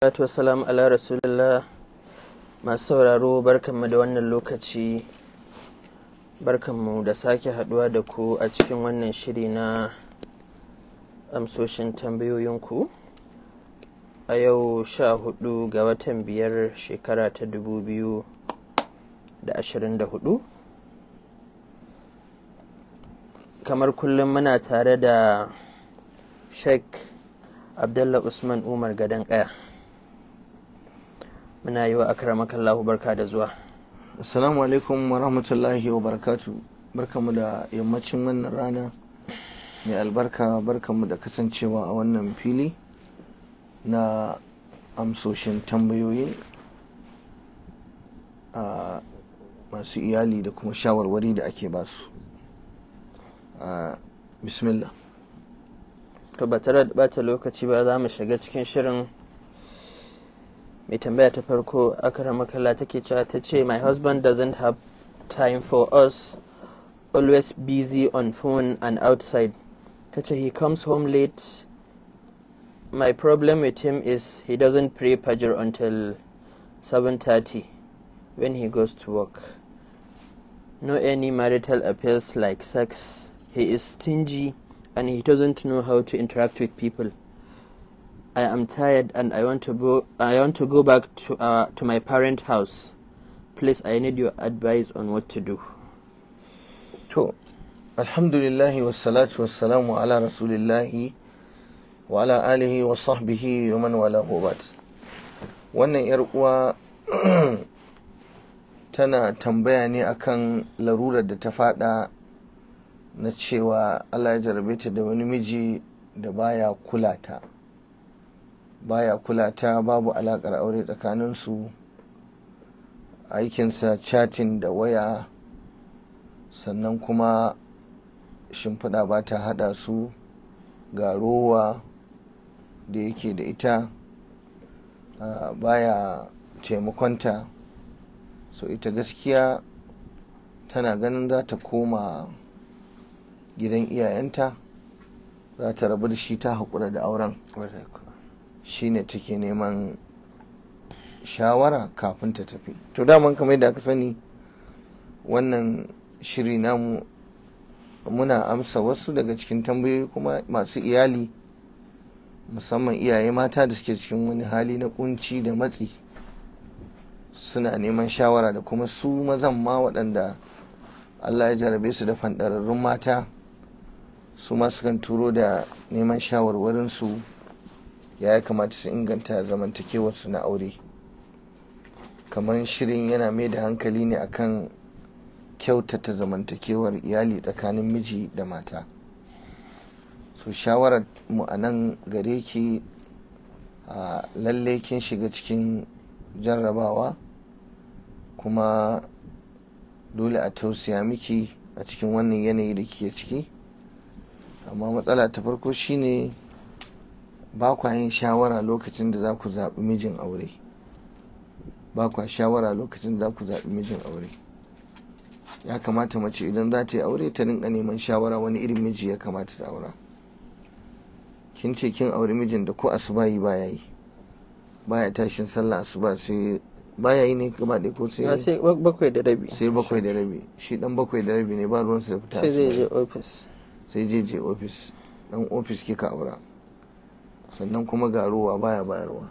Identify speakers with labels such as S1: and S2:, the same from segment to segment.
S1: Salatu wasalam ala rasulullah masu sauraro barkanmu da wannan lokaci barkanmu da sake haduwa da ku a cikin wannan shiri na amsoshin tambayoyinku a yau sha hudu ga watan biyar shekara ta dubu biyu da ashirin da hudu kamar kullum muna tare da sheikh abdullahi usman umar gadon kaya muna yi wa akramakallahu barka da zuwa assalamu
S2: alaikum wa rahmatullahi wa barakatu barkamu da yammacin wannan rana mai albarka barkamu da kasancewa a wannan fili na amsoshin tambayoyi a masu iyali da kuma shawarwari da ake basu bismillah
S1: to ba tare da bata lokaci ba za mu shiga cikin shirin my husband doesn't have time for us always busy on phone and outside ta he comes home late my problem with him is he doesn't pray Fajr until 7.30 when he goes to work no any marital appeals like sex he is stingy and he doesn't know how to interact with people I am tired and I want to go, I want to go back to, uh, to my parent house. Please, I need your advice on what to do. To, alhamdulillahi wassalatu
S2: wassalamu ala rasulillahi wa ala alihi wa sahbihi wa man wala hubat. Wannan ‘yar uwa tana tambaya ne akan larurar da ta fada na cewa Allah ya jarabe ta da wani miji da baya kula ta. baya kula ta babu alakar aure tsakanin tsakaninsu aikinsa chatin da waya sannan kuma shimfiɗa ba ta haɗa su ga rowa da yake da ita baya taimakonta so ita gaskiya tana ganin za ta koma gidan iyayenta za ta rabu da shi ta haƙura da auren shine take neman shawara kafin ta tafi to daman kamar da aka sani wannan shiri namu muna amsa wasu daga cikin tambayoyi kuma masu iyali musamman iyaye mata da suke cikin wani hali na kunci da matsi suna neman shawara da kuma su mazan ma waɗanda allah ya jarabe su da fanɗararrun mata su ma sukan turo da neman shawarwarinsu ya kamata su inganta zamantakewarsu na aure kamar shirin yana mai da hankali ne akan kyautata zamantakewar iyali tsakanin miji da mata so shawarar mu a nan gare ki a lalle kin shiga cikin jarrabawa kuma dole a tausaya miki a cikin wannan yanayi da ke ciki amma matsala ta farko shine ne ba kwa yin shawara lokacin da za ku zaɓi mijin aure ba kwa shawara lokacin da za ku zaɓi mijin aure ya kamata mace idan za ta yi aure ta rinka neman shawara wani irin miji ya kamata ta aura kin ce kin aure mijin da ko asuba yi baya yi baya tashin sallah asuba sai baya yi ne gaba da ko sai sai bakwai da rabi sai bakwai da rabi shi dan bakwai da rabi ne ba ruwan su da fita sai je office sai je je office dan office kika aura sannan kuma garuwa ruwa baya bayarwa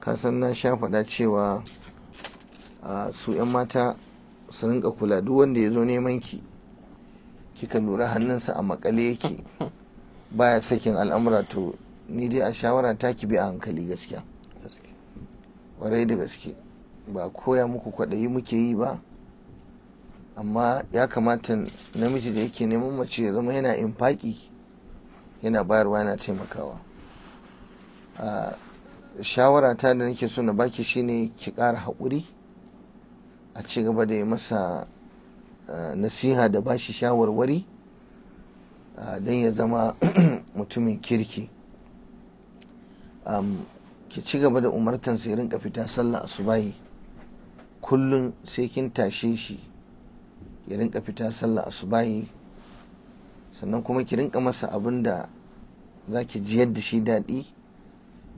S2: kasan na sha faɗa cewa su 'yan mata su rinka kula duk wanda ya zo neman ki kika lura hannunsa a makale yake baya sakin al'amura to ni dai a shawara ta ki bi a hankali gaskiya warai da gaske ba koya muku kwaɗayi muke yi ba amma ya kamata namiji da yake neman mace ya zama yana faƙi yana bayarwa yana taimakawa shawara ta da nake so na baki shine ki ƙara haƙuri a ci gaba da yi masa nasiha da bashi shawarwari don ya zama mutumin kirki ki ci gaba da umartan sai rinka fita sallah a asubahi kullum sai kin tashe shi ya rinka fita sallah a subahi sannan kuma ki rinka masa abin da za ki ji da shi daɗi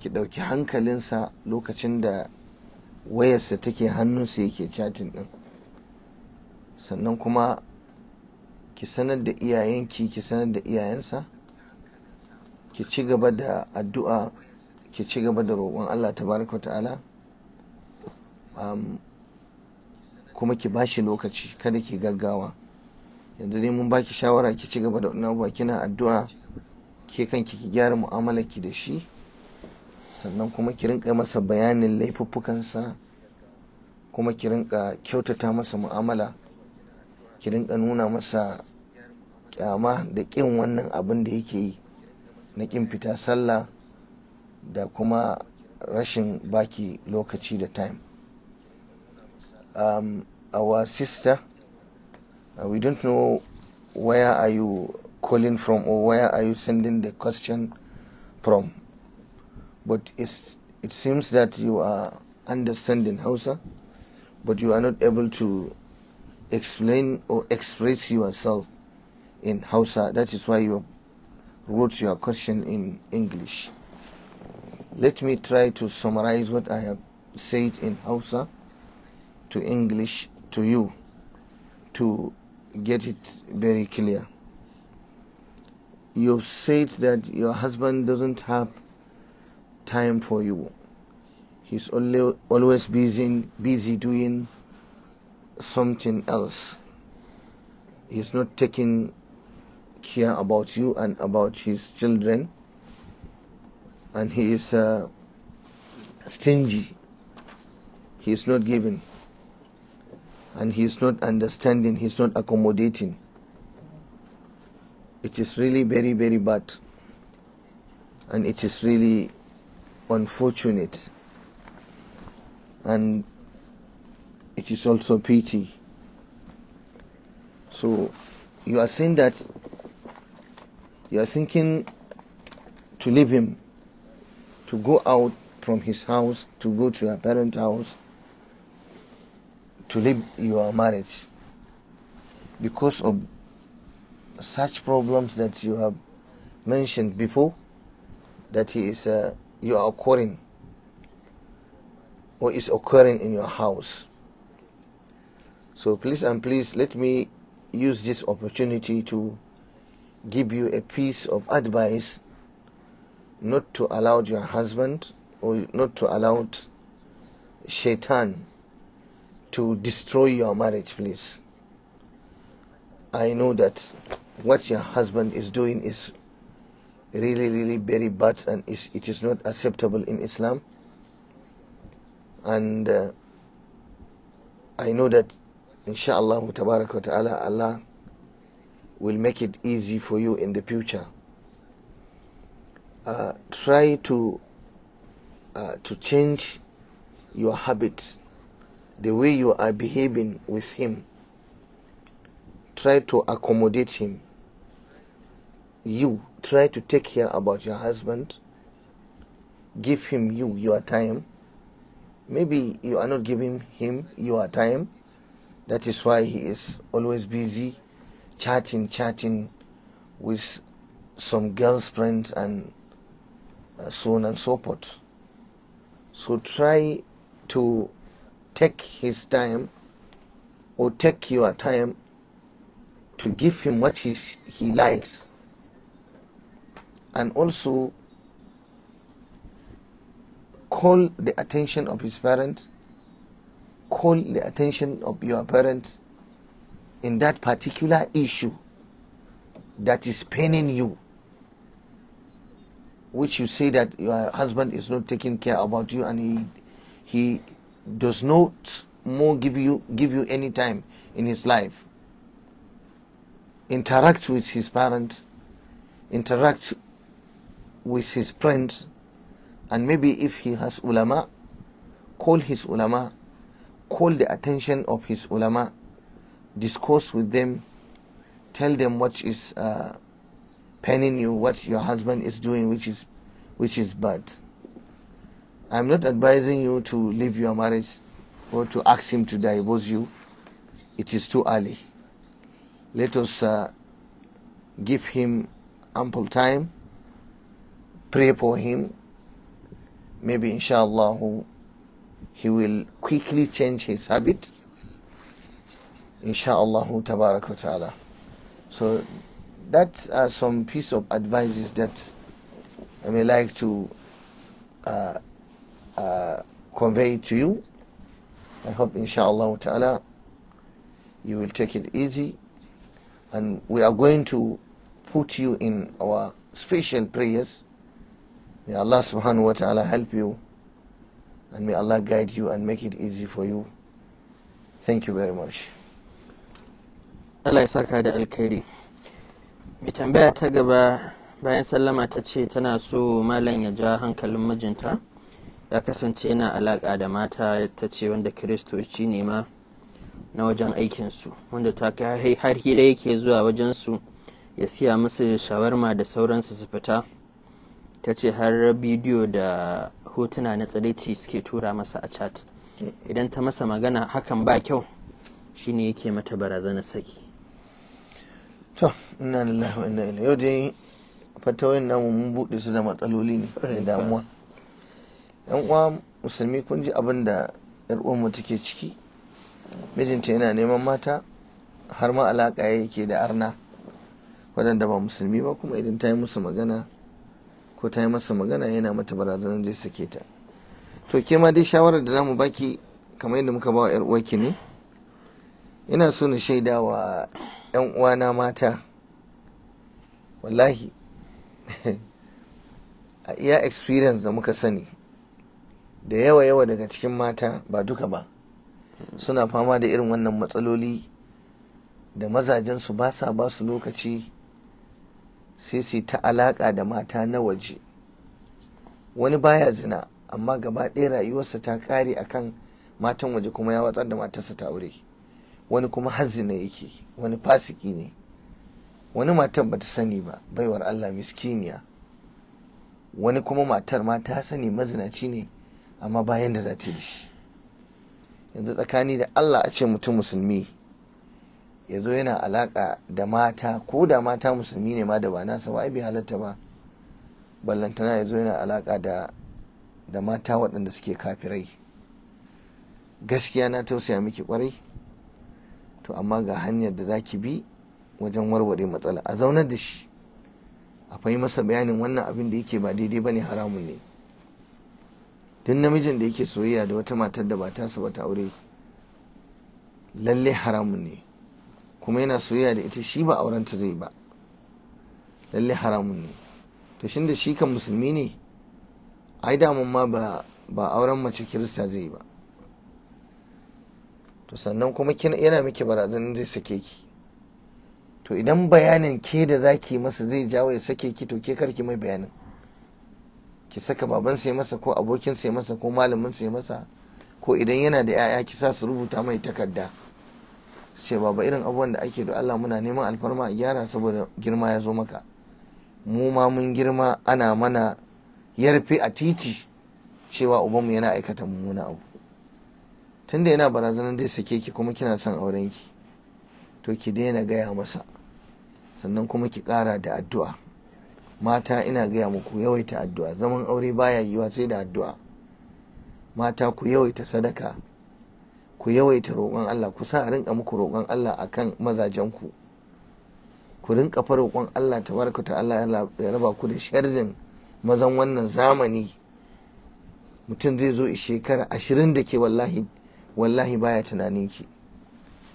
S2: ki ɗauki hankalinsa lokacin da wayarsa take hannunsa yake chatin ɗin sannan kuma ki sanar da iyayenki ki sanar da iyayensa ki ci gaba da addu'a ki ci gaba da roƙon allah baraka ta'ala um, kuma ki ba shi lokaci kada ki gaggawa yanzu ne mun baki shawara ki ci gaba da wannan kina addu'a ke kanki ki gyara mu'amalarki da shi sannan kuma ki rinka masa bayanin laifuffukansa kuma ki rinka kyautata masa mu'amala ki rinka nuna masa kyama da ƙin wannan abin da yake yi na ƙin fita sallah da kuma rashin baki lokaci da time um, our sister uh, we don't know where are you calling from or where are you sending the question from but it's, it seems that you are understanding Hausa, but you are not able to explain or express yourself in Hausa. That is why you wrote your question in English. Let me try to summarize what I have said in Hausa to English to you to get it very clear. You've said that your husband doesn't have time for you. He's always busy, busy doing something else. He's not taking care about you and about his children, and he is uh, stingy. He is not giving, and he is not understanding. He's not accommodating. It is really very very bad, and it is really unfortunate and it is also pity. So you are saying that you are thinking to leave him, to go out from his house, to go to your parents' house, to leave your marriage because of such problems that you have mentioned before that he is a you are occurring or is occurring in your house. So please and please let me use this opportunity to give you a piece of advice not to allow your husband or not to allow shaitan to destroy your marriage please i know that what your husband is doing is really really very bad and it is not acceptable in Islam and uh, I know that inshallah ta'ala Allah will make it easy for you in the future uh, try to uh, to change your habits the way you are behaving with him try to accommodate him you try to take care about your husband give him you your time maybe you are not giving him your time that is why he is always busy chatting chatting with some girls friends and uh, so on and so forth so try to take his time or take your time to give him what he, he likes and also call the attention of his parents, call the attention of your parents in that particular issue that is paining you, which you say that your husband is not taking care about you and he, he does not more give you give you any time in his life. Interact with his parents, interact with his friends and maybe if he has ulama call his ulama call the attention of his ulama discourse with them tell them what is uh, paining you what your husband is doing which is which is bad i'm not advising you to leave your marriage or to ask him to divorce you it is too early let us uh, give him ample time pray for him. Maybe inshallah he will quickly change his habit. InshaAllah, tabarak wa ta'ala. So that's uh, some piece of advices that I may like to uh, uh, convey to you. I hope inshallah ta'ala you will take it easy and we are going to put you in our special prayers May Allah subhanahu wa ta'ala help you and may Allah guide you and make it easy for you. Thank you very much.
S1: Allah ya saka da alkhairi. Mai tambaya ta gaba bayan sallama ta ce tana so malam ya ja hankalin mijinta ya kasance yana alaka da mata ta ce wanda kiristoci ne ma na wajen aikinsu wanda ta kai har hira yake zuwa wajensu ya siya musu shawarma da sauransu su fita ta ce har bidiyo da hotuna na tsaraici suke tura masa a chat idan ta masa magana hakan ba kyau shine yake mata barazana saki
S2: to inna lillahi wa inna ilaihi yau dai fatawoyin namu mun buɗe su da matsaloli ne da damuwa yan uwa musulmi kun ji abin da yar mu take ciki mijinta yana neman mata har ma alaka yake da arna waɗanda ba musulmi ba kuma idan ta yi musu magana ko ta yi masa magana yana mata barazanar zai sake ta to ke ma dai shawarar da zamu baki kamar yadda muka ba wa 'yar uwarki ne ina so na shaida wa 'yan uwana mata wallahi a iya experience da muka sani da yawa yawa daga cikin mata ba duka ba suna fama da irin wannan matsaloli da mazajensu ba sa ba su lokaci sai su ta alaƙa da mata na waje wani baya zina amma gaba ɗaya rayuwarsa ta ƙare a kan matan waje kuma ya watsar da matarsa ta aure wani kuma hazzina yake wani fasiki ne wani matar ta sani ba baiwar Allah miskiniya wani kuma matar ma ta sani mazinaci ne amma bayan da za ta yi shi yanzu tsakani da Allah a ce mutum musulmi ya zo yana alaka da mata ko da mata musulmi ne ma da ba nasa ba bai halatta ba ballantana ya zo yana alaka da da mata waɗanda suke kafirai gaskiya na tausaya miki kwarai to amma ga hanyar da za ki bi wajen warware matsala a zaunar da shi a fahimta masa bayanin wannan abin da yake ba daidai ba ne haramun ne duk namijin da yake soyayya da wata matar da ba ta ba ta aure lalle haramun ne kuma yana soyayya da ita shi ba aurenta zai ba lalle haramun ne to shin da shi kan musulmi ne ai daman ma ba ba auren mace kirista zai ba to sannan kuma kina yana miki barazanin zai sake ki to idan bayanin ke da zaki masa zai jawo ya sake ki to ke karki mai bayanin ki saka baban sai masa ko abokin sai masa ko malamin sai masa ko idan yana da 'ya'ya ki sa su rubuta mai takarda ce baba irin abubuwan da ake da Allah muna neman alfarma a gyara saboda girma ya zo maka mu ma mun girma ana mana yarfe a titi cewa ubanmu yana aikata mummuna abu tunda yana barazanar da sake ki kuma kina son auren ki to ki daina gaya masa sannan kuma ki kara da addu'a mata ina gaya muku yawaita addu'a zaman aure baya yiwa sai da addu'a mata ku yawaita sadaka ku yawaita roƙon Allah ku sa a rinka muku roƙon Allah akan mazajen ku ku rinka fa roƙon Allah baraka ta Allah ya raba ku da sharrin mazan wannan zamani mutum zai zo shekara ashirin da ke wallahi wallahi baya tunanin ki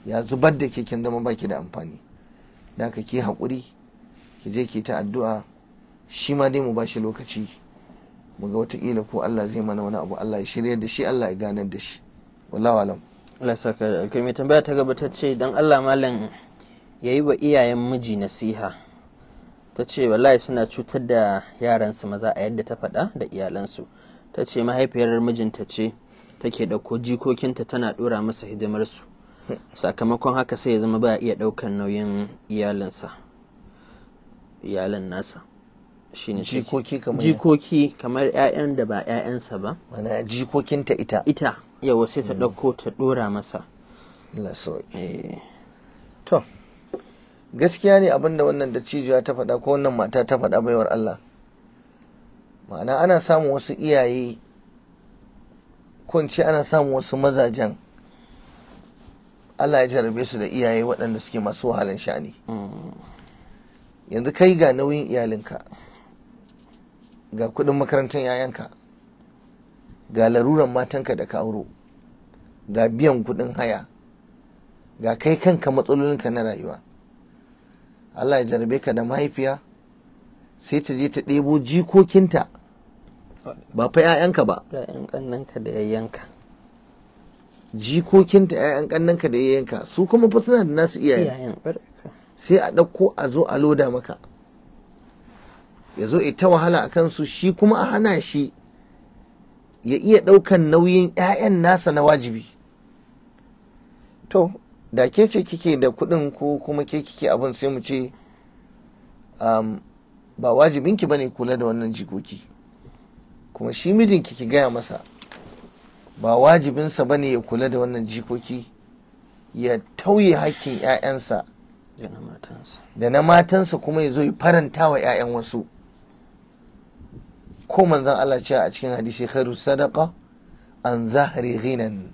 S2: ya zubar da ke kin zama baki da amfani da ka ke haƙuri ki je ki ta addu'a shi ma dai mu ba shi lokaci mu ga wataƙila ko Allah zai mana wani abu Allah ya
S1: shirya da shi Allah ya ganar da shi wallahu alam Allah da tambaya ta gaba ta ce don Allah malam yi wa iyayen miji nasiha ta ce wallahi suna cutar da yaransu maza a yadda ta faɗa da iyalansu ta ce mahaifiyar mijinta ce take ɗauko jikokinta tana ɗora masa hidimarsu sakamakon haka sai ya zama ba iya ɗaukan nauyin iyalansa iyalan nasa shine jikoki kamar jikoki kamar ƴaƴan da ba ƴaƴansa ba mana jikokinta ita ita yawa sai ta mm. ɗauko ta ɗora masa eh.
S2: to gaskiya ne abinda wannan da cijiya ta faɗa ko wannan mata ta faɗa baiwar Allah ma'ana ana samun wasu iyaye kunci ana samun wasu mazajen Allah ya jarabe su da iyaye waɗanda suke masu wahalan sha'ani mm. yanzu kai ga nauyin iyalinka ga kuɗin makarantar 'ya'yanka ga laruran matanka da ka auro ga biyan kuɗin haya ga kai kanka matsalolinka na rayuwa Allah ya jarabe ka da mahaifiya sai ta je ta ɗebo jikokinta ba fa 'ya'yanka ba 'ya'yan ƙannanka da yayyanka jikokinta 'ya'yan ƙannanka da yayyanka su kuma fa suna da nasu iyayen sai a ɗauko a zo a loda maka ya zo ita wahala a kansu shi kuma a hana shi ya iya ɗaukan nauyin 'ya'yan nasa na wajibi to da ke ce kike da kuɗin ko kuma ke kike abin sai mu ce ba wajibinki ne kula da wannan jikoki kuma shi mijinki ki gaya masa ba wajibinsa ba ne ya kula da wannan jikoki ya tauye hakkin 'ya'yansa da na matansa kuma ya zo ya faranta wa 'ya'yan wasu ko manzan Allah ce a cikin hadisi khairu sadaka an zahri ghinan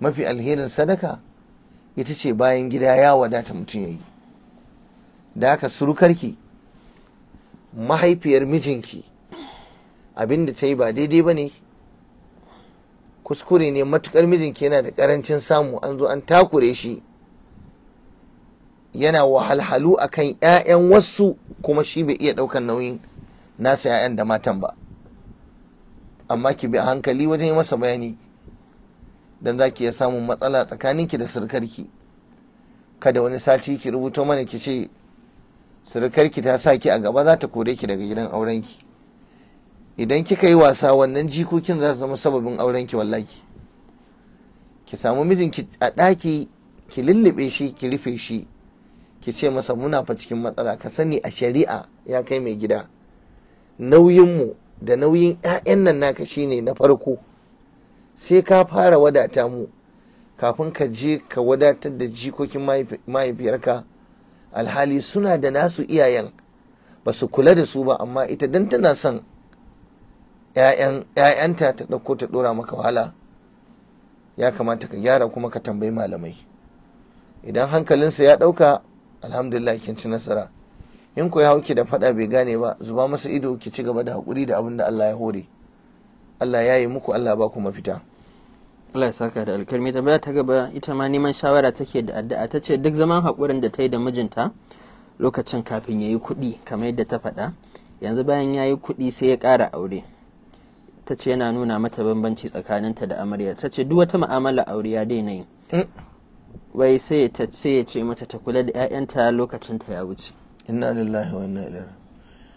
S2: mafi alherin sadaka ita ce bayan gida ya wadata mutum ya yi da aka surukarki mahaifiyar mijinki abinda ta yi ba daidai ba ne kuskure ne matukar mijinki yana da karancin samu an zo an takure shi yana wahalhalu akan 'ya'yan wasu kuma shi bai iya ɗaukan nauyin nasa 'ya'yan da matan ba amma ki bi a hankali wajen yi masa bayani don za ki iya samun matsala tsakaninki da surkarki kada wani sati ki rubuto mana ki ce surukarki ta sa ki a gaba za ta kore ki daga gidan aurenki idan kika yi wasa wannan jikokin za su zama sababin aurenki wallaki ki samu mijinki a ɗaki ki lullube shi ki rufe shi ki ce masa muna fa cikin matsala ka sani a shari'a ya kai mai gida nauyinmu da nauyin 'ya'yan nan naka shine na farko sai ka fara wadata mu kafin ka je ka wadatar da jikokin mahaifiyarka alhali suna da nasu iyayen ba su kula da su ba amma ita don tana son ‘ya'yanta ta ɗauko ta ɗora maka wahala ya kamata ka gyara kuma ka tambayi malamai idan hankalinsa ya ɗauka alhamdulillah kin ci nasara in ku ya hauke da fada bai gane ba zuba masa ido ki ci gaba da hakuri da abin da Allah ya hore Allah ya yi muku Allah ba ku mafita
S1: Allah ya saka da alkalmi ta baya ta gaba ita ma neman shawara take da addu'a ta ce duk zaman hakurin da ta yi da mijinta lokacin kafin ya yi kuɗi kamar yadda ta faɗa yanzu bayan ya yi kuɗi sai ya ƙara aure ta ce yana nuna mata bambanci tsakaninta da amarya ta ce duk wata mu'amala aure ya daina yi hmm. wai sai ta ce mata ta kula da 'ya'yanta lokacin ta ya wuce inna lillahi wa inna ilaihi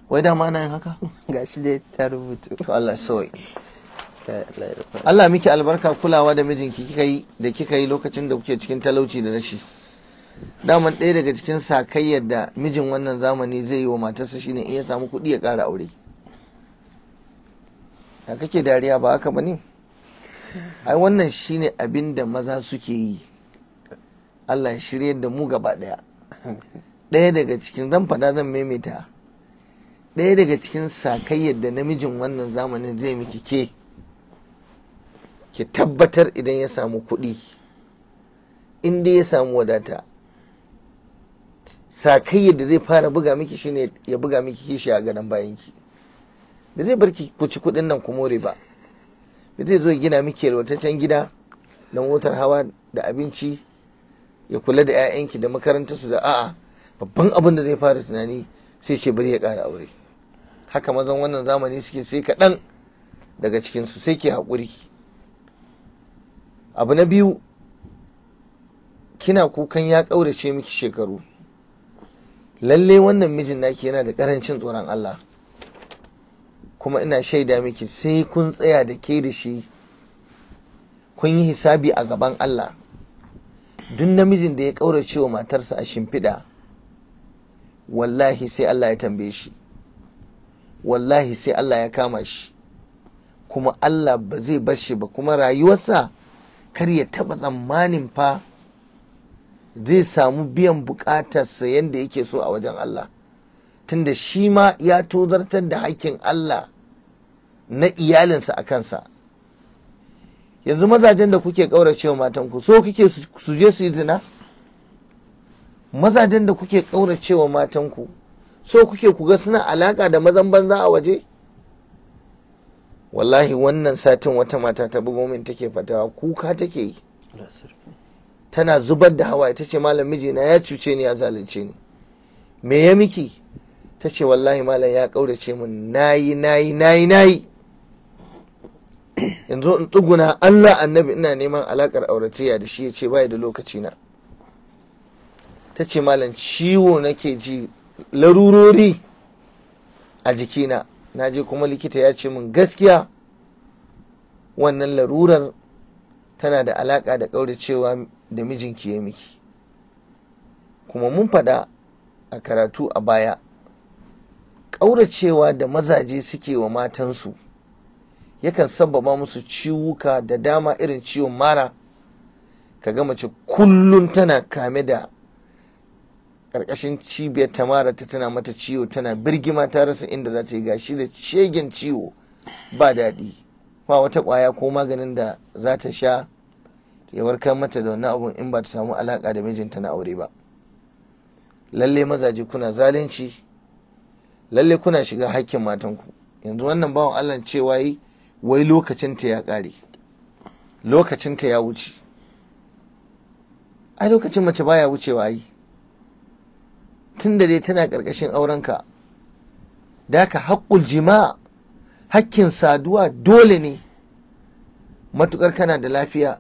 S1: wai dama na yin haka gashi dai ta rubutu Allah sawai
S2: Allah miki albarka kulawa da mijinki kika yi da kika yi lokacin da kuke cikin talauci da shi. daman ɗaya daga cikin sakayyar da mijin wannan zamani zai yi wa matarsa shine in ya samu kuɗi ya ƙara aure da kake dariya ba haka bane ai wannan shine abin da maza suke yi Allah ya shirye da mu gaba ɗaya ɗaya daga cikin zan faɗa zan maimaita ɗaya daga cikin sakayyar da namijin wannan zamanin zai miki ke ki tabbatar idan ya samu kuɗi in dai ya samu wadata sakayyar da zai fara buga miki shine ya buga miki kishi a gadon bayanki ba zai bar ki kuci kuɗin nan ku more ba ba zai zo gina miki yalwataccen gida na motar hawa da abinci ya kula da 'ya'yanki da makarantarsu da a'a babban abin da zai fara tunani sai ce bari ya ƙara aure haka mazan wannan zamani suke sai kaɗan daga cikinsu sai ke haƙuri abu na biyu kina kukan ya ƙaurace miki shekaru lalle wannan mijin naki yana da ƙarancin tsoron Allah kuma ina shaida miki sai kun tsaya da ke da shi kun yi hisabi a gaban Allah duk namijin da ya ƙaurace wa matarsa a shimfiɗa wallahi sai Allah ya tambaye shi wallahi sai Allah ya kama shi kuma Allah ba zai bar shi ba kuma rayuwarsa kar ya taɓa tsammanin fa zai samu biyan buƙatarsa yadda yake so a wajen Allah tunda shi ma ya tozartar da hakkin Allah na iyalinsa a kansa yanzu mazajen da kuke ƙauracewa matanku so kuke su je su yi zina mazajen da kuke ƙauracewa matanku so kuke kuga suna alaƙa da mazan banza a waje wallahi wannan satin wata mata ta bugo min take fatawa kuka take yi tana zubar da hawa ta ce malam mijina ya cuce ni ya zalunce ni me ya miki ta ce wallahi malam ya ƙaurace min nayi nayi nayi nayi yanzu in tsuguna Allah annabi ina neman alakar auratayya da shi ya ce bai da lokaci na ta ce malam ciwo nake ji larurori a jikina na je kuma likita ya ce min gaskiya wannan larurar tana da alaƙa da cewa da mijinki ya miki kuma mun faɗa a karatu a baya ƙauracewa da mazaje suke wa matansu yakan sabbaba musu ciwuka da dama irin ciwon mara ka ga mace kullum tana kame da karkashin cibiyar tamara ta tana mata ciwo tana birgima ta rasa inda za ta yi gashi da shegen ciwo ba daɗi ba wata ƙwaya ko maganin da za ta sha ya warkar mata da wannan abun in ba ta samu alaƙa da mijinta na aure ba lalle mazaje kuna zalunci lalle kuna shiga hakkin matanku yanzu wannan bawan allah cewa yi wai lokacinta ya ƙare lokacinta ya wuce ai lokacin mace baya wucewa yi tun da dai tana ƙarƙashin aurenka da ka haƙƙul jima'a haƙƙin saduwa dole ne matuƙar kana da lafiya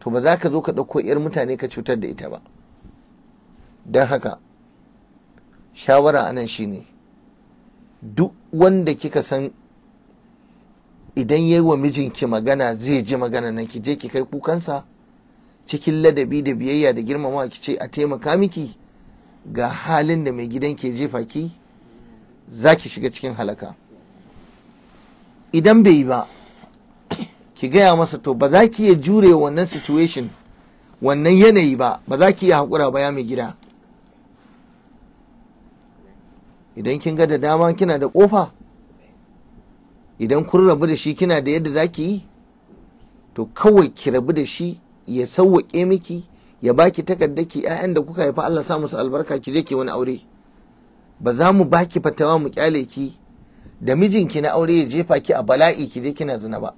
S2: to ba za ka zo ka ɗauko 'yar mutane ka cutar da ita ba don haka shawara anan ne, duk wanda kika san idan ya yi wa mijinki magana zai ji magana nan ki je ki kai kukansa cikin ladabi da biyayya da girmamawa ki ce a taimaka miki ga halin da mai gidan ke jefa ki za ki shiga cikin halaka idan bai yi ba ki gaya masa to ba za ki iya jure wannan situation wannan yanayi ba ba za ki iya haƙura ba ya mai gida idan kin ga da dama kina da ƙofa idan kun rabu da shi kina da yadda za ki yi to kawai ki rabu da shi ya sauwaƙe miki ya baki takardar ki ƴaƴan da kuka haifa Allah sa musu albarka ki je ki wani aure ba za mu baki fatawa mu kyale ki da mijinki na aure ya jefa ki a bala'i ki je kina zina ba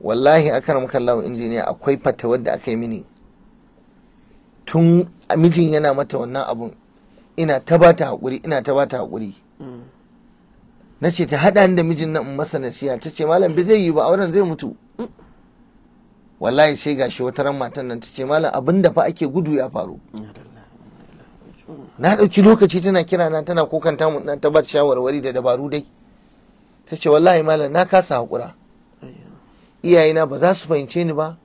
S2: wallahi akan mukallawa injiniya akwai fatawar da aka yi mini tun mijin yana mata wannan abun ina ta ta hakuri ina ta ta hakuri mm. na ce ta hada da mijin nan in masa nasiha ce malam bai zai yi ba auren zai mutu wallahi sai shi wata ran matan nan tace malam abin da fa ake gudu ya faru na ɗauki lokaci tana kira na tana kokanta mu ta shawarwari da dabaru dai tace wallahi malam na kasa hakura iyayena ba za su fahimce ni ba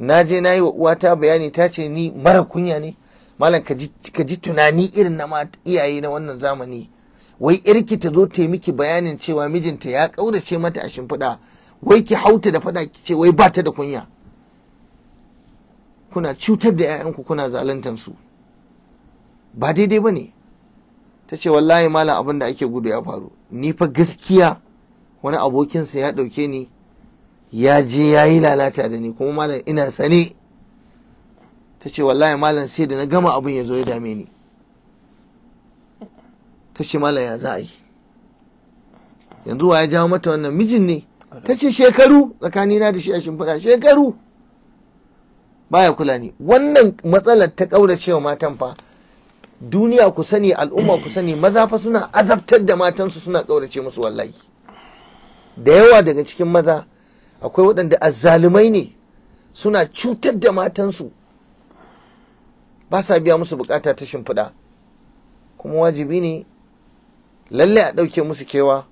S2: na je na yi wa uwata bayani ta ce ni mara kunya ne malam ka ji tunani irin na iyaye na wannan zamani wai irki ta zo ta yi miki bayanin cewa mijinta ya ƙaurace mata a shimfiɗa wai ki hauta da fada ki ce wai ba ta da kunya kuna cutar da 'ya'yanku kuna zaluntar su ba daidai ba ne ta ce wallahi malam abin da ake gudu ya faru ni fa gaskiya wani abokinsa ya ɗauke ni ya je ya yi lalata da ni kuma malam ina sane ta ce wallahi malam sai da na gama abin ya zo ya dame ni ta ce malam ya za a yi yanzu wa ya jawo mata wannan mijin ne ta ce shekaru tsakanina da shi a shimfiɗa shekaru baya kula ni wannan matsalar ta ƙauracewa matan fa duniya ku sani al'umma ku sani maza fa suna azabtar da matansu suna ƙaurace musu wallahi da yawa daga cikin maza akwai waɗanda azzalumai ne suna cutar da matansu ba sa biya musu bukata ta shimfiɗa kuma wajibi ne lallai a ɗauke musu kewa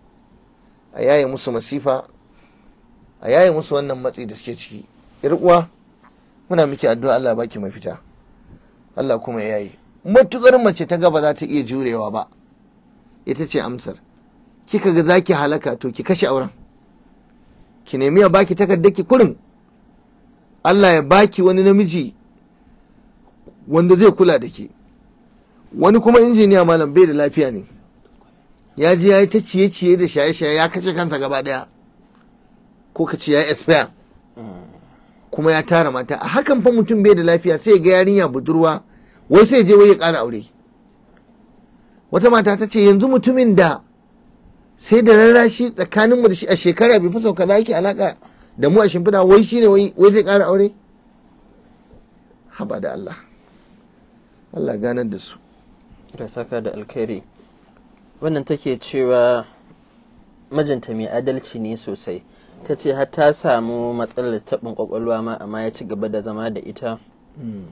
S2: a yaye musu masifa a yaye musu wannan matsi da suke ciki yar uwa muna miki addu'a Allah baki mafita Allah kuma ya yi matukar mace ta gaba za ta iya jurewa ba ita ce amsar kika ga zaki halaka to ki kashe auren ki nemi ya baki takardar ki kurin Allah ya baki wani namiji wanda zai kula da ke wani kuma injiniya malam bai da lafiya ne ya ji ya yi ta ciye-ciye da shaye-shaye ya kashe kansa gaba daya ko ka ce ya expire kuma ya tara mata a hakan fa mutum bai da lafiya sai ga yarinya budurwa wai sai je wai ya ƙara aure wata mata ta ce yanzu mutumin da sai da tsakanin mu da shi a shekara bai fasa kaza yake alaka da mu a shimfiɗa wai shine wai zai ƙara aure
S1: haba da Allah Allah ganar da su da saka da alkhairi wannan take cewa majinta mai adalci ne sosai ta ce har ta samu matsalar taɓin kwakwalwa ma amma ya ci gaba da zama da ita hmm.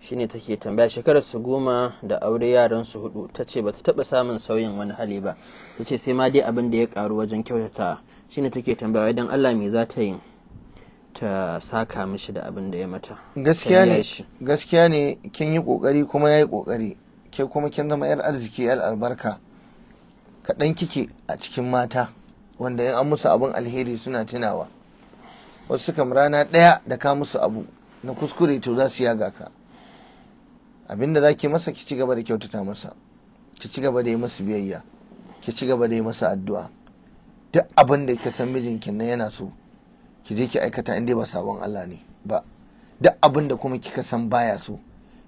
S1: shine take tambaya shekarar su goma da aure yaran su hudu ta ce ba ta taɓa samun sauyin wani hali ba ta ce sai ma dai abin da ya karu wajen kyautata shine take tambaya idan Allah me za ta yi ta saka mishi da abin da ya mata gaskiya
S2: ne kin yi kokari kuma yayi kokari ke kuma kin zama yar arziki yar albarka kaɗan kike a cikin mata wanda ya an musu abin alheri suna tunawa wasu suka rana ɗaya da ka musu abu na kuskure to za su yaga ka abinda za ki masa ki ci gaba da kyautata masa ki ci gaba da yi masa biyayya ki ci gaba da yi masa addu'a duk abin da ka san mijinki nan yana so ki je ki aikata inda ba sabon Allah ne ba duk abin da kuma kika san baya so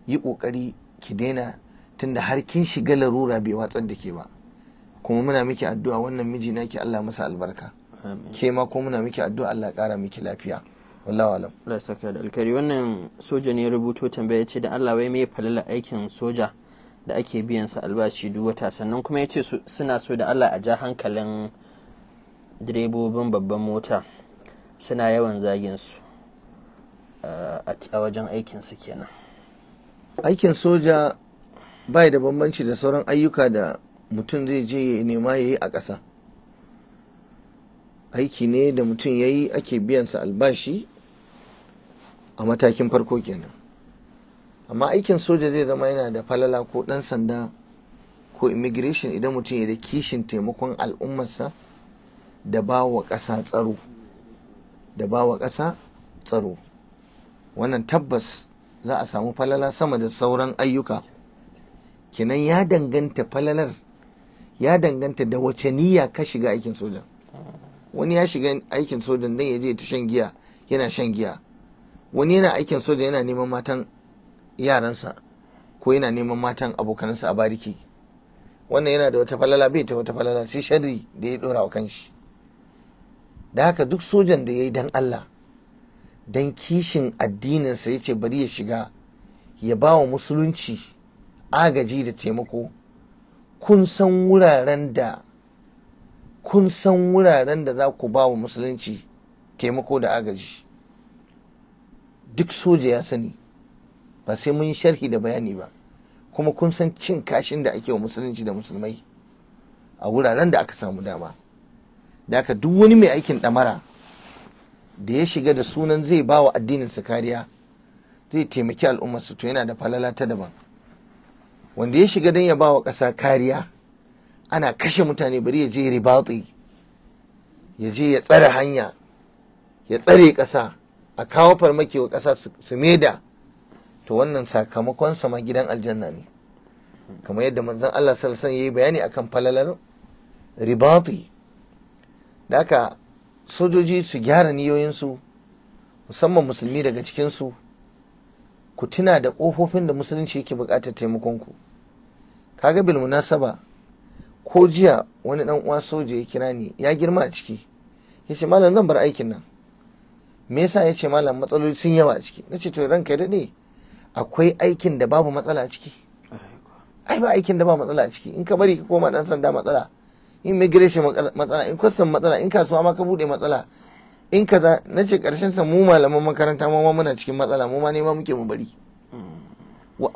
S2: yi kokari ki daina tunda har kin shiga larura bai watsar da ke ba kuma muna miki addu'a wannan miji naki Allah masa albarka
S1: ke ma ko muna miki addu'a Allah kara miki lafiya wallahi alam Allah saka da alkari wannan soja ne rubuto tambaya ce da Allah wai me falala aikin soja da ake biyan sa albashi duk wata sannan kuma yace suna so da Allah a ja hankalin direbobin babban mota suna yawan zagin su eh, a wajen aikin su kenan
S2: aikin soja bai da bambanci da sauran ayyuka da mutum zai je ya nema ya yi a ƙasa aiki ne da mutum ya yi ake biyansa albashi a matakin farko kenan amma aikin soja zai zama yana da falala ko ɗan sanda ko immigration idan mutum ya da kishin taimakon al'ummarsa da ba wa ƙasa tsaro da ba wa ƙasa tsaro wannan tabbas za a samu falala sama da sauran ayyuka kinan ya danganta falalar ya danganta da wace niyya ka shiga aikin sojan wani ya shiga aikin sojan dan ya je ta shan giya yana shan giya wani yana aikin soja yana neman matan yaransa ko yana neman matan abokansa a bariki wannan yana da wata falala bai ta wata falala sai sharri da ya dora wa kanshi da haka duk sojan da ya yi dan Allah dan kishin addininsa ya ce bari ya shiga ya ba wa musulunci agaji da taimako kun san wuraren da kun san wuraren da za ku ba wa musulunci taimako da agaji duk soja ya sani ba sai mun sharhi da bayani ba kuma kun san cin kashin da ake wa musulunci da musulmai a wuraren da aka samu dama da aka duk wani mai aikin ɗamara da ya shiga da sunan zai ba wa addininsa kariya zai taimaki al'ummarsu to yana da falala ta daban wanda ya shiga don ya ba wa ƙasa kariya ana kashe mutane bari ya je Ribatu. ya je ya tsare hanya ya tsare ƙasa a kawo farmaki wa ƙasa su meda to wannan sakamakon sama gidan aljanna ne kamar yadda manzon Allah salsan ya yi bayani akan falalar Ribatu. da aka sojoji su gyara niyoyinsu musamman musulmi daga cikinsu ku tuna da ƙofofin da musulunci yake buƙatar taimakonku ku kaga bil munasaba ko jiya wani dan uwa soja ya kira ni ya girma a ciki Ya ce, malam zan bar aikin nan me yasa ce malam matsaloli sun yawa a ciki nace to ranka ya dade akwai aikin da babu matsala a ciki ai ba aikin da ba matsala a ciki in ka bari ka koma dan sanda matsala in immigration matsala in custom matsala in kasuwa ma ka bude matsala in kaza nace karshen sa mu malaman makaranta ma muna cikin matsala mu ma ne ma muke mu bari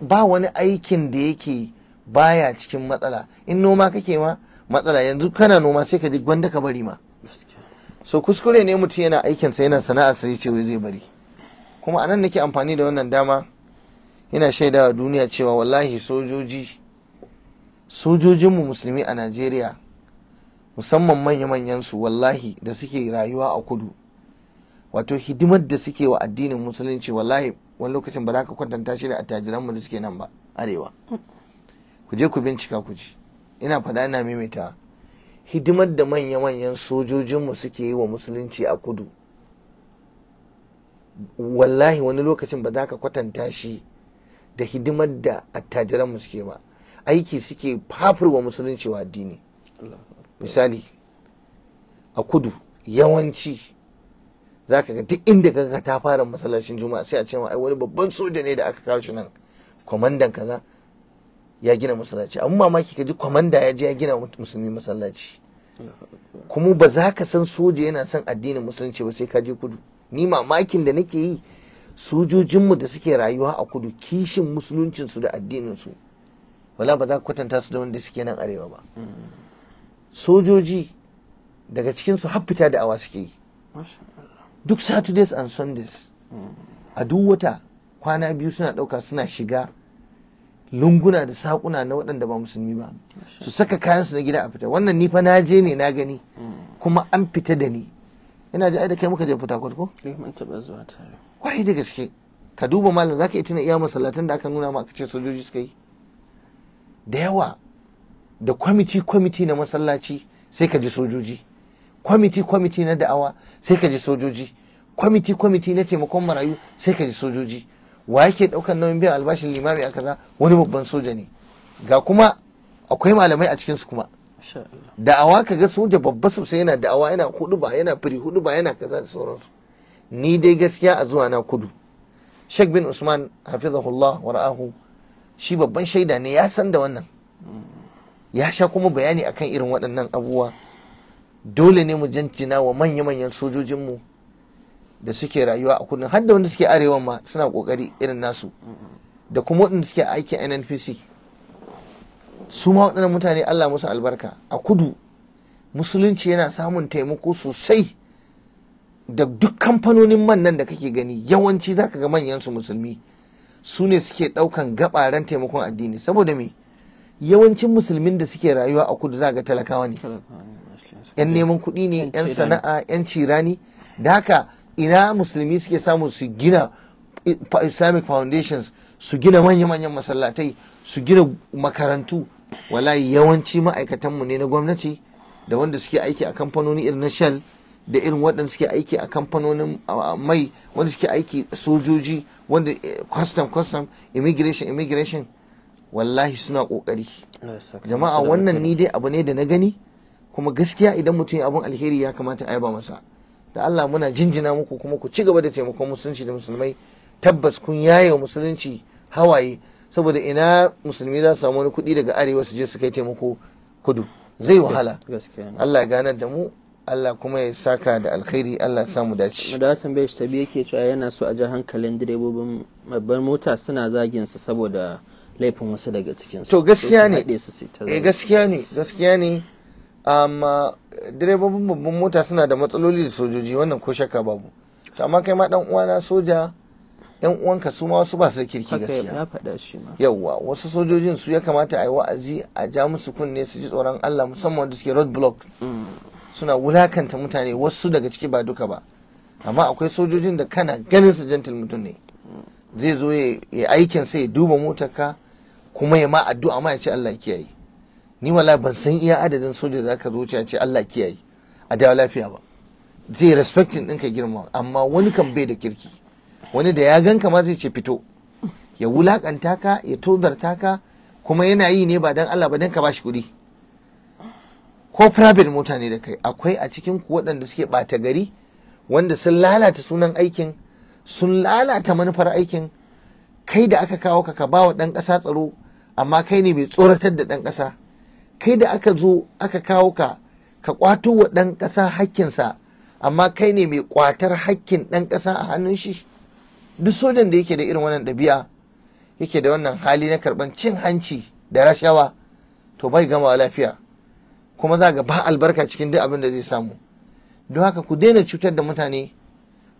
S2: ba wani aikin da yake baya cikin matsala in noma kake ma matsala yanzu kana noma sai ka ji gwanda ka bari ma so kuskure ne mutum yana aikinsa yana sana'a sai ce zai bari kuma anan nake amfani da wannan dama yana shaida wa duniya cewa wallahi sojoji sojojinmu musulmi a najeriya musamman manya-manyan su wallahi da suke rayuwa a kudu wato hidimar da suke wa addinin musulunci wallahi wani lokacin ba za ka kwatanta shi da attajiranmu da suke nan ba arewa ku je ku bincika ku ji ina faɗa ina mimita hidimar da manya-manyan sojojinmu suke yi wa musulunci a kudu wallahi wani lokacin ba za ka kwatanta shi da hidimar da attajiranmu suke ba aiki suke fafirwa musulunci wa addini misali a kudu yawanci za ka ga duk inda ka ta fara masallacin juma'a sai a ce ai wani babban soja ne da aka kawo shi nan kwamandan kaza ya gina masallaci amma mamaki ka ji kwamanda ya je ya gina musulmi masallaci kuma ba za ka san soja yana son addinin musulunci ba sai ka je kudu ni mamakin da nake yi sojojinmu da suke rayuwa a kudu kishin musuluncinsu da addininsu wala ba za ka kwatanta su da wanda suke nan arewa ba sojoji daga cikinsu har fita da awa suke yi duk saturdays and sundays hmm. a duk wata kwana biyu suna ɗauka suna shiga lunguna da sakuna na waɗanda ba musulmi ba su saka kayan na gida a fita wannan ni fa na je ne na gani kuma an fita da ni ina ji ai da kai muka je fita ko eh mun taba zuwa tare da gaske ka duba malam zaka yi tuna iya masallatan da aka nuna ma aka ce sojoji suka yi da yawa da kwamiti kwamiti na masallaci sai ka ji sojoji kwamiti kwamiti na da'awa sai ka ji sojoji kwamiti kwamiti na taimakon marayu sai ka ji sojoji wa yake ɗaukan nauyin biyan albashin limami a kaza wani babban soja ne ga kuma akwai malamai a cikinsu kuma da'awa ka ga soja babba sosai yana da'awa yana hudu ba yana firi hudu ba yana kaza da sauransu ni dai gaskiya a zuwa na kudu Sheikh bin Usman hafizahullah wa ra'ahu shi babban shaida ne ya san da wannan ya sha kuma bayani akan irin waɗannan abubuwa dole ne mu jinjina wa manya-manyan sojojinmu da suke rayuwa a kudin har da wanda suke arewa ma suna kokari irin nasu da kuma waɗanda suke aikin nnpc su ma waɗannan mutane allah musu albarka a kudu musulunci yana samun taimako sosai da duk kamfanonin man nan da kake gani yawanci zaka ga manyan su musulmi su ne suke ɗaukan gabaran taimakon addini saboda me yawancin musulmin da suke rayuwa a kudu za ga talakawa ne yan neman kuɗi ne yan sana'a yan cirani da haka ina musulmi suke samu su gina islamic foundations su gina manya-manyan masallatai su gina makarantu wallahi yawanci ma'aikatanmu ne na gwamnati da wanda suke aiki a kamfanoni irin na shell da irin waɗanda suke aiki a kamfanonin mai wanda suke aiki sojoji wanda eh, custom custom immigration immigration wallahi suna ƙoƙari jama'a wannan ni dai abu ne da na gani kuma gaskiya idan mutum abin alheri ya kamata a yaba masa da Allah muna jinjina muku kuma ku ci gaba da taimakon musulunci da musulmai tabbas kun yaye musulunci hawaye saboda ina musulmi za su samu wani kuɗi daga arewa su je su kai taimako kudu zai wahala Allah ganar da mu Allah kuma ya saka
S1: da alkhairi Allah samu dace. Madatan tambaye ta tabi yake cewa yana so a ji hankalin direbobin babbar mota suna zagin su saboda laifin wasu daga cikin su. To gaskiya ne. Eh
S2: gaskiya ne gaskiya ne amma direbobin babban mota suna da matsaloli da sojoji wannan ko shakka babu amma kai ma dan uwana soja yan uwanka su ma wasu ba su kirki gaskiya ya faɗa wasu sojojin su ya kamata a yi wa'azi a ja musu kunne su ji tsoron Allah musamman da suke road block mm. suna wulakanta mutane wasu daga ciki ba duka ba amma akwai sojojin da kana ganin su gentle mutum ne zai zo ya aikin sai ya duba motarka kuma ya ma addu'a ma ya ce Allah kiyaye ni wala ban san iya adadin soja da ka zuciya ce Allah kiyaye a dawo lafiya ba zai respecting ɗinka girma amma wani kan bai da kirki wani da ya ganka ma zai ce fito ya wulakanta ka ya tozarta ka kuma yana yi ne ba dan Allah ba dan ka bashi kuɗi ko private mota ne da kai akwai a cikin ku waɗanda suke ɓata gari wanda sun lalata sunan aikin sun lalata manufar aikin kai da aka kawo ka ka ba wa ɗan ƙasa tsaro amma kai ne mai tsoratar da ɗan ƙasa kai da aka zo aka kawo ka ka kwato wa ɗan ƙasa hakkinsa amma kai ne mai kwatar hakkin ɗan ƙasa a hannun shi duk sojan da yake da irin wannan ɗabi'a yake da wannan hali na karɓan cin hanci da rashawa to bai gama lafiya kuma za ga ba albarka cikin duk abin da zai samu don haka ku daina cutar da mutane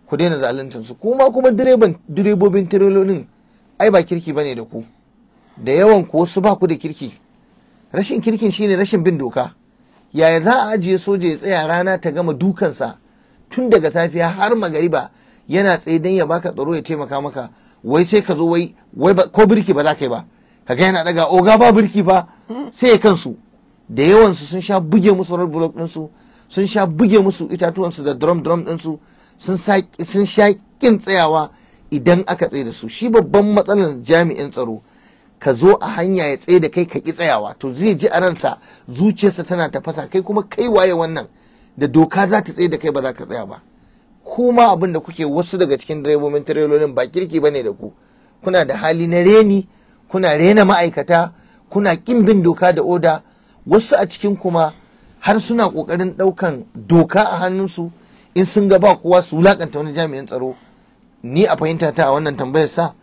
S2: ku daina zaluntar su kuma kuma direban direbobin tirelolin ai ba kirki bane da ku da yawan ku wasu ba ku da kirki rashin kirkin shine rashin bin doka yaya za a ajiye soja ya tsaya rana ta gama dukansa tun daga safiya har magariba yana tsaye don ya baka tsaro ya taimaka maka wai sai ka zo wai ko birki ba za ka yi ba kaga yana daga oga ba birki ba sai ya kansu da yawansu sun sha buge musu road ɗinsu sun sha buge musu itatuwansu da drum drum ɗinsu sun sha kin tsayawa idan aka tsaye da su shi babban matsalar jami'in tsaro ka zo a hanya ya tsaye da kai ka ki tsayawa to zai ji a ransa zuciyarsa tana tafasa kai kuma kai waye wannan da doka za ta tsaye da kai ba za ka tsaya ba kuma abin da kuke wasu daga cikin direbobin tarelolin ba kirki bane da ku kuna da hali na reni kuna rena ma'aikata kuna kin bin doka da oda wasu a cikin kuma har suna kokarin daukan doka a hannunsu in sun ga ba kowa su wulakanta wani jami'in tsaro ni a fahimta ta a wannan tambayar sa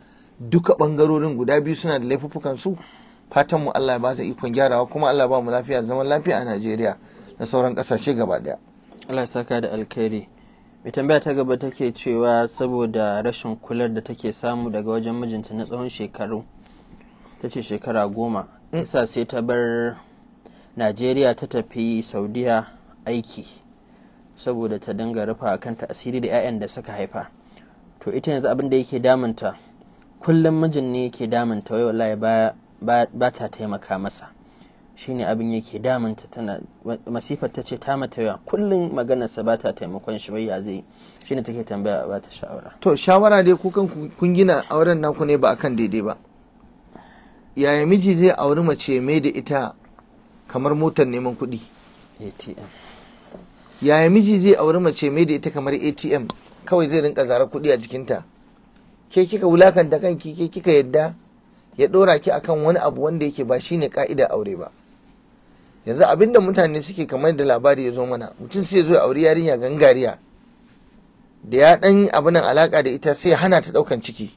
S2: duka bangarorin guda biyu suna da laifuffukan su fatan mu Allah ya ba ta ikon gyarawa kuma Allah ba mu lafiya zaman lafiya a Najeriya da sauran kasashe gaba daya
S1: Allah ya saka da alkhairi mai tambaya ta gaba take cewa saboda rashin kular da take samu daga wajen mijinta na tsawon shekaru ta ce shekara goma isa sai ta bar najeriya ta tafi saudiya aiki saboda ta dinga rufa kanta asiri da 'ya'yan da suka haifa to ita yanzu abin da yake damunta kullum mijin ne yake damunta wai wallahi ba ta taimaka masa shine abin yake damunta tana masifar ta ce ta mata yawa kullum maganarsa ba ta taimakon shi bai ya zai shine take tambaya ba ta shawara
S2: to shawara dai ku kun gina auren naku ne ba akan daidai ba yaya miji zai auri mace mai da ita kamar motar neman kuɗi ATM yaya miji zai auri mace mai da ita kamar ATM kawai zai rinka zarar kuɗi a jikinta ke kika wulakanta kanki ke kika yadda ya dora ki akan wani abu wanda yake ba shine ka'ida aure ba yanzu abinda mutane suke kamar da labari ya zo mana mutum sai zo ya auri yarinya gangariya da ya dan abin nan alaka da ita sai hana ta daukan ciki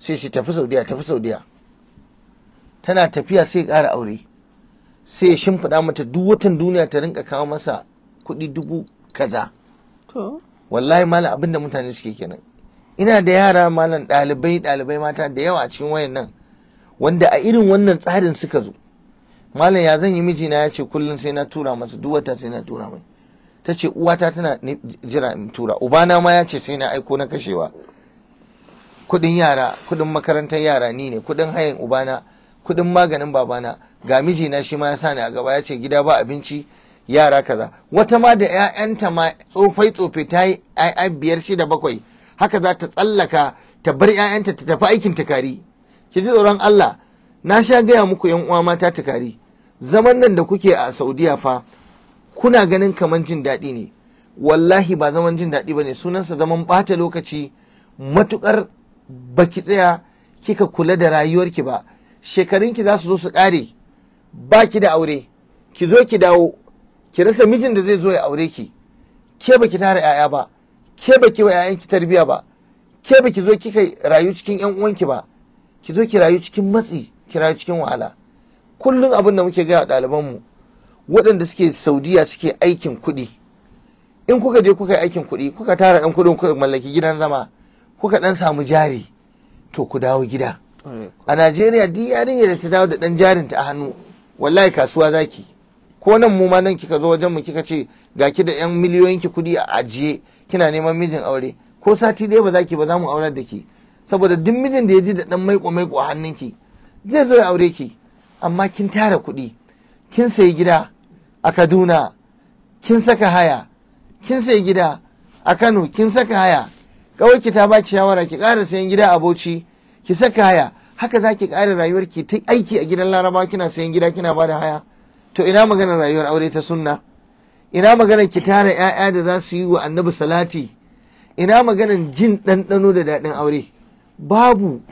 S2: sai shi tafi saudiya tafi saudiya tana tafiya sai ƙara aure sai ya shimfiɗa mata duk watan duniya ta rinka kawo masa kuɗi dubu kaza wallahi mala abinda mutane suke kenan ina da yara malam ɗalibai ɗalibai mata da yawa a cikin wayannan wanda a irin wannan tsarin suka zo malam ya zan yi mijina ya ce kullum sai na tura masa duwata sai na tura mai ta ce uwata tana jira in tura ubana ma ya ce sai na aiko na kashewa kudin yara kudin makarantar yara ni ne kudin hayan ubana kudin maganin babana ga mijina shi ma ya sa ni a gaba ya ce gida ba abinci yara kaza wata ma da 'ya'yanta ma tsofai tsofai ta yi biyar shida bakwai haka za ta tsallaka ta bar 'ya'yanta ta tafi aikin tukari ki ji tsoron Allah na sha gaya muku yan uwa mata takari zaman nan da kuke a Saudiya fa kuna ganin kamar jin daɗi ne wallahi ba zaman jin daɗi ba ne sunansa zaman ɓata lokaci matuƙar baki tsaya kika kula da rayuwarki ba shekarunki za su zo su ƙare ba ki da aure ki zo ki dawo ki rasa mijin da zai zo ya aure ki ke ba ki tara 'ya'ya ba ke ba ki wa 'ya'yanki tarbiyya ba ke ba ki zo kika rayu cikin 'yan uwanki ba ki zo ki rayu cikin matsi ki rayu cikin wahala kullum abin da muke gaya ɗaliban mu waɗanda suke saudiya suke aikin kuɗi in kuka je kuka yi aikin kuɗi kuka tara 'yan kuɗin kuka mallaki gidan zama kuka ɗan samu jari to ku dawo gida a najeriya duk yarinya da ta dawo da ɗan jarinta a hannu wallahi kasuwa zaki ko nan mu ma nan kika zo wajen mu kika ce ga ki da 'yan miliyoyin ki kuɗi a ajiye kina neman mijin aure ko sati ɗaya ba za ki ba za mu aurar da ki saboda duk mijin da ya ji da ɗan maiko maiko a hannunki zai zo ya aure ki amma kin tara kuɗi kin sayi gida a Kaduna kin saka haya kin sayi gida a Kano kin saka haya kawai ki ta baki shawara ki ƙara sayan gida a Bauchi ki saka haya haka za ki ƙara rayuwarki ta aiki a gidan Laraba kina sayan gida kina ba da haya to ina maganar rayuwar aure ta sunna ina maganar ki tara 'ya'ya da za su yi wa annabi salati ina maganar jin ɗanɗano da daɗin aure babu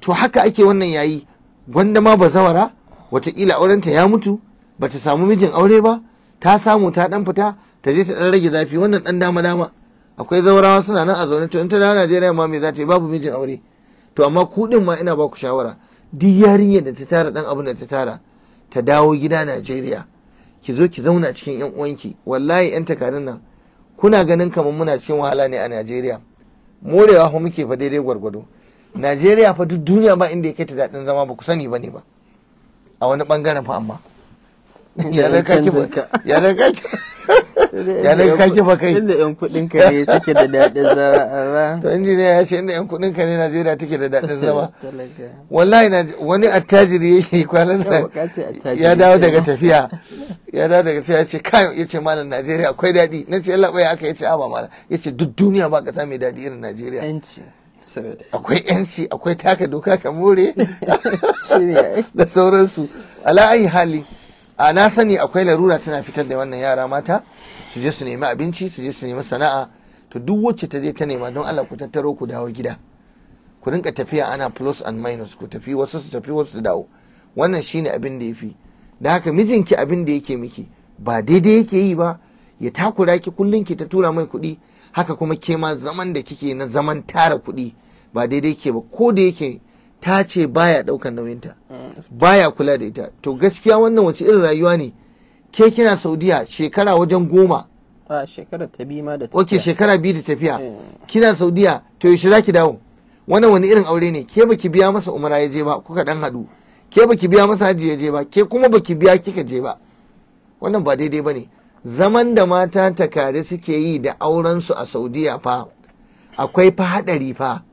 S2: to haka ake wannan yayi gwanda ma ba zawara wataƙila aurenta ya mutu Ba ta samu mijin aure ba ta samu ta ɗan fita ta je ta ɗan rage zafi wannan ɗan dama dama akwai zaurawa suna nan a zaune to in ta dawo Najeriya ma me za ta yi babu mijin aure to amma kuɗin ma ina ba ku shawara duk yarinyar da ta tara ɗan abin da ta tara ta dawo gida Najeriya ki zo ki zauna cikin yan uwanki wallahi yan takarin nan kuna ganin kamar muna cikin wahala ne a Najeriya morewa fa muke fa daidai gwargwado Najeriya fa duk duniya ba inda ya kai ta daɗin zama ba ku sani ba ne ba a wani bangaren fa amma Yanar kaki ba kaki ba kai inda yan kudin ka ne take da dadin zama to injiniya ya ce inda yan kudin ka ne Najeriya take da dadin zama wallahi wani attajiri yake kwanan nan ya dawo daga tafiya ya dawo daga tafiya ya ce kai ya ce malam Najeriya akwai dadi na ce Allah bai haka ya ce aba malam ya ce duk duniya ba kasa mai dadi irin Najeriya akwai yanci akwai taka doka ka more da sauransu ala ayi hali a na sani akwai larura tana fitar da wannan yara mata su je su nemi abinci su je su nemi sana'a to duk wacce ta je ta nema don Allah ku tattaro ku dawo gida ku rinka tafiya ana plus and minus ku tafi wasu su tafi wasu su dawo wannan shine abin da yafi da haka mijinki abin da yake miki ba daidai yake yi ba ya takura ki kullun ki ta tura mai kuɗi haka kuma ke ma zaman da kike na zaman tara kuɗi ba daidai ke ba ko da yake ta ce baya ɗaukar nauyinta baya kula da ita to gaskiya wannan wace irin rayuwa ne ke kina saudiya shekara wajen goma
S1: a shekara ta biyu ma da
S2: tafiya ok shekara biyu da tafiya eh. kina saudiya to yaushe za ki dawo wannan wani irin aure ne ke baki biya masa umara ya je ba kuka dan hadu. ke baki biya masa hajji ya je ba ke kuma baki biya kika je ba wannan ba daidai ba ne zaman da mata takare suke yi da aurensu a saudiya fa akwai fa haɗari fa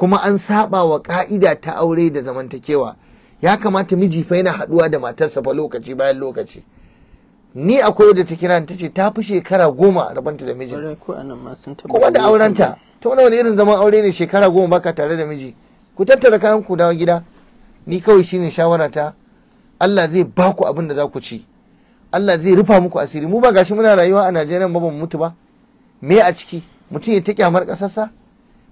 S2: kuma an saba wa ka'ida ta aure da zamantakewa ya kamata miji fa yana haduwa da matarsa fa lokaci bayan lokaci ni akwai wadda ta kira ta ce ta fi shekara goma rabanta da miji kuma da aurenta ta wani wani irin zaman aure ne shekara goma baka tare da miji ku tattara kayan ku dawo gida ni kawai shine shawara ta Allah zai ba ku abin da za ku ci Allah zai rufa muku asiri mu ba gashi muna rayuwa a Najeriya ba mu mutu ba me a ciki mutum ya ta kyamar kasarsa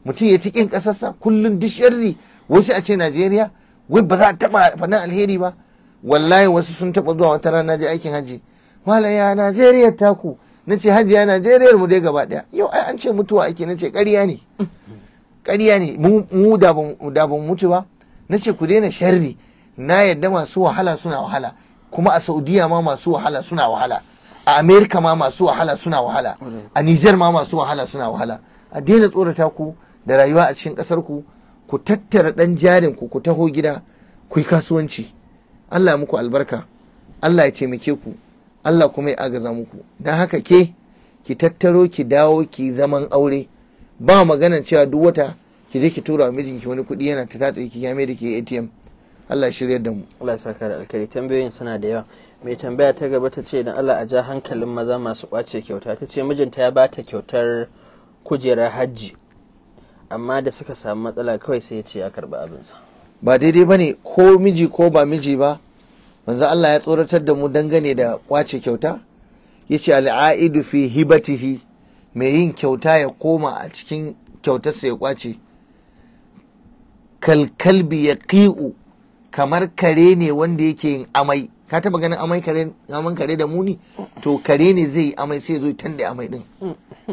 S2: mutum ya ci ƙin ƙasarsa kullum duk sharri wasu a ce najeriya wai ba za a taɓa faɗin alheri ba wallahi wasu sun taɓa zuwa wata rana je aikin hajji malam ya najeriya taku na ce haji hajiya najeriya mu dai gaba ɗaya yau ai an ce mutuwa ake na ce ƙarya ne ƙarya ne mu da ban mutu ba na ce ku daina sharri na yadda masu wahala suna wahala kuma a saudiya ma masu wahala suna wahala a amerika ma masu wahala suna wahala a niger ma masu wahala suna wahala a daina tsorata ku da rayuwa a cikin ƙasar ku ku tattara ɗan jarin ku ku taho gida ku yi kasuwanci Allah muku albarka Allah ya taimake ku Allah kuma ya agaza muku don haka ke ki tattaro ki dawo ki zaman aure ba maganar cewa duk wata ki je ki tura wa mijinki wani kuɗi yana
S1: ta tatsa ki yame da ke ATM Allah shirya da mu Allah ya saka da alkari tambayoyin suna da yawa mai tambaya ta gaba ta ce dan Allah a ja hankalin maza masu kwace kyauta ta ce mijinta ya bata kyautar kujerar hajji amma da suka samu matsala kawai sai ya ce ya karba abinsa
S2: ba daidai ba ne ko miji ko ba miji ba manzo Allah ya tsoratar da mu dangane da kwace kyauta yace al'aidu fi hibatihi mai yin kyauta ya koma a cikin kyautarsa ya kwace kalkalbi ya ƙi'u kamar kare ne wanda yake yin amai ka taba ganin amai kare aman kare da muni to kare ne zai yi amai sai zo tanda amai din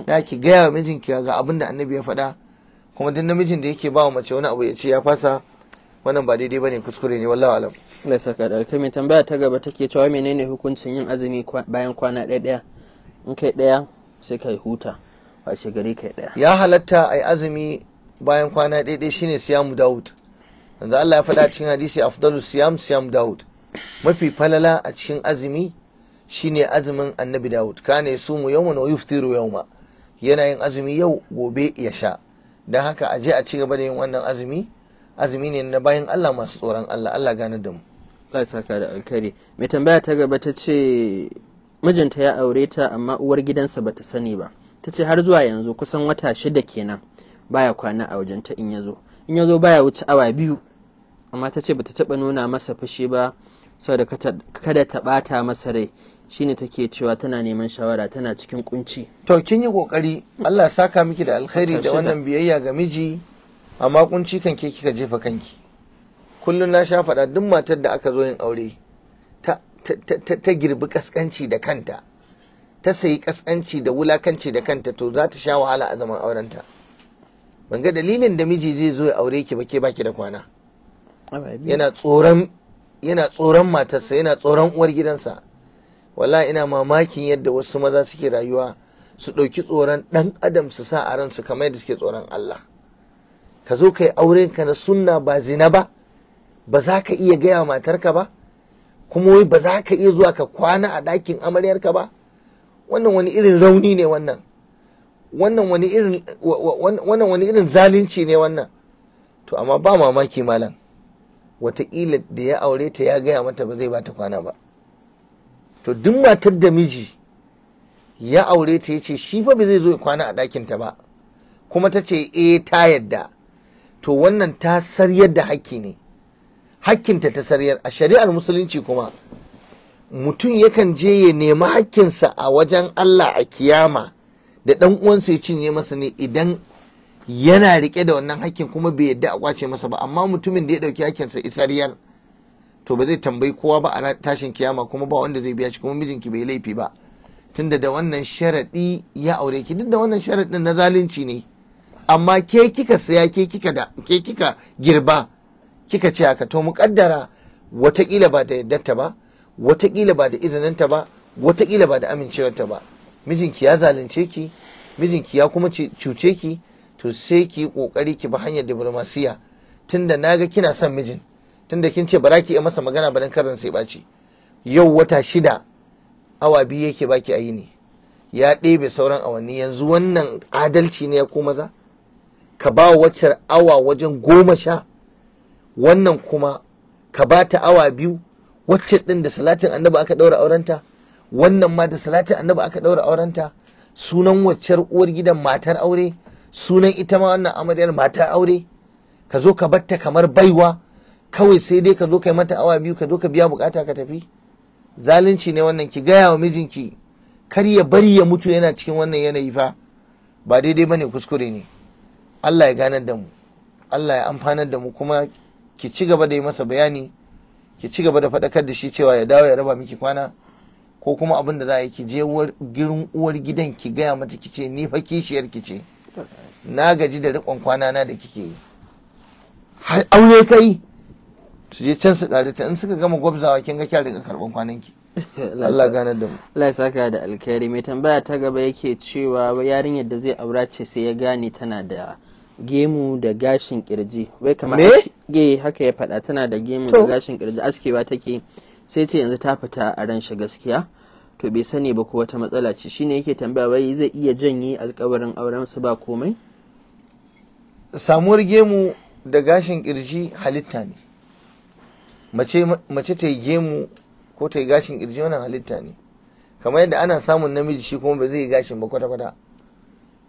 S2: da mm. ki gaya wa mijinki ga abinda annabi ya faɗa kuma duk namijin da yake ba wa mace wani abu ya ce ya
S1: fasa wannan ba daidai
S2: bane kuskure ne wallahi alam
S1: Allah saka da alkai mai tambaya ta gaba take cewa menene hukuncin yin azumi bayan kwana ɗaya ɗaya in kai ɗaya sai kai huta a shigari kai ɗaya ya halatta ai azumi bayan kwana ɗaya ɗaya shine siyamu daud
S2: yanzu Allah ya faɗa cikin hadisi afdalu siyam siyam daud mafi falala a cikin azumi shine azumin annabi daud kana yasumu yawman wa yuftiru yawma yana yin azumi yau gobe ya sha don haka a je a ci gaba da yin wannan azumi
S1: azumi ne na bayan Allah masu tsoron Allah Allah gane da mu saka da alkari mai tambaya ta gaba ta ce mijinta ya aure ta amma uwar gidansa bata sani ba ta ce har zuwa yanzu kusan wata shida kenan baya kwana a wajenta in ya zo in ya zo baya wuce awa biyu amma ta ce bata taba nuna masa fushi ba saboda kada ta bata masa rai shine take cewa tana neman shawara tana cikin kunci
S2: to kin yi kokari Allah saka miki da alkhairi da wannan
S1: biyayya ga miji amma kunci kan ke kika
S2: jefa kanki kullun na sha faɗa duk matar da aka zo yin aure ta ta girbi kaskanci da kanta ta sayi kaskanci da wulakanci da kanta to za ta sha wahala a zaman aurenta ban ga dalilin da miji zai zo ya aure ki ba ke baki da kwana yana tsoron yana tsoron matarsa yana tsoron uwar gidansa wala ina mamakin yadda wasu maza suke rayuwa su ɗauki tsoron ɗan adam su sa a ransu kamar yadda suke tsoron Allah ka zo ka yi auren ka na sunna ba zina ba ba za ka iya gaya matarka ba kuma wai ba za ka iya zuwa ka kwana a ɗakin amaryarka ba wannan wani irin rauni ne wannan wannan wani irin wannan wani irin zalunci ne wannan to amma ba mamaki malam wataƙila da ya aure ta ya gaya mata ba zai ba ta kwana ba to duk matar da miji ya aure ta ce shi fa ba zai zo ya kwana a ɗakinta ba kuma ta ce eh ta yadda to wannan ta saryar da hakki ne hakkinta ta saryar a shari'ar musulunci kuma mutum yakan je ya nemi hakkinsa a wajen Allah a kiyama da ɗan uwansa ya cinye masa ne idan yana rike da wannan hakkin kuma bai yadda a kwace masa ba amma mutumin da ya ɗauki hakkinsa isariyar to ba zai tambayi kowa ba a tashin kiyama kuma ba wanda zai biya shi kuma mijinki bai laifi ba tunda da wannan sharaɗi ya aure ki duk da wannan sharaɗin na zalunci ne amma ke kika saya ke kika da ke kika girba kika ce haka to muƙaddara watakila ba da yaddarta ba watakila ba da izininta ba watakila ba da amincewarta ba mijinki ya zalunce ki mijinki ya kuma cuce ki to sai ki kokari ki bi hanyar diplomasiya tunda naga kina son mijin tunda kin ce ba za ki yi masa magana ba dan karin sai baci yau wata shida awa biyu yake baki a yi ne ya ɗebe sauran awanni yanzu wannan adalci ne ya koma za? ka ba wacce awa wajen goma sha wannan kuma ka ba ta awa biyu wacce ɗin da salatin annabi aka ɗaura aurenta wannan ma da salatin annabi aka ɗaura aurenta sunan waccar uwar gidan matar aure sunan ita ma wannan amaryar matar aure ka zo ka batta kamar baiwa kawai sai dai ka zo kai mata awa biyu ka zo ka biya bukata ka tafi zalunci ne wannan ki gaya wa mijinki kar ya bari ya mutu yana cikin wannan yanayi fa ba daidai bane kuskure ne Allah ya ganar da mu Allah ya amfanar da mu kuma ki ci gaba da yi masa bayani ki ci gaba da faɗakar da shi cewa ya dawo ya raba miki kwana ko kuma abin da za a yi ki je girin uwar gidan ki gaya mata ki ce ni fa kishiyar ki ce na gaji da riƙon kwana na da kike yi aure kai su je can su ɗari ta in suka gama gwabzawa kin ga daga karɓan kwanan ki
S1: Allah gane da mu Allah ya saka da alkhairi mai tambaya ta gaba yake cewa yarinyar da zai aura ce sai ya gane tana da gemu da gashin kirji wai kamar ge eh, haka ya faɗa tana da gemu da gashin kirji askewa take sai ce yanzu ta fita a ran shi gaskiya to bai sani ba ko wata matsala ce shine yake tambaya wai zai iya janye alkawarin auren su ba komai
S2: samuwar gemu da gashin kirji halitta ne mace ta yi gemu ko ta yi gashin kirji wannan halitta ne kamar yadda ana samun namiji shi kuma ba zai yi gashin ba kwata-kwata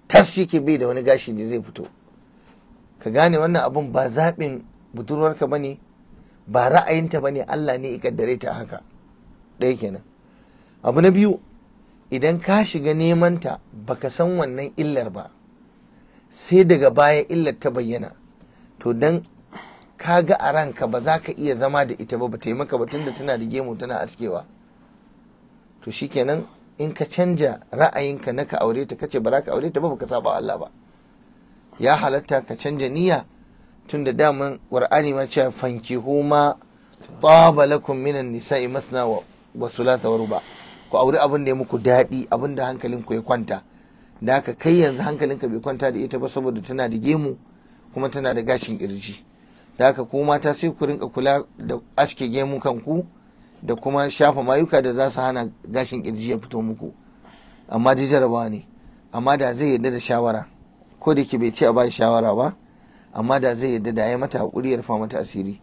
S2: tas shi ke bai da wani gashi ne zai fito ka gane wannan abun ba zaɓin budurwarka ba ne ba ra'ayinta ba ne Allah ne ya kaddare ta haka ɗaya kenan abu na biyu idan ka shiga nemanta ka san wannan illar ba sai daga baya illar ta bayyana to dan ka ga a ranka ba za ka iya zama da ita ba ba ta yi maka ba tunda tana da gemu tana askewa to shikenan in ka canja ra'ayinka na ka aure ta kace ba za ka aure ta ba ba ka saba Allah ba ya halatta ka canja niyya tunda daman qur'ani ma cewa fankihu ma taba lakum minan nisa'i masna wa thulatha wa ruba ku aure abin da ya muku daɗi abin da hankalinku ya kwanta da ka kai yanzu hankalinka bai kwanta da ita ba saboda tana da gemu kuma tana da gashin kirji da haka ku mata sai ku rinka kula da aske gemu kanku da kuma shafa mayuka da za su hana gashin kirji ya fito muku amma dai jarabawa ne amma da zai yarda da shawara ko da ke bai ce a ba shawara ba amma da zai yarda da ya mata hakuri ya rufa mata asiri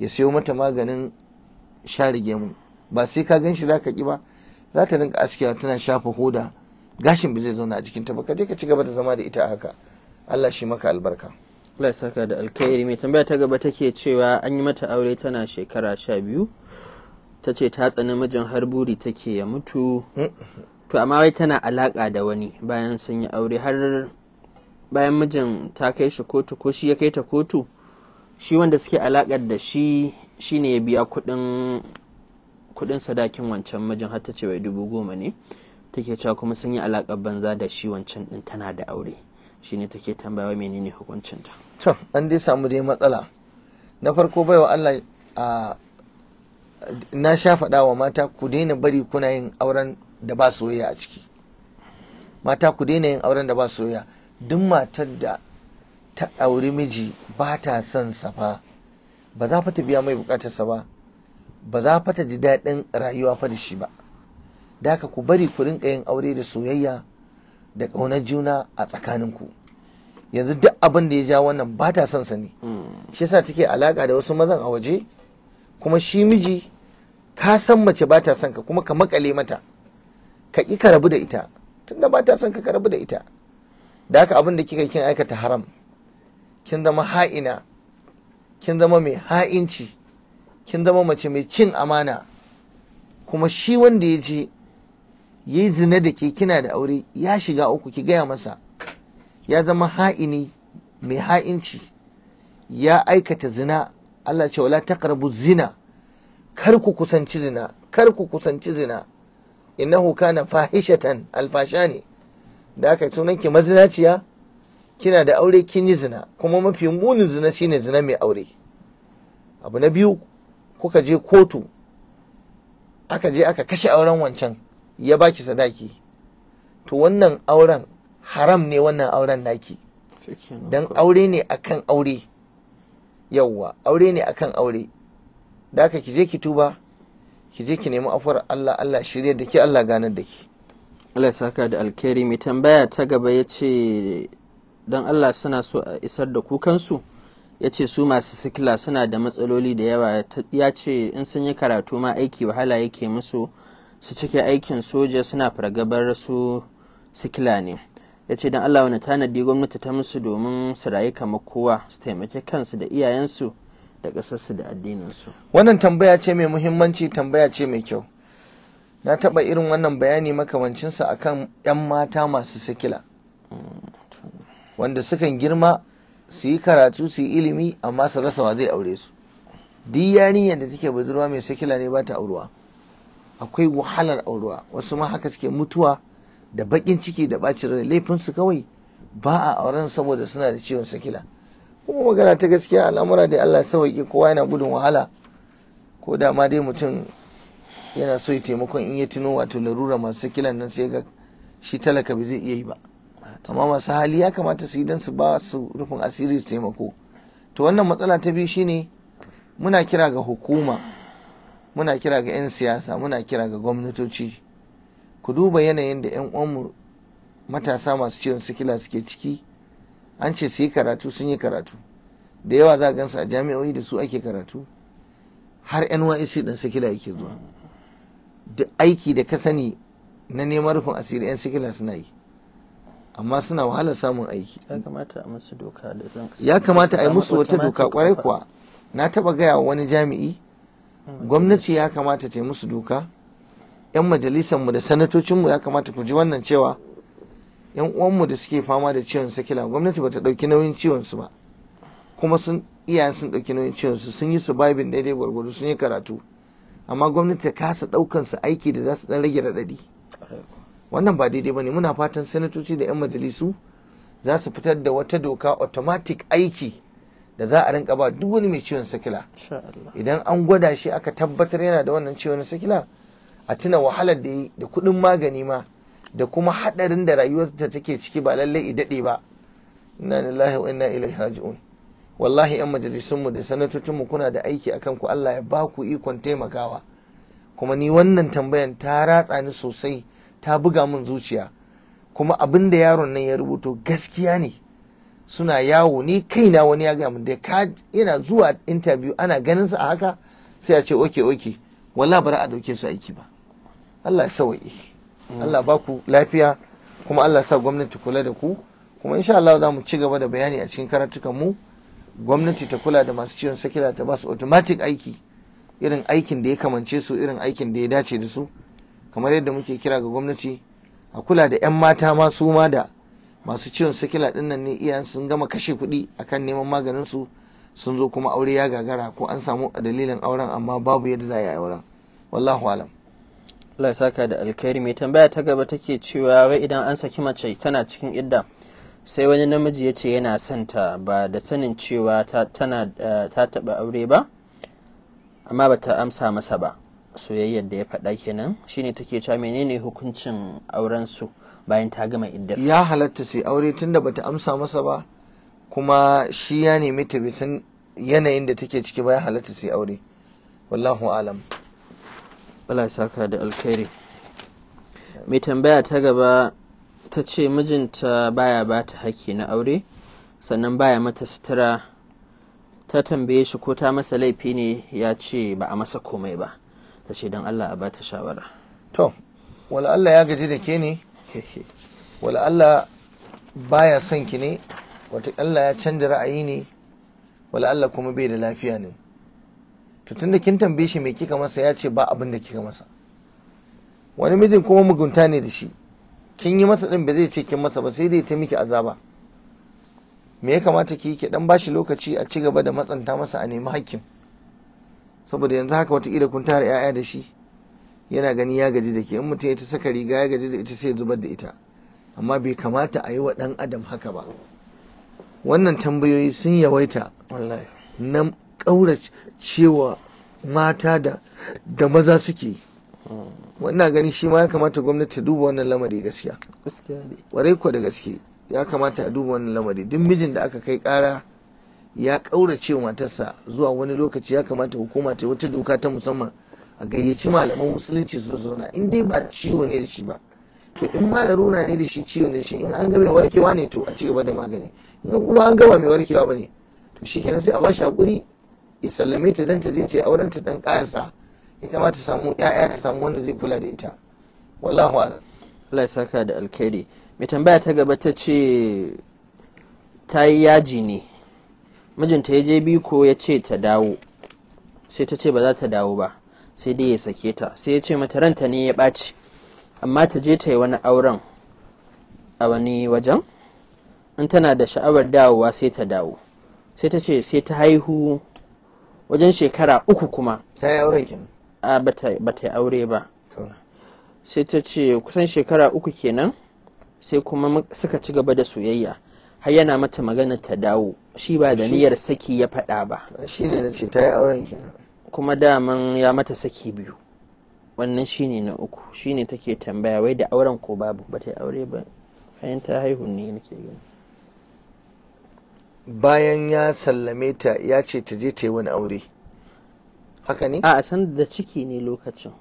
S2: ya sayo mata maganin share gemu ba sai ka gan shi za ka ki ba za ta rinka askewa tana shafa hoda gashin ba zai zauna a jikinta ba ka je ka ci
S1: gaba da zama da ita haka Allah shi maka albarka Allah saka da alkhairi mai tambaya ta gaba take cewa an yi mata aure tana shekara sha biyu ta ce ta tsani mijin har buri take ya mutu to amma wai tana alaƙa da wani bayan sun yi aure har bayan mijin ta kai shi kotu ko shi ya kai ta kotu shi wanda suke alaƙar da shi shi ne ya biya kuɗin sadakin wancan mijin har ta ce wai dubu goma ne take cewa kuma sun yi alaƙar banza da shi wancan ɗin tana da aure shine take tambaya menene hukuncinta
S2: to an dai samu dai matsala na farko baiwa Allah a na sha faɗa wa mata ku daina bari kuna yin auren da ba soyayya a ciki mata ku daina yin auren da ba soyayya duk matar da ta ɗauri miji ba ta son sa fa ba za fa ta biya mai sa ba ba za fa ta ji daɗin rayuwa fa da shi ba da ku bari ku rinka yin aure da soyayya da ƙaunar juna a tsakaninku yanzu duk abin da ya ja wannan ba ta son sani. ne hmm. shi yasa take alaka da wasu mazan a waje kuma shi miji ka san mace ba ta son ka kuma ka makale mata ka ki ka rabu da ita tunda ba ta son ka ka rabu da ita da haka abin da kika kin aikata haram kin zama ha'ina kin zama mai ha'inci kin zama mace mai cin amana kuma shi wanda ya je yi zina da ke kina da aure ya shiga uku ki gaya masa ya zama ha'ini mai ha'inci ya aikata zina Allah ce wala taqrabu zina kar ku kusanci zina kar ku kusanci zina innahu na fahishatan alfasha ne da aka sunan ki mazinaciya kina da aure kin yi zina kuma mafi munin zina shine zina mai aure abu na biyu kuka je kotu aka je aka kashe auren wancan ya baki sadaki to wannan auren haram ne wannan auren naki don aure ne akan aure yauwa aure ne akan aure da aka ki je ki tuba ki je ki nemi afuwar Allah
S1: Allah shirya da ki Allah ganar da ki Allah saka da alkhairi mai tambaya ta gaba ya ce don Allah suna so a isar da kukansu ya ce su masu sikila suna da matsaloli da yawa ya ce in sun yi karatu ma aiki wahala yake musu su cike aikin soja suna fargabar su sikila ne ya ce don allah wani tanadi gwamnati ta musu domin su rayu kamar kowa su taimake kansu da iyayensu da ƙasarsu da addininsu
S2: wannan tambaya ce mai muhimmanci tambaya ce mai kyau na taba irin wannan bayani makamancinsa akan 'yan mata masu sikila wanda sukan girma su yi karatu su yi ilimi amma su rasa wa zai aure su duk yarinyar da take budurwa mai sikila ne ba ta aurewa akwai wahalar aurewa wasu ma haka suke mutuwa da bakin ciki da bacin rai laifin su kawai ba a auren saboda suna da ciwon sakila kuma magana ta gaskiya al'amura da Allah sauki kowa yana gudun wahala ko da ma dai mutum yana so ya taimakon in ya tuno wato larura masu sakila nan sai ga shi talaka ba zai iya yi ba amma masu hali ya kamata su yi don su ba su rufin asiri su taimako to wannan matsala ta biyu shine muna kira ga hukuma muna kira ga 'yan siyasa muna kira ga gwamnatoci ku duba yanayin da 'yan uwanmu matasa masu ciwon sikila suke ciki an ce su yi karatu sun yi karatu da yawa za a gansu a jami'o'i da su ake karatu har nysc ɗin sikila yake zuwa da aiki da ka sani na neman rufin asiri 'yan sikila suna yi amma suna wahalar samun
S1: aiki ya kamata a yi musu wata doka kwarai kuwa
S2: na taba gaya wani jami'i gwamnati ya kamata ta yi musu doka yan majalisanmu da sanatocinmu ya kamata ku ji wannan cewa yan uwanmu da suke fama da ciwon sakila gwamnati bata dauki nauyin ciwon su ba kuma sun iya sun dauki nauyin ciwon su sun yi su babin daidai gwargwado sun yi karatu amma gwamnati ta kasa daukan su aiki da za su dan rage radadi wannan ba daidai ba ne. muna fatan sanatoci da yan majalisu za su fitar da wata doka automatic aiki da za a rinka ba duk wani mai ciwon sikila idan an gwada shi aka tabbatar yana da wannan ciwon sikila a tuna wahalar da yi da kudin magani ma da kuma haɗarin da rayuwarta take ciki ba lallai i daɗe ba inna lillahi wa inna ilaihi raji'un wallahi yan mu da mu kuna da aiki akan ku Allah ya baku ikon taimakawa kuma ni wannan tambayan ta ratsa ni sosai ta buga min zuciya kuma abin da yaron nan ya rubuto gaskiya ne suna yawo ni kai na wani ya gaya min da ka yana zuwa interview ana ganin sa a haka sai ya ce oke oke wallah bara a dauke su aiki ba Allah ya sauke Allah ba ku lafiya kuma Allah sa gwamnati kula da ku kuma insha Allah za mu ci gaba da bayani a cikin karatukan mu gwamnati ta kula da masu ciwon sakila ta ba su automatic aiki irin aikin da ya kamance su irin aikin da ya dace da su kamar yadda muke kira ga gwamnati a kula da 'yan mata ma su ma da masu ciwon sikila din nan ne iya sun gama kashe kuɗi akan neman maganin su sun zo kuma aure ya
S1: gagara ko an samu dalilin auren amma babu yadda za a yi auren wallahu alam Allah saka da alkhairi mai tambaya ta gaba take cewa wai idan an saki mace tana cikin idda sai wani namiji ya ce yana son ta ba da sanin cewa tana eh, ta taba aure ba amma ba ta amsa masa ba soyayyar da ya faɗa kenan shine take cewa menene hukuncin auren su bayan ta gama iddar ya halatta sai
S2: aure tunda bata amsa masa ba kuma shi ya nemi ta bisan yanayin da
S1: take ciki bayan ya halatta sai aure wallahu alam Allah saka da alkhairi mai tambaya ta gaba ta ce mijinta baya ba ta haƙƙi na aure sannan baya mata sutura ta tambaye shi ko ta masa laifi ne ya ce ba a masa komai ba ta ce don Allah a ba ta shawara
S2: to wala Allah ya gaji da ke ne
S1: wala Allah
S2: baya son ki ne wata Allah ya canza ra'ayi ne wala Allah kuma bai da lafiya ne to tunda kin tambaye shi me kika masa ya ce ba abin da kika masa wani mijin kuma mugunta ne da shi kin yi masa din ba zai ce kin masa ba sai dai ta miki azaba me ya kamata ki ki dan bashi lokaci a ci gaba da matsanta masa a nemi hakkin saboda yanzu haka wata kun tara 'ya'ya da shi yana gani ya gaji da ke in mutum ya ta saka riga ya gaji da ita sai zubar da ita amma bai kamata a yi wa ɗan adam haka ba wannan tambayoyi sun yawaita na cewa mata da da maza suke hmm. wannan gani shi ma ya kamata gwamnati ta duba wannan lamari gaskiya warai ko da gaske ya kamata a duba wannan lamari duk mijin da aka kai kara ya ƙaurace matarsa zuwa wani lokaci ya kamata hukuma ta yi wata doka ta musamman a gayyaci malaman musulunci su zauna in dai ba ciwo ne da shi ba to in ma runa ne da shi ciwo ne shi in an ga mai warkewa ne to a ci gaba da magani in kuma an gaba mai warkewa ba ne to shi kenan sai a bashi hakuri
S1: ya sallame ta dan ta je ce auren ta dan kayansa
S2: ita ma ta samu ƴaƴa ta samu wanda
S1: zai kula da ita wallahu a'lam Allah ya saka da alkhairi mai tambaya ta gaba ta ce ta yi yaji ne mijinta ya je biko ya ce ta dawo sai ta ce ba za ta dawo ba sai dai ya sake ta sai ya ce mata ranta ne ya ɓaci amma ta je ta yi wani auren a wani wajen in tana da sha'awar dawowa sai ta dawo sai ta ce sai ta haihu wajen shekara uku kuma ta yi auren kenan a ba ta yi aure ba sai ta ce kusan shekara uku kenan sai kuma suka ci gaba da soyayya har yana mata magana ta dawo shi ba da niyyar saki ya faɗa ba shi ne na ce
S2: ta yi auren kenan
S1: kuma daman ya mata saki biyu wannan shine na uku shine take tambaya wai da auren ko babu ba ta yi aure ba bayan ta haihu ne nake gani bayan ya sallame ta ya ce ta je ta yi wani aure haka ne a san da ciki ne lokacin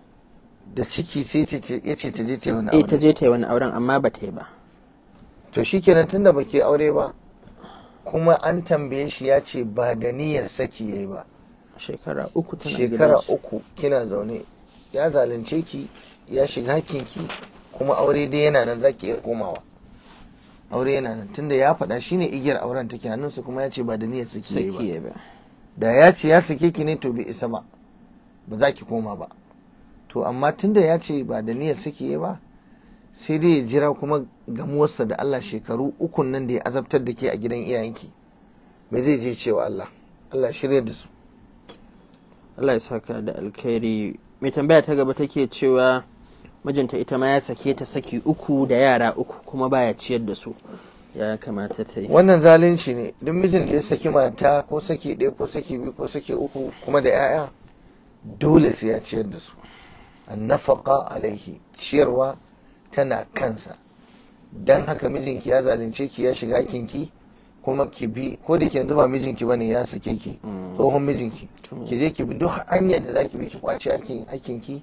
S1: da ciki sai ya ce ta je ta yi wani eh, aure ta je ta yi wani auren amma ba ta yi ba to shi nan
S2: tunda ke aure ba kuma an tambaye shi ya ce ba da niyyar saki ya yi ba
S1: shekara uku tana shekara uku
S2: kina zaune ya zalunce ki ya shiga hakinki kuma aure dai yana nan zaki iya komawa aure yana nan tunda ya faɗa shine igiyar auren take hannunsu kuma ya ce ba da niyyar suke yi ba da ya ce ya sake ki ne to bai isa ba ba za ki koma ba to amma tunda ya ce ba da niyyar suke yi ba sai dai ya jira kuma gamuwarsa da Allah shekaru ukun
S1: nan da ya azabtar da ke a gidan iyayenki me zai je cewa Allah Allah shirya da su Allah ya saka da alkhairi mai tambaya ta gaba take cewa mijinta ita ma ya sake ta saki uku da yara uku kuma baya ciyar da su ya kamata ta yi wannan
S2: zalunci ne duk mijin da ya saki mata ko saki ɗaya ko saki biyu ko saki uku kuma da 'ya'ya dole sai ya ciyar da su annafaka alaihi ciyarwa tana kansa don haka mijinki ya zalunce ki ya shiga kinki kuma ki bi ko da ke yanzu mijinki bane ya sake ki mm. tsohon mijinki ki je ki bi duk hanyar da zaki bi ki kwace aikin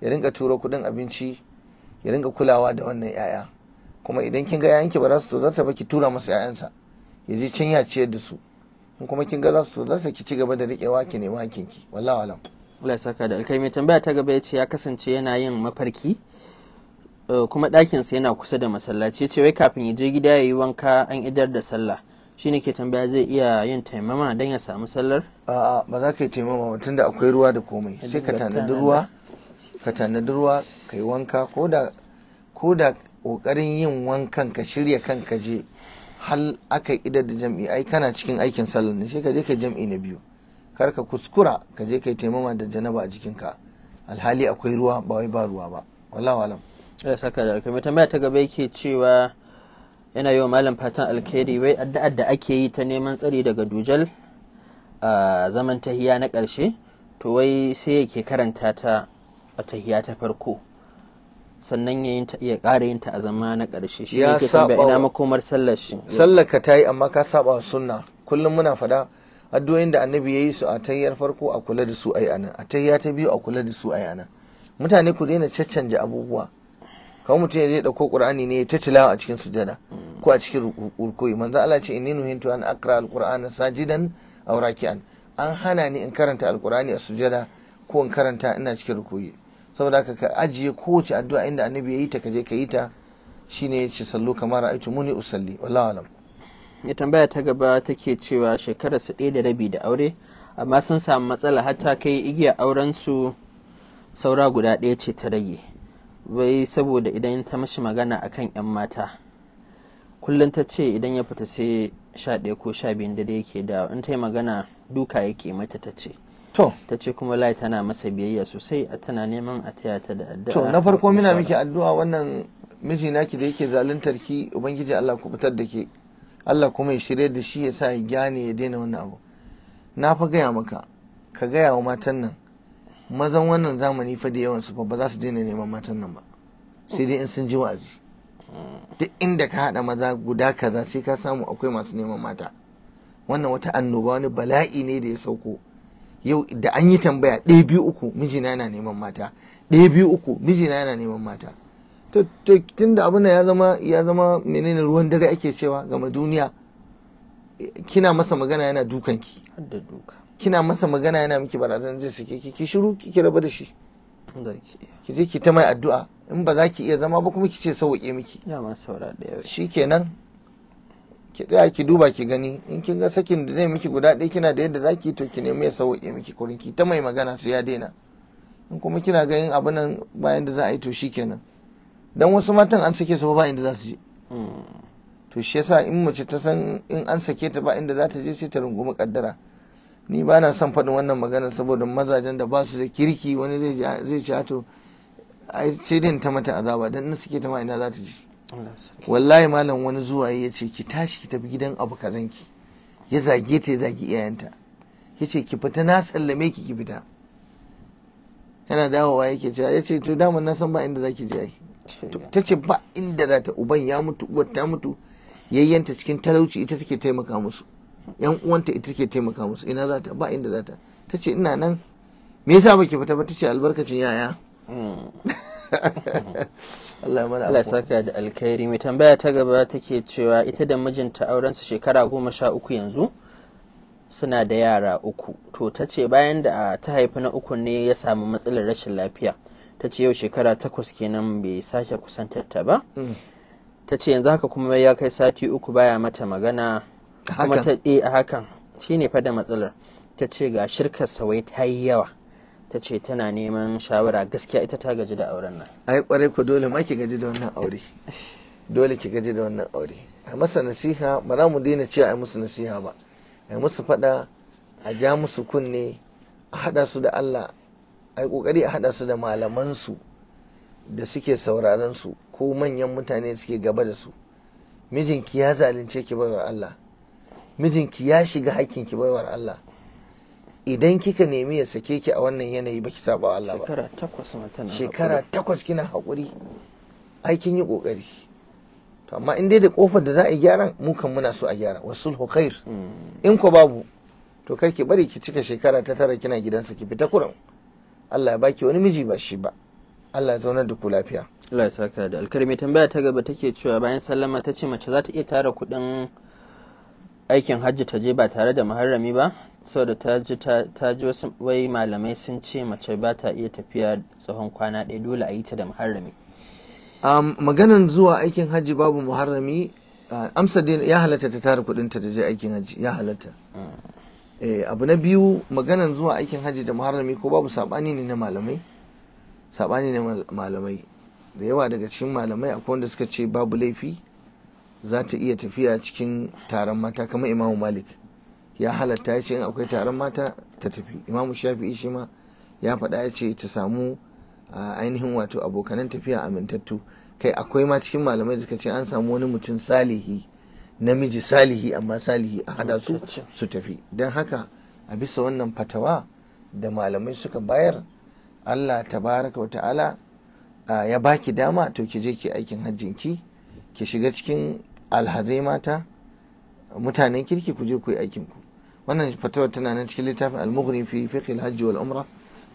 S2: ya ringa turo kudin abinci ya ringa kulawa da wannan yaya kuma idan kin ga yayanki ba za su ta ba ki tura masa yayansa ya je can ya ciyar da su in kuma kin ga za su ta ki
S1: ci gaba da riƙewa ki nema ki wallahi alam Allah ya saka da alkai tambaya ta gaba ya ce ya kasance yana yin mafarki eh, kuma ɗakinsa yana kusa da masallaci ce wai kafin ya je gida ya yi wanka an idar da sallah shi ne ke tambaya zai iya yin taimama don ya samu sallar? A'a
S2: ba za ka yi taimama ba da akwai ruwa da komai sai ka tanadi ruwa
S1: ka tanadi ruwa
S2: ka yi wanka ko da ko da kokarin yin wankan ka shirya kan ka je hal aka idar da jam'i ai kana cikin aikin sallar ne sai ka je ka jam'i na biyu kar ka kuskura ka je ka yi taimama da janaba a jikinka alhali akwai ruwa ba wai ba ruwa ba
S1: wallahi alam. Ya saka da kuma tambaya ta gaba yake cewa yana yi wa malam fatan alkhairi wai addu'ar da ake yi ta neman tsari daga dujal a zaman tahiya na ƙarshe to wai sai yake karanta ta a tahiya ta farko sannan ya ya ƙara yin ta a zama na ƙarshe shi ke tambaya ina makomar sallar shi sallar
S2: ka yi amma ka saba sunna kullum muna fada addu'o'in da annabi ya yi su a tahiyar farko a kula da su ai anan a tahiya ta biyu a kula da su ai anan mutane ku daina caccanje abubuwa kamar mutum ya zai dauko qur'ani ne ta tilawa a cikin sujada ko a cikin rukuyi manzo Allah ce inni nuhintu an aqra alqur'ana sajidan aw raki'an an hana ni in karanta alqur'ani a sujada ko in karanta ina cikin rukuyi saboda haka ka ajiye kowace addu'a inda annabi yayi ta ka je ka yi ta shine ya sallu kamar ra'aytu muni usalli wallahu
S1: alam ya tambaya ta gaba take cewa shekarar su ɗaya da rabi da aure amma sun samu matsala hatta kai igiya auren su saura guda ɗaya ce ta rage wai saboda idan ta mashi magana akan 'yan mata kullum ta ce idan ya fita sai sha ɗaya ko sha biyun da yake da in ta yi magana duka yake mata ta ce ta ce kuma lai tana masa biyayya sosai a tana neman a taya ta da addu'a to na farko muna miki addu'a wannan miji naki da yake zaluntar ki ubangiji Allah ku fitar da ke
S2: Allah kuma ya shirye da shi ya sa ya gane ya daina wannan abu na fa gaya maka ka gaya wa matan nan mazan wannan zamani fa da yawan su ba za su daina neman matan nan ba sai dai in sun ji wa'azi duk inda ka haɗa maza guda kaza sai ka samu akwai masu neman mata wannan wata annoba wani bala'i ne da ya sauko yau da an yi tambaya ɗaya biyu uku mijina yana neman mata ɗaya biyu uku mijina yana neman mata to tun da abin ya zama ya zama menene ruwan dare ake cewa game duniya kina masa magana yana dukanki
S1: har
S2: kina masa magana yana miki barazan zai sake ki ki shiru ki ki raba da shi ki je ki ta mai addu'a in ba za ki iya zama ba kuma ki ce sauke miki ma saura da yawa shikenan ki tsaya ki duba ki gani in kin ga sakin da zai miki guda ɗaya kina da yadda za ki to ki nemi ya sauke miki kurin ki ta mai magana su ya daina in kuma kina ganin abu nan bayan da za a yi to shikenan dan wasu matan an sake su ba inda za su je hmm. to shi yasa in mace ta san in an sake ta ba inda za ta je sai ta rungumi kaddara ni ba na son faɗin wannan magana saboda mazajen da ba su da kirki wani zai ci ah, to ai sai dai ta mata azaba don in suke ta ma ina za ta ji wallahi malam wani zuwa ya ce ki tashi ki tafi gidan abu kazanki ya zage ta ya zage iyayenta ya ce ki fita na sallame ki ki fita yana dawowa yake cewa ya ce to daman na san ba inda za ki je ai ta ce ba inda za ta uban ya mutu uwar ta mutu yayyanta cikin talauci ita take taimaka musu yan uwanta ita ke taimaka musu ina za ta ba inda za ta ta ce ina nan
S1: me yasa baki fita ba ta ce albarkacin yaya hmm. Allah ya Allah saka da alkhairi mai tambaya ta gaba take cewa ita da mijinta auren su shekara goma sha uku yanzu suna da yara uku to ta ce bayan da ta haifi na uku ne ya samu matsalar rashin lafiya ta ce yau shekara takwas kenan bai sake kusantar ta ba hmm. ta ce yanzu haka kuma ya kai sati uku baya mata magana kuma ta ɗe eh, a hakan shine fa da matsalar ta ce ga shirkar sawai ta yi yawa ta ce tana neman shawara gaskiya ita ta gaji da auren nan
S2: ai kwarai ku dole ma ki gaji da wannan aure dole
S1: ki gaji da wannan aure a masa
S2: nasiha ba za mu daina cewa ai musu nasiha ba ai musu faɗa a ja musu kunne a haɗa su da Allah ai kokari a haɗa su da malaman su da suke sauraron su ko manyan mutane suke gaba da su mijinki ya zalunce ki baiwa Allah mijinki ya shiga haƙƙinki baiwar Allah idan kika nemi ya sake ki a wannan yanayi baki saba Allah ba shekara takwas tana shekara takwas kina hakuri ai kin yi ƙoƙari to amma in dai da kofar da za a gyara mu kan muna so a gyara wasul khair hmm. in ko babu to kar ki bari ki cika shekara ta tara kina gidansa ki fita kuran Allah ya baki wani miji ba shi ba Allah ya zaunar da ku lafiya
S1: Allah ya saka da alkarmi tambaya ta gaba take cewa bayan sallama ta ce mace za ta iya tara kuɗin aikin hajji ta je ba tare da muharrami ba saboda ta ji ta ji wasu wai malamai sun ce mace ba ta iya tafiya tsawon kwana ɗaya dole a yi ta da muharrami
S2: um, maganan zuwa aikin hajji
S1: babu muharrami uh, amsa dai
S2: ya halatta ta tara kuɗin ta je aikin hajji ya halatta mm. Eh, abu na biyu maganan zuwa aikin hajji da muharrami ko babu sabani ne na malamai sabani ne malamai da yawa daga cikin malamai akwai wanda suka ce babu laifi za ta iya tafiya cikin taron mata kamar imamu malik ya halatta ya ce in akwai taron mata ta tafi imamu shafi'i shi ma ya faɗa ya ce ta samu ainihin wato abokanan tafiya amintattu kai akwai ma cikin malamai da suka ce an samu wani mutum salihi namiji salihi amma salihi a hada su su tafi don haka a bisa wannan fatawa da malamai suka bayar allah tabaraka wa ta'ala ya baki dama to ki je ki aikin hajjinki ki shiga cikin alhazai mata mutanen kirki ku je ku yi aikin ku wannan fatawar tana nan cikin littafin al-mughni fi fiqh al wal umra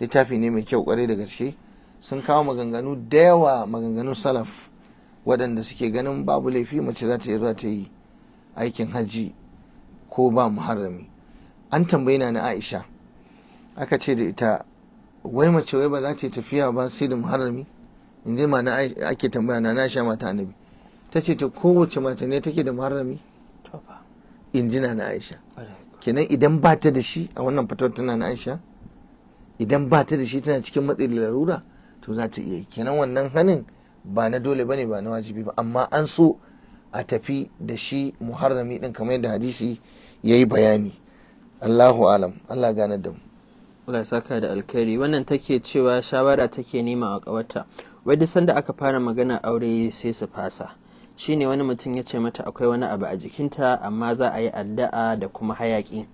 S2: littafi ne mai kyau kwarai da gaske sun kawo maganganu da yawa maganganun salaf waɗanda suke ganin babu laifi mace za ta yi zuwa ta yi aikin hajji ko ba muharrami an tambayi na aisha aka ce da ita wai mace wai ba za ta tafiya ba sai da muharrami in ji ma ake tambaya na na sha mata annabi ta ce ta kowace mace ne take da marami in jina na aisha kenan idan ba ta da shi a wannan fatawar tana na aisha idan ba ta da shi tana cikin matsayi larura to za ta iya kenan wannan hanin ba na dole ba ne ba na wajibi ba amma an so a tafi da shi muharrami din kamar yadda hadisi ya yi bayani Allahu alam Allah gane da
S1: mu ya saka da alkhairi wannan take cewa shawara take nema a kawata wadda sanda aka fara magana aure sai su fasa shi ne wani mutum ya ce mata akwai wani abu a jikinta amma za a yi addu'a da kuma hayaƙi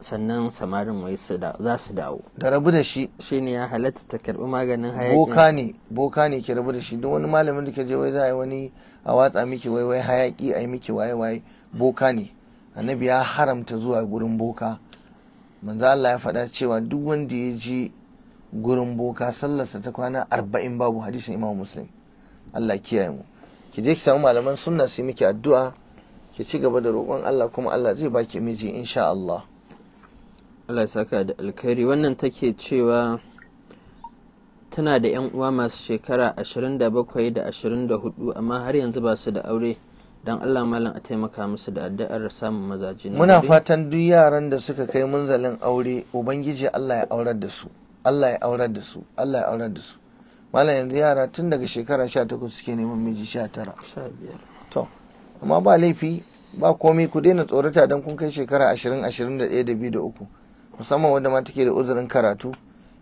S1: sannan samarin wai za su dawo da rabu da shi shi ne ya halatta ta karbi maganin hayaƙi boka ne boka
S2: ne ki rabu da shi don wani malamin da ke je wai za a yi wani a watsa miki wai wai hayaƙi a yi miki waye waye boka ne annabi ya haramta zuwa gurin boka manzo Allah ya faɗa cewa duk wanda ya ji gurin boka sallarsa ta kwana arba'in babu hadisin imam muslim Allah kiyaye mu ki je ki samu malaman sunna su miki addu'a
S1: ki ci gaba da roƙon Allah kuma Allah zai baki miji insha Allah Allah ya saka da alkhairi wannan take cewa tana da yan uwa masu shekara 27 da 24 amma har yanzu ba su da aure don Allah malam a taimaka musu da addu'ar samun mazaje muna fatan
S2: duk yaran da suka kai munzalin aure ubangiji Allah ya aurar da su Allah ya aurar da su Allah ya aurar da su malam yanzu yara tun daga shekara sha takwas suke neman miji tara to amma ba laifi ba komai ku daina tsorata don kun kai shekara ashirin ashirin da ɗaya da biyu da uku musamman wanda ma take da uzurin karatu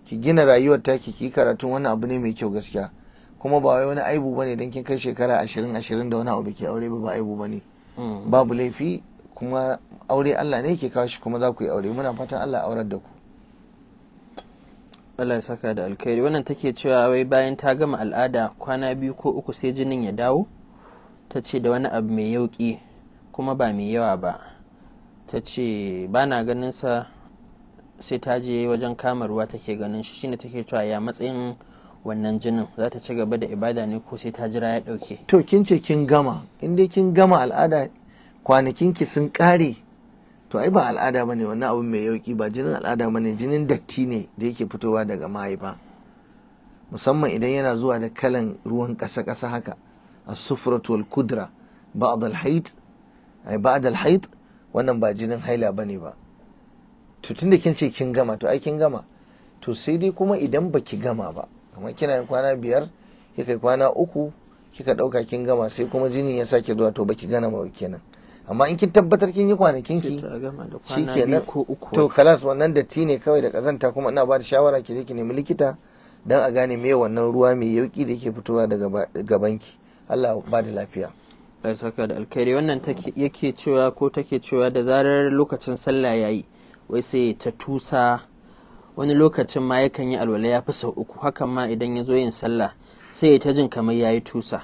S2: ki gina rayuwar taki ki karatu wani abu ne mai kyau gaskiya kuma ba wai wani aibu bane don kin kai shekara ashirin ashirin da wani abu ke aure ba ba aibu bane mm. babu laifi kuma aure Allah ne ke kawo shi kuma za ku yi aure muna fatan Allah aurar da ku
S1: Allah ya saka da alkhairi wannan take cewa wai bayan ta gama al'ada kwana biyu ko uku sai jinin ya dawo ta ce da wani abu mai yauki kuma ba mai yawa ba ta ce ba na ganin sa sai ta je wajen kama ruwa take ganin shi shine take cewa ya matsayin wannan jinin za ta ci gaba da ibada ne ko sai ta jira ya dauke
S2: to kin ce kin gama in dai kin gama al'ada kwanakin ki sun kare to ai ba al'ada bane wannan abun mai yauki ba jinin al'ada bane jinin datti ne da yake fitowa daga mahaifa musamman idan yana zuwa da kalan ruwan kasa-kasa haka as-sufrat wal kudra ba'd al-hayd ai ba'd al wannan ba jinin haila bane ba to tunda kin ce kin gama to ai kin gama to sai dai kuma idan baki gama ba kamar kina kwana biyar kika kwana uku kika ɗauka kin gama sai kuma jinin ya sake zuwa to baki gana ba kenan amma in kin tabbatar kin yi kwanakin ki shikenan to kalas wannan datti ne kawai da kazanta kuma ina ba da shawara ki je ki nemi likita dan a gane me wannan ruwa mai yauki da yake fitowa daga ki Allah ba da lafiya
S1: ya saka da alkhairi wannan yake cewa ko take cewa da zarar lokacin sallah yayi wai sai ta tusa wani lokacin ma yakan yi alwala ya fi sau uku hakan ma idan ya zo yin sallah sai ta jin kamar yayi tusa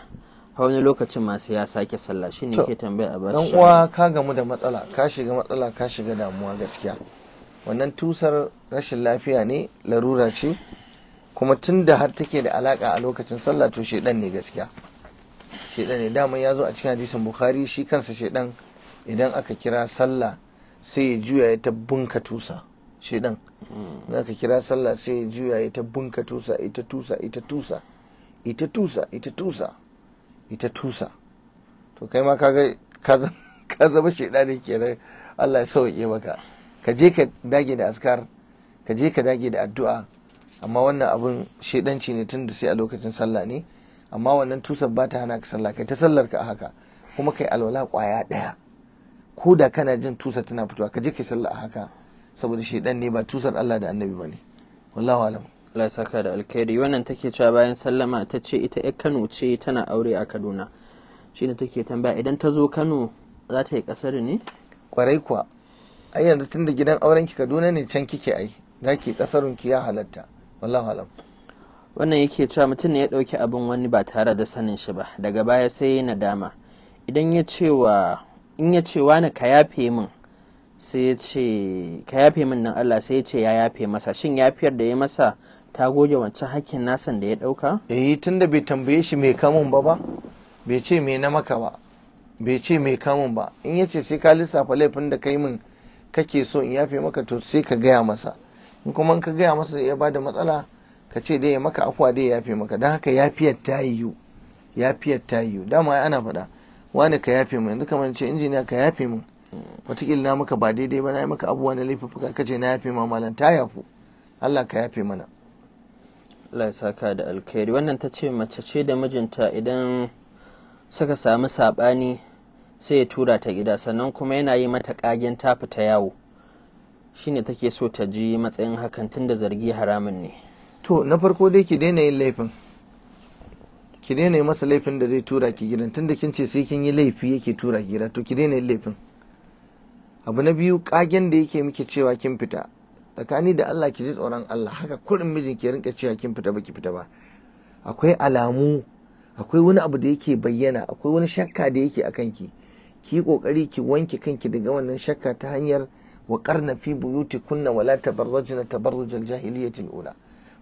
S1: a wani lokacin masu ya sake sallah shi ne ke tambaya a bashi dan uwa
S2: ka gamu da matsala ka shiga matsala ka shiga damuwa gaskiya
S1: wannan tusar
S2: rashin lafiya ne larura ce kuma tun da har take da alaka a lokacin sallah to shedan ne gaskiya shedan ne dama ya zo a cikin hadisin bukhari shi kansa shedan idan aka kira sallah sai ya juya ya ta tusa shedan idan aka kira sallah sai ya juya ya ta bunka tusa ita mm. tusa ita tusa ita tusa ita tusa ita tusa to kai ma kaga ka zama shaidani kenan Allah ya sauke maka ka je ka dage da askar ka je ka dage da addu'a amma wannan abun shaidanci ne tun da sai a lokacin sallah ne amma wannan tusar ba ta hana ka sallah kai ta sallar ka haka kuma kai alwala kwaya daya ko da kana jin tusa tana fitowa ka je ka sallah a haka saboda shaidan ne ba tusar
S1: Allah da annabi bane wallahu alam Allah saka da alkhairi wannan take cewa bayan sallama ta ce ita ya Kano ce tana aure a Kaduna shi ne take tambaya idan ta zo Kano za ta yi kasar ne kwarai kuwa ai yanzu tun da gidan auren ki Kaduna ne can kike ai ki kasarun ki ya halatta wallahi alam wannan yake cewa mutum ne ya dauki abin wani ba tare da sanin shi ba daga baya sai nadama idan ya cewa in ya ce wani ka yafe min sai ya ce ka yafe min nan Allah sai ya ce ya yafe masa shin yafiyar da ya masa ta goge wancan hakkin nasan da ya ɗauka? eh da bai tambaye shi mai kamun ba ba bai ce mai na maka ba bai ce mai kamun ba
S2: in ya ce sai ka lissafa laifin da kai min kake so in yafe maka to sai ka gaya masa in kuma ka gaya masa ya ba da matsala ka ce dai ya maka afuwa dai ya yafe maka don haka yafiyar ta yi yiwu yafiyar ta yi yiwu dama ana faɗa wani ka yafe min yanzu kamar ce injiniya ka yafe min wataƙila na maka ba daidai ba na yi maka abubuwa na laifuka ka ce na yafe ma malam ta
S1: yafu Allah ka yafe mana Allah ya saka da alkhairi wannan ta ce mace ce da mijinta idan suka samu saɓani sai ya tura ta gida sannan kuma yana yi mata kagen ta fita yawo shine take so ta ji matsayin hakan tun da zargi haramun ne
S2: to na farko dai ki daina yin laifin ki daina yi masa laifin da zai tura ki gidan tun da kin ce sai kin yi laifi yake tura gida to ki daina yin laifin abu na biyu ƙagen da yake miki cewa kin fita tsakani da Allah ki ji tsoron Allah haka kurin mijin ki rinka cewa kin fita baki fita ba akwai alamu akwai wani abu da yake bayyana akwai wani shakka da yake akan ki ki kokari ki wanke kanki daga wannan shakka ta hanyar wa karna fi buyutikunna wala tabarrajna tabarrujal jahiliyatil ula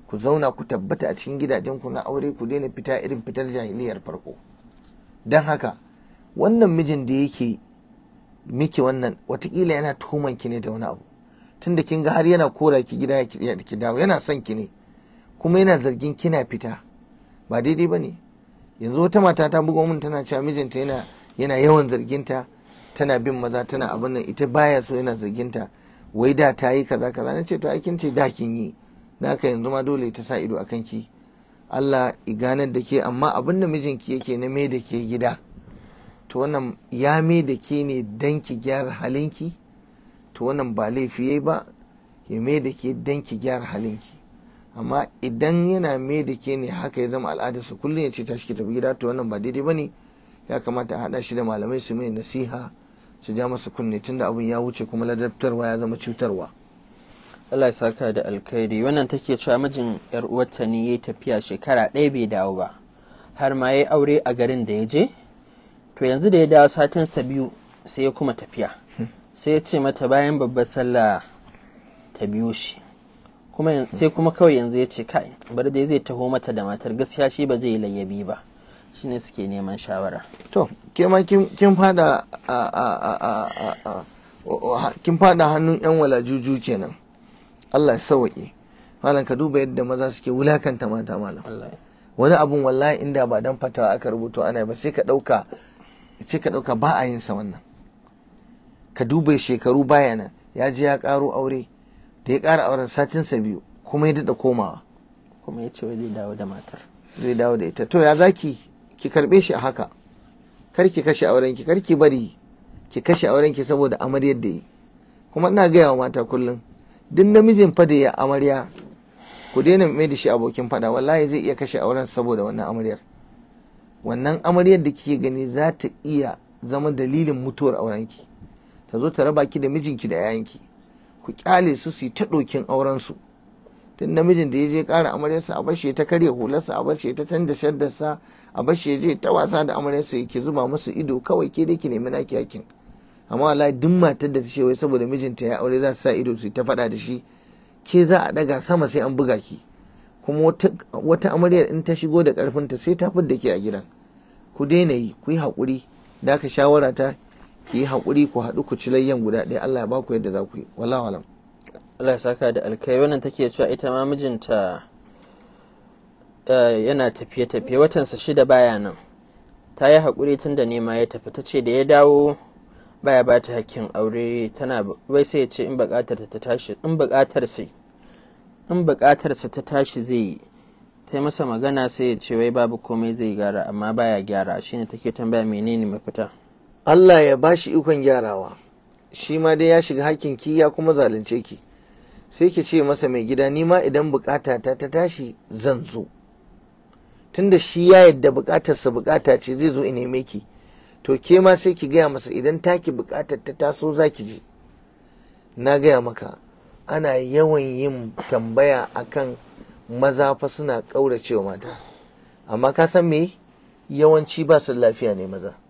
S2: ku zauna ku tabbata a cikin gidajen ku na aure ku daina fita irin fitar jahiliyar farko dan haka wannan mijin da yake miki wannan watakila yana tuhumar ki ne da wani abu tunda kin ga har yana kora ki gida ki dawo yana son ki ne kuma yana zargin kina fita ba daidai ba ne yanzu wata mata ta buga mun tana cewa mijinta yana yana yawan zarginta tana bin maza tana abin nan ita baya so yana zarginta wai da ta yi kaza kaza na ce to aikin kin ce da kin yi na haka yanzu ma dole ta sa ido akan ki Allah ganar da ke amma abin da mijinki yake na me da ke gida to wannan ya me da ke ne dan ki gyara halinki to wannan ba laifi yayi ba ya mai da ke dan ki gyara halinki amma idan yana mai da ke ne haka ya zama al'adarsa kullum ya ce tashi ki tafi gida to wannan ba daidai ba ne ya kamata a haɗa shi da malamai su mai nasiha
S1: su ja masa kunne tunda abin ya wuce kuma ladabtarwa ya zama cutarwa Allah ya saka da alkhairi wannan take cewa mijin yar uwarta ne ya tafiya shekara ɗaya bai dawo ba har ma ya aure a garin da ya je to yanzu da ya dawo satin sa biyu sai ya kuma tafiya sai ya ce mata bayan babbar sallah ta biyu shi sai kuma kawai yanzu ya ce kai bar dai zai taho mata da matar gaskiya shi ba zai layyabi ba shine suke neman shawara to ke ma kin
S2: fada hannun yan walajuju kenan Allah ya sauke malam ka duba yadda maza suke wulakanta mata malam wani abun wallahi inda ba dan fatawa aka rubuto ana ba sai ka dauka sai ka dauka ba a yin sa wannan ka duba shekaru baya nan ya je ya karo aure da ya kara auren sa biyu kuma ya daɗa komawa kuma ya ce zai dawo da matar zai dawo da ita to ya zaki ki karɓe shi a haka kar ki kashe auren ki kar ki bari ki kashe auren ki saboda amaryar da yi kuma ina gaya wa mata kullum duk namijin fa da ya amarya ku daina mai da shi abokin fada wallahi zai iya kashe auren saboda wannan amaryar wannan amaryar da kike gani za ta iya zama dalilin mutuwar aurenki ta zo ta raba ki da mijinki da yayanki ku kyale su su yi ta ɗokin auren su tun namijin da ya je ƙara amaryarsa a bashe ta karya hularsa a bashe ta canza shaddarsa a bashe je ta wasa da amaryarsa yake zuba musu ido kawai ke dai ki nemi naki hakin amma wallahi duk matar da ta ce wai saboda mijinta ya aure za su sa ido su ta faɗa da shi ke za a ɗaga sama sai an buga ki kuma wata amaryar in ta shigo da ƙarfinta sai ta fidda ke a gidan ku daina yi ku yi haƙuri da aka shawara ta ki yi haƙuri ku haɗu ku ci layyan guda ɗaya Allah ya ba ku yadda za ku yi wala alam
S1: Allah ya saka da alkai wannan take cewa ita ma mijinta eh, yana tafiye tafiye Watan watansa shida baya nan ta yi haƙuri tun da nema ya tafi ta ce da ya dawo baya ba ta hakkin aure tana wai sai ya ce in buƙatar ta tashi in buƙatar sai in buƙatar sa ta tashi zai ta masa magana sai ya ce wai babu komai zai gyara amma baya gyara shine take tambaya menene mafita
S2: Allah ya ba shi ikon gyarawa shi ma dai ya shiga hakkin ki ya kuma zalunce ki sai ki ce masa mai gida ni ma idan bukata ta ta tashi zan zo tunda shi ya yadda bukatarsa bukata ce zai zo in neme ki to ke ma sai ki gaya masa idan taki bukatar ta taso za ki je na gaya maka ana yawan yin tambaya akan maza fa suna ƙauracewa mata amma ka san me yawanci ba su lafiya ne maza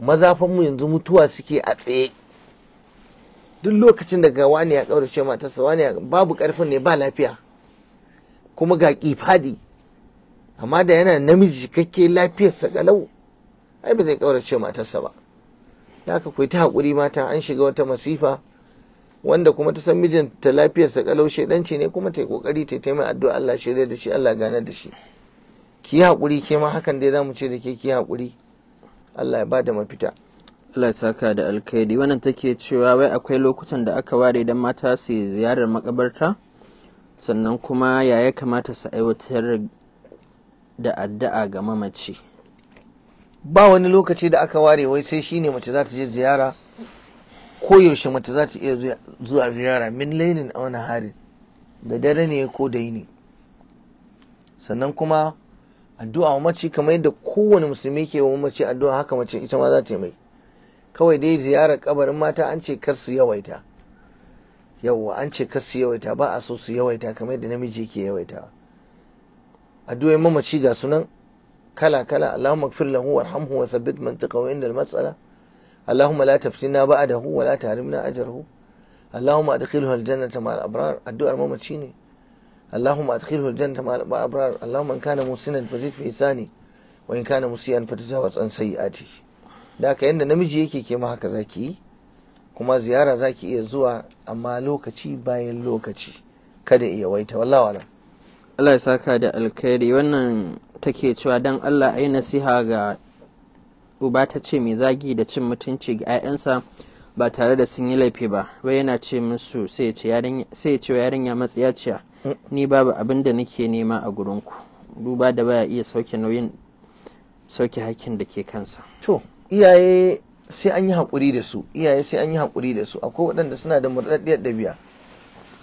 S2: mazafanmu yanzu mutuwa suke a tsaye duk lokacin da ga wani ya ƙaurace matarsa wani babu ƙarfin ne ba lafiya kuma ga kifadi amma da yana namiji cikakke lafiyarsa galau ai ba zai ƙaurace matarsa ba ka kwai ta haƙuri mata an shiga wata masifa wanda kuma ta san mijinta lafiyarsa galau shaidanci ne kuma ta yi ƙoƙari ta taimaka addu'a Allah shirya da shi Allah gane da shi ki
S1: haƙuri ke ma hakan dai za mu ce da ke ki haƙuri Allah ya bada mafita Allah ya saka da alkhairi wannan take cewa wai akwai lokutan da aka ware don mata su ziyarar makabarta sannan kuma ya ya kamata su aiwatar da addu'a ga mamaci ba wani lokaci da aka ware wai sai shine mace za ta je
S2: ziyara ko yaushe mace za ta iya zuwa ziyara min lainin a wani harin da dare ne ko da yini sannan kuma addu'a mace kamar yadda kowane musulmi ke wa mace addu'a haka mace ita ma za ta mai kawai dai ziyarar kabarin mata an ce kar su yawaita yawwa an ce kar su yawaita ba a so su yawaita kamar yadda namiji ke yawaita ma mamaci ga sunan kala kala Allahumma ighfir lahu warhamhu wa man taqaw inda al-mas'ala Allahumma la taftina ba'dahu wa la tahrimna ajrahu Allahumma adkhilhu al-jannata ma al-abrar addu'ar mamaci ne اللهم أدخله الجنة مع الأبرار اللهم إن كان محسنا فزد في إحسانه وإن كان مسيئا فتجاوز عن سيئاتي da ka نمجي يكي yake ke ma haka zaki yi kuma ziyara zaki iya zuwa amma lokaci bayan lokaci
S1: kada iya waita wallahi alam Allah ya saka da alkhairi wannan take cewa dan Allah ayi nasiha ga uba ta ce mai zagi da cin mutunci ga 'ya'yansa ba tare da sun yi laifi ba wai yana ce musu sai ya ce yarinya matsiya ce yarinya matsiyaciya ni babu abin da nake nema a gurinku duba da baya iya sauke nauyin sauke hakkin da ke kansa to
S2: iyaye sai an yi haƙuri da su iyaye sai an yi haƙuri da su akwai waɗanda suna da murɗaɗɗiyar ɗabi'a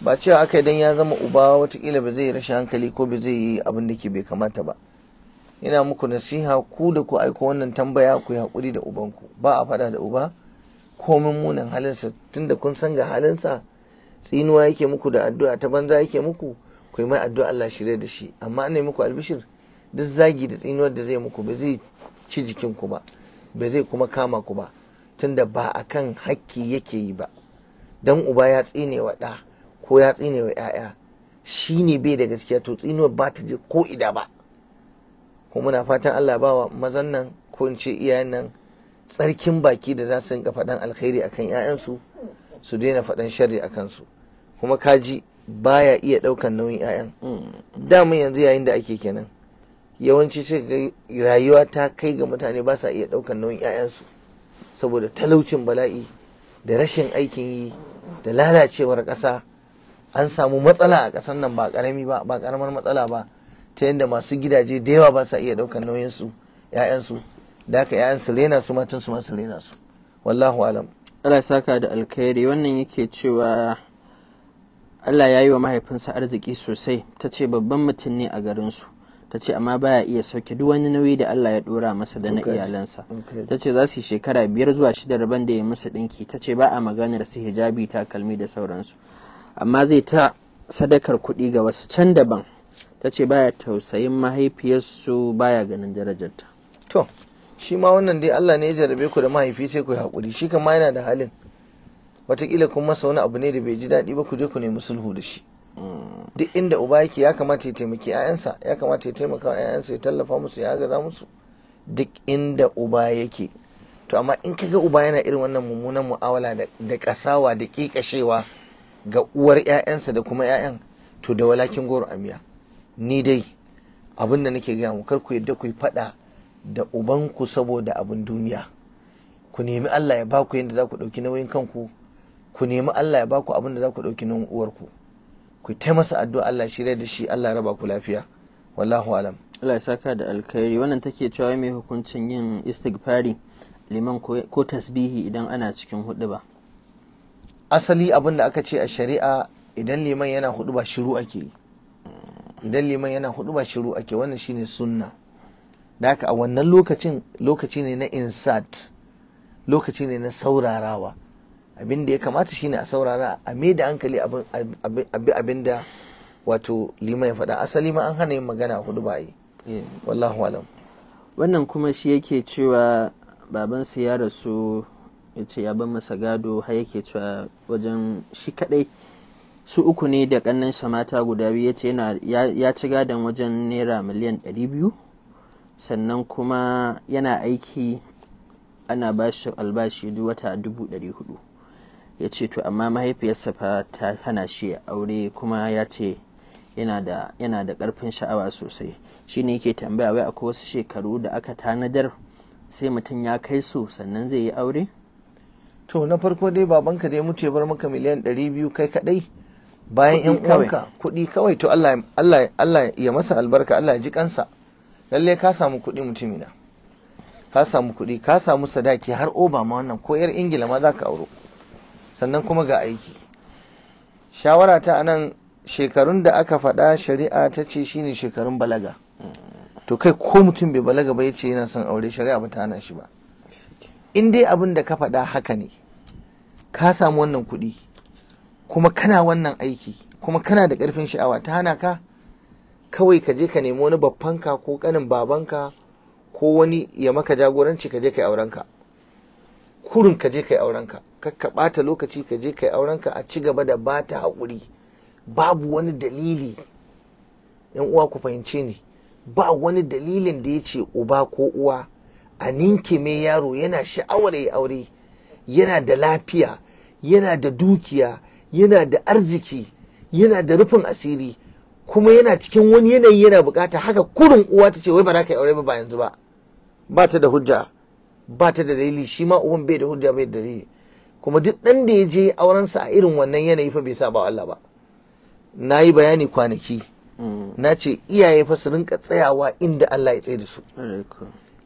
S2: ba cewa aka idan ya zama uba watakila ba zai rashin hankali ko ba zai yi abin da ke bai kamata ba ina muku nasiha ku da ku aiko wannan tambaya ku yi haƙuri da ubanku ba a faɗa da uba komin munin halinsa tunda kun san ga halinsa tsinuwa yake muku da addu'a ta banza yake muku ku yi mai addu'a Allah shirye da shi amma ana muku albishir duk zagi da tsinuwar da zai muku ba zai ci jikin ku ba ba zai kuma kama ku ba tunda ba a kan hakki yake yi ba dan uba ya tsine wa ɗa ko ya tsine wa ƴaƴa shi ne bai da gaskiya to tsinuwar ba ta je ko ida ba kuma muna fatan Allah ba wa mazan nan ko in ce iyayen nan tsarkin baki da za su rinka faɗan alkhairi akan ƴaƴansu. su daina faɗan shari a kansu kuma kaji baya iya ɗaukan nauyin 'ya'yan mm. damun yanzu yayin da ake kenan yawanci sai ga rayuwa ta kai ga mutane ba sa iya ɗaukan nauyin 'ya'yansu saboda talaucin bala'i da rashin aikin yi da lalacewar ƙasa an samu matsala a ƙasar nan ba ƙarami ba ba ƙaramar matsala ba ta yadda masu gidaje da yawa ba sa iya ɗaukan nauyinsu 'ya'yansu da haka 'ya'yansu rena su matansu masu rena su wallahu
S1: alam Allah saka da alkhairi wannan yake cewa Allah ya yi wa mahaifinsa arziki sosai ta ce babban mutum ne a garinsu ta ce amma baya iya sauke duk wani nauyi da Allah ya dora masa da na iyalansa ta ce za su yi shekara biyar zuwa shida rabon da ya musu ɗinki ta ce ba a maganar su hijabi takalmi da sauransu amma zai ta sadakar kuɗi ga wasu can daban ta ce baya tausayin mahaifiyarsu baya ganin darajarta shi ma wannan dai Allah ne ya jarabe ku da mahaifi sai ku haƙuri shi
S2: kan ma yana da halin Wataƙila kun masa wani abu ne da bai ji daɗi ba ku je ku nemi sulhu da shi duk inda uba yake ya kamata ya taimaki 'ya'yansa ya kamata ya taimaka wa 'ya'yansa ya tallafa musu ya gaza musu duk inda uba yake to amma in kaga uba yana irin wannan mummunan mu'awala da kasawa da kikashewa ga uwar ƴaƴansa da kuma ƴaƴan, to da walakin goro a miya ni dai abin da nake gaya mu kar ku yadda ku yi faɗa da ubanku saboda abin duniya ku nemi Allah ya baku yadda za ku ɗauki nauyin kanku ku nemi Allah ya baku abin da za ku ɗauki nauyin uwarku ku ta masa addu'a Allah shirya da shi Allah raba ku lafiya wallahu alam
S1: Allah ya saka da alkhairi wannan take cewa mai hukuncin yin istighfari liman ko tasbihi idan ana cikin huɗuba. asali abin da aka ce a shari'a idan liman yana
S2: huduba shiru ake idan liman yana huɗuba shiru ake wannan shine sunna da haka a wannan lokacin lokaci ne na insert lokaci ne na saurarawa abin da ya kamata shine a saurara a mai da hankali abin da wato lima ya faɗa asali ma an hana yin magana hudu ba yi wallahu
S1: alam wannan kuma shi yake cewa su ya rasu ya ce ya ban masa gado har yake cewa wajen shi kadai su uku ne da kannan mata guda biyu ya ce ya ci gadon wajen naira miliyan ɗari biyu. sannan kuma yana aiki ana ba shi albashi duk wata dubu ɗari hudu ya ce to amma mahaifiyarsa fa ta hana shi aure kuma ya ce yana da karfin ƙarfin sha'awa sosai shine yake tambaya wai akwai wasu shekaru da aka tanadar sai mutum ya kai su sannan zai yi aure to na farko dai babanka dai mutu ya bar maka miliyan ɗari biyu kai kaɗai bayan yan
S2: kuɗi kawai to Allah ya masa albarka Allah ya ji kansa lalle ka samu kuɗi mutumina ka samu kuɗi ka samu sadaki har oba ma wannan ko yar ingila ma za ka auro sannan kuma ga aiki shawara ta anan shekarun da aka faɗa shari'a ta ce shine shekarun balaga to kai ko mutum bai balaga ba ya ce yana son aure shari'a ba ta hana shi ba in dai abin da ka faɗa haka ne ka samu wannan kuɗi kuma kana wannan aiki kuma kana da ƙarfin sha'awa ta hana ka kawai ka je ka nemi wani babbanka ko kanin babanka ko wani ya maka jagoranci ka je ka yi aurenka kurin ka je ka yi aurenka ka ɓata lokaci ka je ka yi aurenka a ci gaba da ba ta haƙuri babu wani dalili yan uwa ku fahimce ni ba wani dalilin da ya ce uba ko uwa a ninke mai yaro yana sha'awar ya aure yana da lafiya yana da dukiya yana da arziki yana da rufin asiri kuma yana cikin wani yanayi yana bukata haka kurin uwa ta ce wai ba za ka yi aure ba ba yanzu ba ba ta da hujja ba ta da dalili shi ma uban bai da hujja bai da dalili kuma duk ɗan da ya je auren sa a irin wannan yanayi fa bai sa ba Allah ba na yi bayani kwanaki mm. na ce iyaye fa su rinka tsayawa inda Allah ya tsaye da su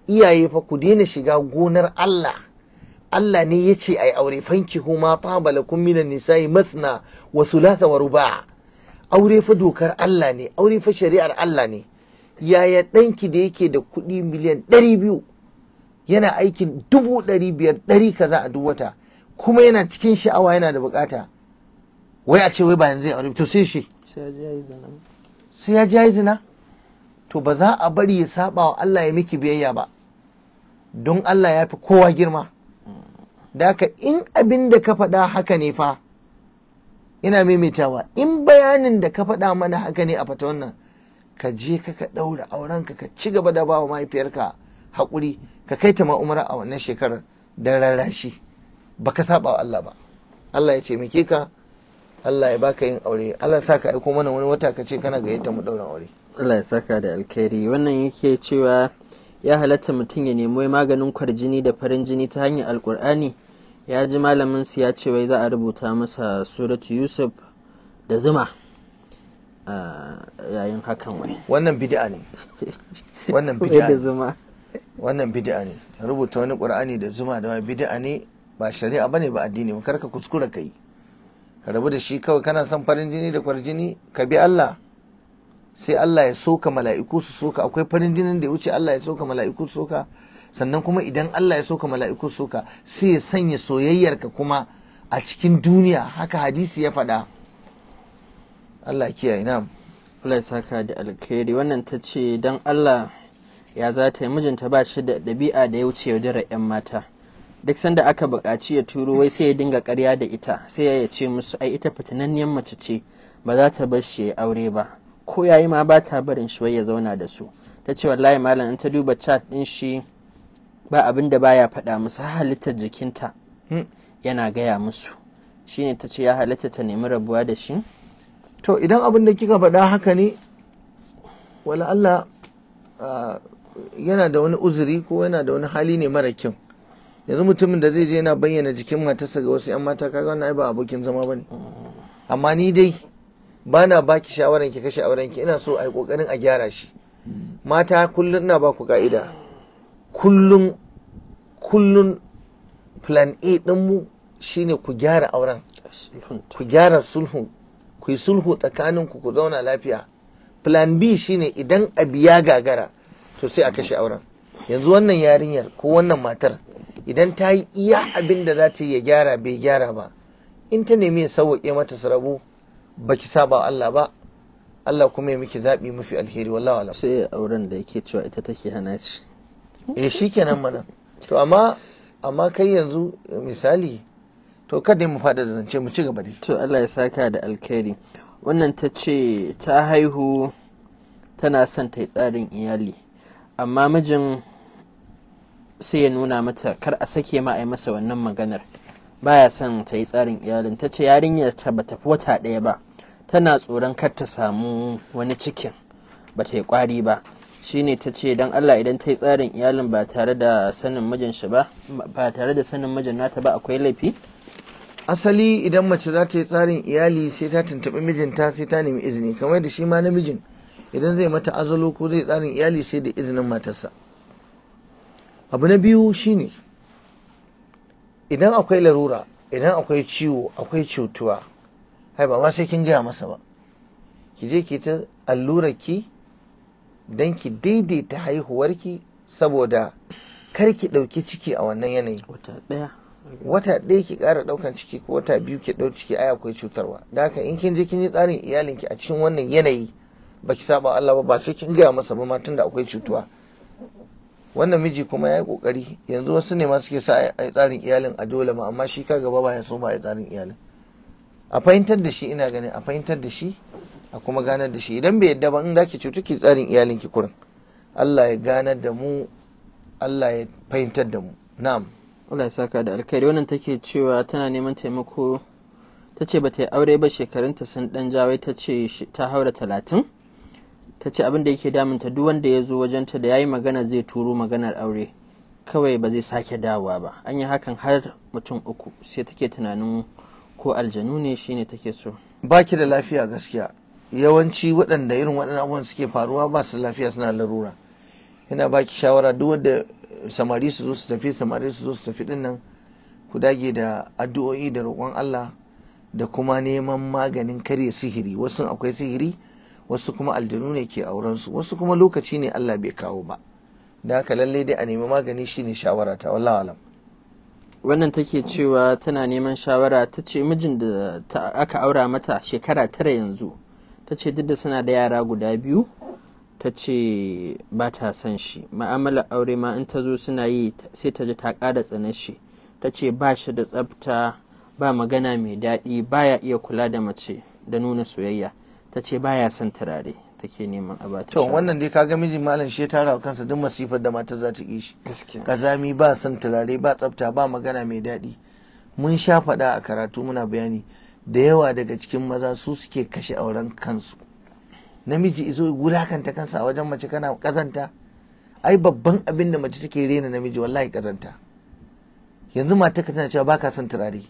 S2: iyaye fa ku daina shiga gonar Allah Allah ne ya ce a yi aure fanki huma tabalakum minan nisa'i masna wa sulata wa ruba aure fa dokar Allah ne aure fa shari'ar Allah ne yaya ɗanki da yake da kuɗi miliyan ɗari biyu yana aikin dubu ɗari biyar kaza a duk wata kuma yana cikin sha'awa yana da bukata wai a ce wai ba yanzu ya aure to sai shi sai ya ji zina to ba za a bari ya saba wa Allah ya miki biyayya ba don Allah ya fi kowa girma da haka in abin da ka faɗa haka ne fa ina maimaitawa in bayanin da ka faɗa mana haka ne a fata wannan ka je ka ka ɗaura auren ka ci gaba da ba wa mahaifiyarka haƙuri ka kai ta ma umara a wannan shekarar da rarashi ba ka saba wa Allah ba Allah ya ce mike ka Allah ya baka yin aure Allah sa ka
S1: aiko mana wani wata ka ce kana gayyata mu ɗaurin aure Allah ya saka da alkhairi wannan yake cewa ya halatta mutum ya nemi maganin kwarjini da farin jini ta hanyar alkur'ani ya ji malaminsu ya ce wai za a rubuta masa suratu yusuf da zuma ah, yayin hakan wai wannan bid'a ne wannan bid'a
S2: zuma wannan bid'a ne rubuta wani qur'ani da zuma da bid'a ne ba shari'a bane ba addini ba karka kuskura kai ka rabu da shi kawai kana son farin jini da kwarjini ka bi Allah sai Allah ya soka mala'iku su soka akwai farin jinin da ya wuce Allah ya soka mala'iku su soka sannan kuma idan Allah ya ka mala'iku ka sai ya sanya
S1: soyayyarka kuma a cikin duniya haka hadisi ya faɗa Allah kiyaye na Allah ya saka da alkhairi wannan ta ce don Allah ya za ta yi mijinta ba shi da ɗabi'a da ya wuce yaudarar 'yan mata duk sanda aka buƙaci ya turo wai sai ya dinga ƙarya da ita sai ya ce musu ai ita fitinanniyar mace ce ba za ta bar shi ya aure ba ko yayi ma ba ta barin shi wai ya zauna da su ta ce wallahi malam in ta duba chat ɗin shi ba abin da baya faɗa musu halittar jikinta hmm. yana gaya musu shine ta ce ya halitta ta nemi rabuwa da shi to
S2: idan abin da kika faɗa haka ne wala Allah yana da wani uzuri ko yana da wani hali ne mara kyau yanzu mutumin da zai je yana bayyana jikin matarsa ga wasu 'yan mata kaga wannan ai ba abokin zama bane amma ni dai ba na baki shawaran ki kashe auren ki ina so a yi kokarin a gyara shi mata kullum ina ba ku ka'ida Kullum kullun plan A ɗinmu shine ku gyara auren ku gyara sulhu, ku yi sulhu tsakaninku ku zauna lafiya plan B shine idan abu ya gagara to sai a kashe auren yanzu wannan yarinyar ko wannan matar idan ta yi iya abin da za ta yi gyara bai gyara ba in ta nemi ya sauwaƙe mata su rabu ba ki saba Allah ba Allah kuma ya miki zaɓi mafi alheri wallawa sai auren da yake cewa ita take hana shi eh kenan mana to amma amma kai yanzu misali
S1: to kada mu fada zance mu ci gaba dai to Allah ya saka da alkhairi wannan ta ce ta haihu tana son ta tsarin iyali amma mijin sai ya nuna mata kar a sake ma a yi masa wannan maganar baya son ta yi tsarin iyalin ta ce yarinyar ta ba tafi wata ɗaya ba tana tsoron kar ta samu wani cikin ba ta yi kwari ba shine ta ce don Allah idan ta yi tsarin iyalin ba tare da sanin mijin nata ba akwai laifi
S2: asali idan mace za ta yi tsarin iyali sai ta tuntuɓi mijinta sai ta nemi izini kamar da shi ma namijin idan zai mata azalo ko zai tsarin iyali sai da izinin matarsa abu na biyu shine idan akwai larura idan akwai ciwo akwai cutuwa hai ba ma sai kin gaya masa ba ki je ki ta allurar ki don ki daidaita haihuwarki saboda kar ki ɗauki ciki a wannan yanayi wata ɗaya ki ƙara ɗaukan ciki ko wata biyu ki ɗauki ciki ai akwai cutarwa da haka in kin je kin yi tsarin iyalinki a cikin wannan yanayi baki saba Allah ba ba sai kin gaya masa ba ma tunda akwai cutuwa wannan miji kuma ya yi kokari yanzu wasu ne ma suke sa a tsarin iyalin a dole ma amma shi ka gaba ba ya so ba a tsarin iyalin a fahimtar da shi ina ganin a fahimtar da shi a kuma ganar da shi idan bai yadda ba in zaki cutu ki tsarin iyalin ki kurin Allah ya ganar da
S1: mu Allah ya fahimtar da mu na'am Allah ya saka da alkhairi wannan take cewa tana neman taimako tace ce ba ta yi aure ba ta sun dan jawai tace ta haura talatin tace abin da yake damunta duk wanda ya zo wajen ta da ya yi magana zai turo maganar aure kawai ba zai sake dawowa ba an yi hakan har mutum uku sai take tunanin ko aljanu ne shine take so baki da lafiya gaskiya
S2: yawanci waɗanda irin waɗannan abubuwan suke faruwa ba su lafiya suna larura Yana baki shawara duk wanda samari su zo su tafi samari su zo su tafi din nan ku dage da addu'o'i da roƙon Allah da kuma neman maganin karya sihiri wasu akwai sihiri wasu kuma aljanu ne ke auren su wasu kuma lokaci ne Allah bai kawo ba
S1: da haka lalle dai a nemi magani shine shawara ta wallahi alam wannan take cewa tana neman shawara ta ce mijin da aka aura mata shekara tara yanzu ta ce duk da suna da yara guda biyu ta ce ba ta son shi ma'amala aure ma in ta zo suna yi sai ta ji ta ƙara tsanar shi ta ce ba shi da tsafta ba magana mai daɗi baya iya kula da mace da nuna soyayya ta ce baya son turare take neman a bata to wannan
S2: dai kaga miji malam shi ya tara kansa duk masifar da matar za ta ki shi kazami ba son turare ba tsafta ba magana mai daɗi mun sha faɗa a karatu muna bayani da yawa daga cikin maza su suke kashe auren kansu namiji izo wulakanta kansa a wajen mace kana kazanta ai babban abin da mace take rena namiji wallahi kazanta yanzu mata ka tana cewa baka son turare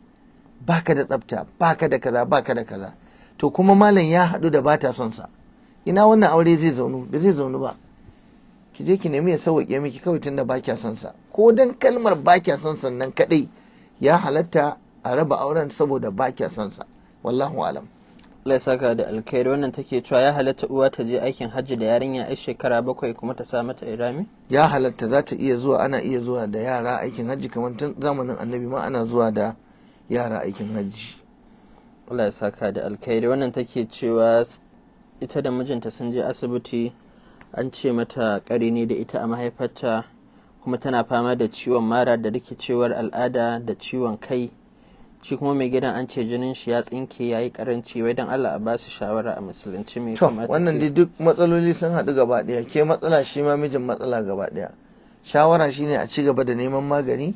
S2: baka da tsafta baka da kaza baka da kaza to kuma malam ya haɗu da bata son sa ina wannan aure zai zaunu ba zai zaunu ba ki je ki nemi ya sauke miki kawai tunda ba kya son sa ko dan kalmar ba kya son sannan kadai ya halatta
S1: a raba auren saboda ba kya son sa wallahu alam Allah saka da alkhairi wannan take cewa ya halatta uwa ta je aikin hajji da yarinya a shekara bakwai kuma ta sa mata irami
S2: ya halatta za ta iya zuwa ana iya zuwa da yara aikin hajji kamar tun zamanin annabi ma ana zuwa da yara aikin hajji
S1: Allah saka da alkhairi wannan take cewa ita da mijinta sun je asibiti an ce mata kare ne da ita a mahaifarta kuma tana fama da ciwon mara da rikicewar al'ada da ciwon kai shi kuma mai gidan an ce jinin shi ya tsinke ya yi karanci wai don Allah a ba su shawara a musulunci mai kamata wannan dai duk matsaloli sun haɗu gaba ɗaya ke matsala shi ma mijin matsala gaba
S2: ɗaya shawara ne a ci gaba da neman magani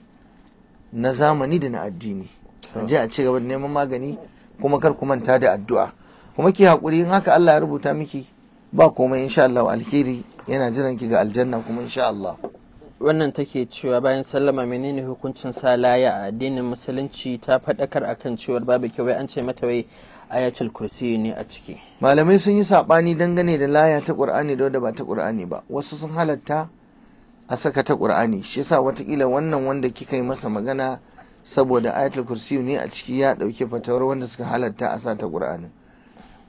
S2: na zamani da na addini a je a ci gaba da neman magani kuma kar ku manta da addu'a kuma ki haƙuri in haka
S1: Allah ya rubuta miki ba
S2: komai insha Allah alheri yana jiran ki ga aljanna kuma insha
S1: Allah wannan take cewa bayan sallama menene hukuncin salaya a addinin musulunci ta faɗakar akan cewar babu kyau an ce mata wai ayatul kursi ne a ciki
S2: malamai sun yi saɓani dangane da laya ta ƙur'ani da wadda ba ta ƙur'ani ba wasu sun halatta a saka ta ƙur'ani shi yasa watakila wannan wanda kika yi masa magana saboda ayatul kursi ne a ciki ya ɗauki fatawar wanda suka halatta a sa ta ƙur'ani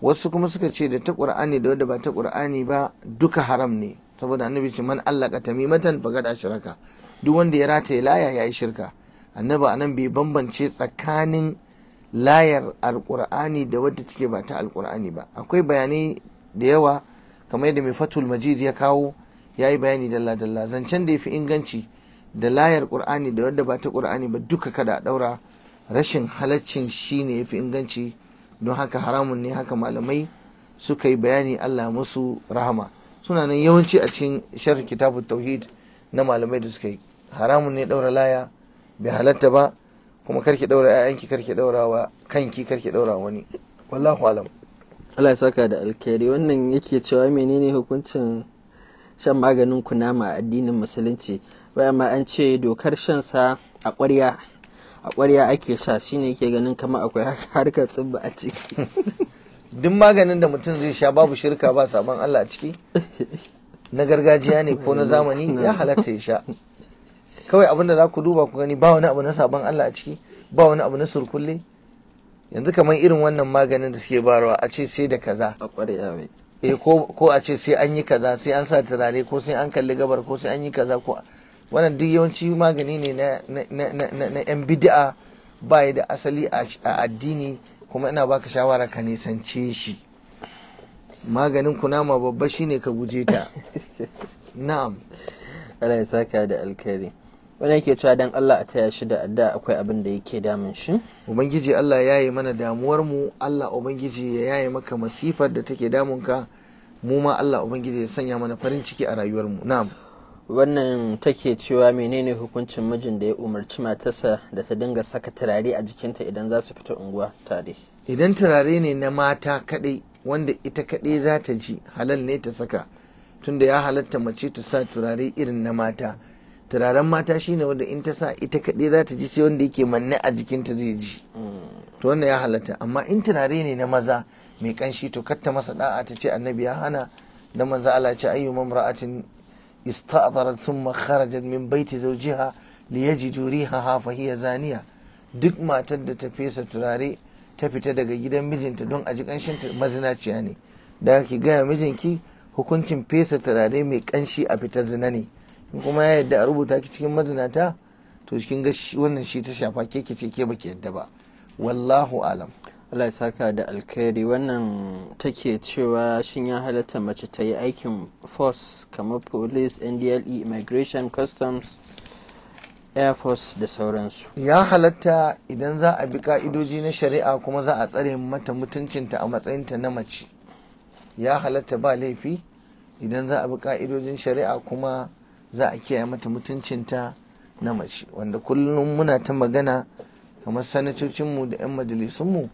S2: wasu kuma suka ce da ta ƙur'ani da wadda ba ta ƙur'ani ba duka haram ne saboda annabi ce man allaka tamimatan da ashraka duk wanda ya rataye laya ya yi shirka annabi anan bai bambance tsakanin layar alqur'ani da wadda take ba ta alqur'ani ba akwai bayanai da yawa kamar yadda mai fatul majid ya kawo ya yi bayani dalla dalla zancen da ya fi inganci da layar qur'ani da wadda ba ta qur'ani ba duka kada a daura rashin halaccin shine ya fi inganci don haka haramun ne haka malamai suka yi bayani Allah musu rahama suna nan yawanci a cikin sharhi kitabut tauhid na malamai da suka yi haramun ne daura laya bai halatta ba kuma karki daura ƴaƴanki karki daura wa kanki karki daura wani wallahu alam
S1: Allah ya saka da alkhairi wannan yake cewa menene hukuncin shan maganin kunama a addinin musulunci bayan ma an ce dokar shan sa a ƙwarya a ƙwarya ake sha shine yake ganin kamar akwai harkar tsibba a ciki duk maganin da mutum
S2: zai sha babu shirka ba sabon Allah a ciki na gargajiya ne ko na zamani ya halatta ya sha kawai abin da za ku duba ku gani ba wani abu na sabon Allah a ciki ba wani abu na surkulle yanzu kamar irin wannan maganin da suke barawa a ce sai da kaza eh, ko a ce sai an yi kaza sai an sa turare ko sai an kalli gabar ko sai an yi kaza ko wannan duk yawanci magani ne na yan bid'a ba da asali a addini kuma ina baka shawara ka nisance shi
S1: maganin kunama babba shine ka guje ta na'am Allah ya saka da alkhairi wani yake cewa dan Allah a taya shi da adda akwai abin da yake damun shi ubangiji Allah ya yi mana damuwar mu Allah ubangiji ya yaye maka masifar da take damunka mu ma Allah ubangiji ya sanya mana farin ciki a rayuwar mu na'am wannan take cewa menene hukuncin mijin da ya umarci matarsa da ta dinga saka turare a jikinta idan za su fita unguwa tare idan turare ne na mata kadai wanda
S2: ita kadai za ta ji halal ne ta saka tunda ya halatta mace ta sa turare irin na mata turaren mata shine wanda in ta sa ita kadai za ta ji sai wanda yake manne a jikinta zai ji mm. to wannan ya halatta amma in turare ne na maza mai kanshi to katta masa da'a ta ce annabi ya hana da manzo Allah ce ayyuma mar'atin ista'zarat thumma kharajat min baiti zawjiha liyajidu rihaha fa hiya zaniya duk matar da ta fesa turare ta fita daga gidan mijinta don a ji kanshin mazinaciya ne da ki gaya mijinki hukuncin fesa turare mai ƙanshi a fitar zina ne kuma ya yadda a rubuta ki cikin mazinata to kin ga wannan shi ta shafa ke ce ke baki
S1: yadda ba wallahu alam Allah ya saka da alkhairi wannan take cewa shin ya halatta mace ta yi aikin force kamar police ndle immigration customs air force da sauransu
S2: ya halatta idan za a bi ka'idoji na shari'a kuma za a tsare mata mutuncinta a matsayinta na mace ya halatta ba laifi idan za a bi ka'idojin shari'a kuma za a kiyaye mata mutuncinta na mace wanda kullum muna ta magana kamar sanatocinmu da 'yan majalisunmu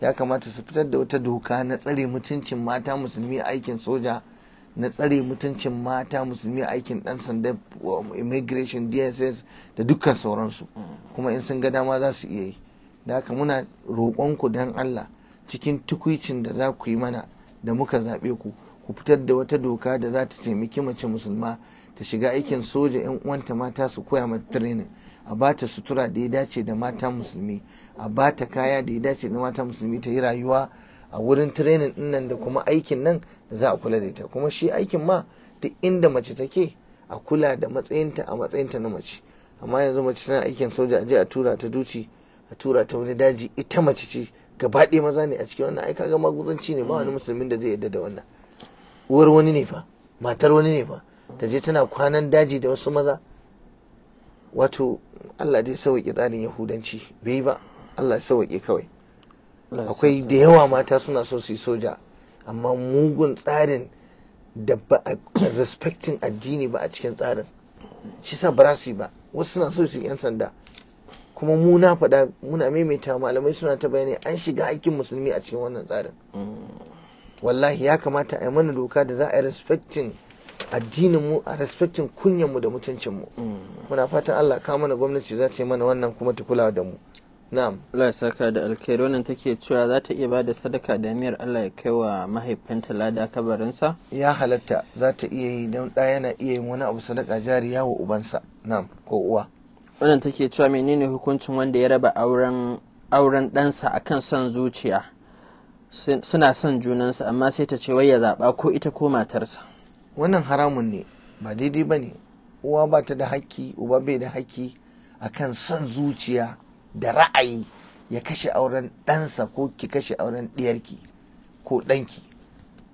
S2: ya kamata su fitar da wata doka na tsare mutuncin mata musulmi aikin soja na tsare mutuncin mata musulmi aikin dan sanda um, immigration dss da dukkan sauransu kuma in sun ga dama za su iya yi da haka muna roƙonku dan allah cikin tukwicin da za ku yi mana da muka zaɓe ku ku fitar da wata doka da za ta taimaki mace musulma ta shiga aikin soja 'yan uwanta mata su koya mata training a ba ta sutura da ya dace da mata musulmi a ba ta kaya da ya dace da mata musulmi ta yi rayuwa a wurin tirenin nan da kuma aikin nan da za a kula da ita kuma shi aikin ma duk inda mace take a kula da matsayinta a matsayinta na mace amma yanzu mace tana aikin soja a je a tura ta duci a tura ta wani daji ita mace ce gaba ɗaya maza ne a cikin wannan ai kaga maguzanci ne ba wani musulmin da zai yarda da wannan uwar wani ne fa matar wani ne fa ta je tana kwanan daji da wasu maza wato Allah dai sauƙi tsarin yahudanci bai ba Allah sauƙi kawai akwai da yawa mata suna so su yi soja amma mugun tsarin da ba a respectin addini ba a cikin tsarin shi sa ba su yi ba wasu suna so su yi 'yan sanda kuma mu na faɗa muna maimaita malamai suna ta bayani an shiga aikin musulmi a cikin wannan tsarin mm. wallahi ya kamata a yi mana doka da za a yi respectin addinin mu a respectin kunyan mu da mutuncin mu mm. muna fatan Allah ka mana gwamnati za ta yi mana wannan kuma ta kula da mu
S1: Na'am. Allah ya saka da alkhairi wannan take cewa za ta iya ba da sadaka da miyar Allah ya kai wa mahaifinta lada kabarinsa? Ya halatta
S2: za ta iya yi don ɗaya yana iya yin wani abu sadaka jariya wa ubansa. Na'am ko uwa.
S1: Wannan take cewa menene hukuncin wanda ya raba auren auren ɗansa akan son zuciya? Suna son junansa amma sai ta ce wai ya zaɓa ko ita ko matarsa. Wannan haramun ne ba daidai ba ne.
S2: Uwa ba ta da haƙƙi, uba bai da hakki akan son zuciya da ra'ayi ya kashe auren ɗansa ko ki kashe auren ɗiyarki ko ɗanki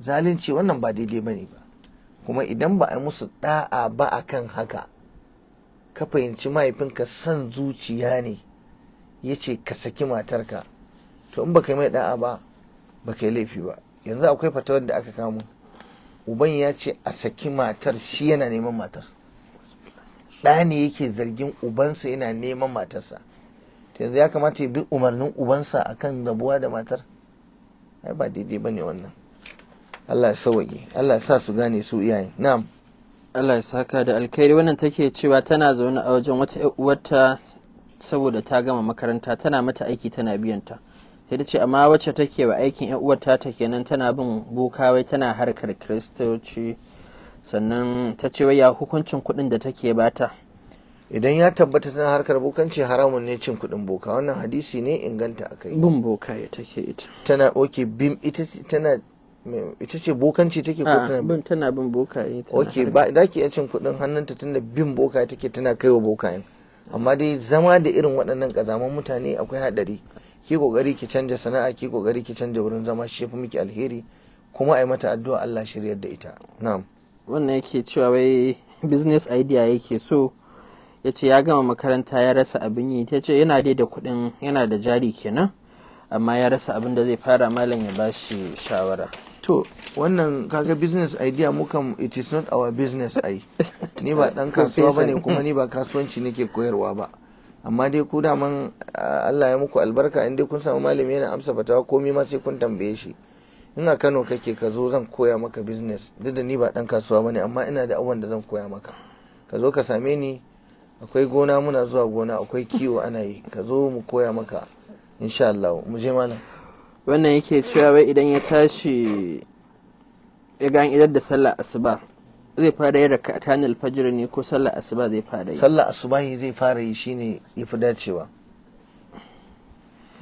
S2: zalunci wannan ba daidai ba ne ba kuma idan ba a musu ɗa'a ba a kan haka ka fahimci mahaifinka son zuciya ne ya ce ka saki matarka to in baka yi mai ɗa'a ba ka yi laifi ba yanzu akwai fatawar da aka kamo uban ya ce a saki matar shi yana neman matar ɗa ne yake zargin ubansa yana neman matarsa yanzu ya kamata ya bi umarnin ubansa kan rabuwa da matar ai ba daidai ne wannan Allah ya sawage Allah ya sa su gane su iyayen na'am
S1: Allah ya saka da alkhairi wannan take cewa tana zaune a wajen wata wata saboda ta gama makaranta tana mata aiki tana biyan ta sai ta ce amma wacce take wa aikin yan uwarta ta kenan tana bin buka wai tana harkar kiristoci sannan ta ce wai ya hukuncin kuɗin da take bata
S2: idan ya tabbata tana harkar bokanci haramun ne cin kuɗin boka wannan hadisi ne inganta akai bin boka ya take ita tana oke bin ita ce bokanci take ko tana bin
S1: tana bin boka ya tana oke ba
S2: da ki iya cin kuɗin hannunta tunda bin boka take tana kaiwa bokayen amma dai zama da irin waɗannan ƙazaman mutane akwai haɗari ki kokari ki canja sana'a ki kokari ki canja wurin zama shi fi miki alheri kuma
S1: yi mata addu'a Allah shiryar da ita na'am wannan yake cewa wai business idea yake so ya ce ya gama makaranta ya rasa abin yi ta ce yana dai da kuɗin yana da jari kenan amma ya rasa abin da zai fara malam ya ba shi shawara to wannan kaga business idea mukan it is not our business ai ni ba dan kasuwa ba ne kuma ni
S2: ba kasuwanci nake koyarwa ba amma dai ku daman Allah ya muku albarka in dai kun samu malami yana amsa fatawa komai ma sai kun tambaye shi ina Kano kake ka zo zan koya maka business duk da ni ba dan kasuwa ba ne amma ina da abubuwan da zan koya maka ka zo ka same ni akwai gona muna zuwa gona akwai kiwo ana yi ka zo mu koya maka
S1: insha Allah mu je mana wannan yake cewa wai idan ya tashi ya ga idan da sallah asuba zai fara yi rak'ata na alfajr ne ko sallah asuba zai fara yi sallah asuba zai fara yi shine yafi dacewa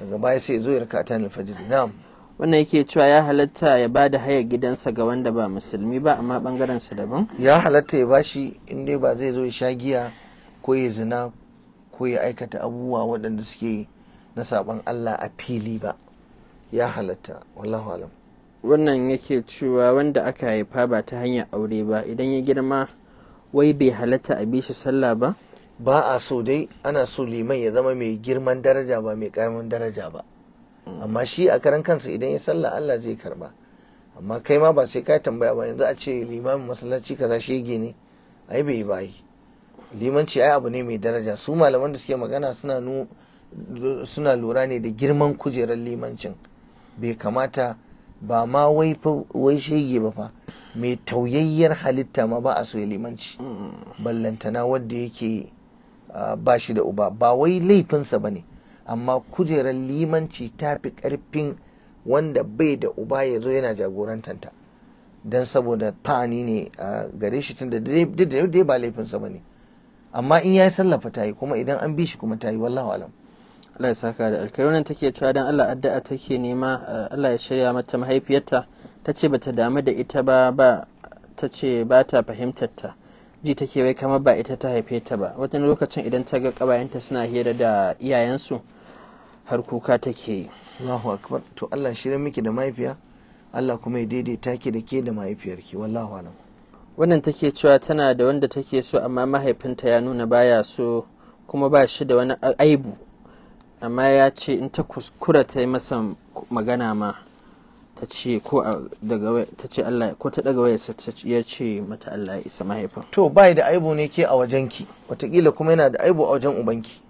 S1: daga baya sai ya zo ya rak'ata na alfajr na'am wannan yake cewa ya halatta ya ba da haya gidansa ga wanda ba musulmi ba amma bangaren sa daban ya
S2: halatta ya bashi
S1: in dai ba zai zo ya sha giya ko ya zina ko ya aikata abubuwa waɗanda suke na saɓon Allah a fili ba ya halatta wallahu alam wannan yake cewa wanda aka haifa ba ta hanyar aure ba idan ya girma wai bai halatta a bishi sallah ba ba a so dai ana so liman ya zama mai girman daraja ba mai
S2: karamin daraja ba amma shi a karan kansa idan ya sallah Allah zai karba amma kai ma ba sai ka tambaya ba yanzu a ce liman masallaci kaza shege ne ai bai bayi limanci ai abu ne mai daraja su malaman da suke magana suna lura ne da girman kujerar limancin bai kamata ba ma wai shege ba fa mai tauyayyar halitta ma ba a so limanci ballantana wadda yake ba shi da uba ba wai laifinsa ba ne amma kujerar limanci ta fi karfin wanda bai da uba ya zo yana jagorantanta don saboda ta'ani ne a gare shi tun da dai ba laifinsa ba ne
S1: amma in yi sallafa ta tayi kuma idan an bi shi kuma tayi wallahu alam Allah ya saka da alkai wannan take cewa dan Allah addu'a take nema eh, Allah ya shirya mata mahaifiyarta ce bata damu da ita ba ba ce ba ta fahimtar ta ji take wai kamar ba ita ta haife ta ba wata lokacin idan ta ga kabayanta suna hira da iyayensu har kuka take yi Allahu akbar to Allah shirye miki da mahaifiya Allah kuma ya daidaita ki da ke da mahaifiyarki wallahu alam wannan take cewa tana da wanda take so amma mahaifinta ya nuna baya so kuma ba shi da wani aibu amma ya ce in ta kuskura ta yi masa magana ma ta ce ko ta ce Allah ko ta daga wayarsa sa ya ce mata Allah ya isa mahaifin to bai da aibu ne ke a
S2: wajenki Wataƙila kuma yana da aibu a wajen ubanki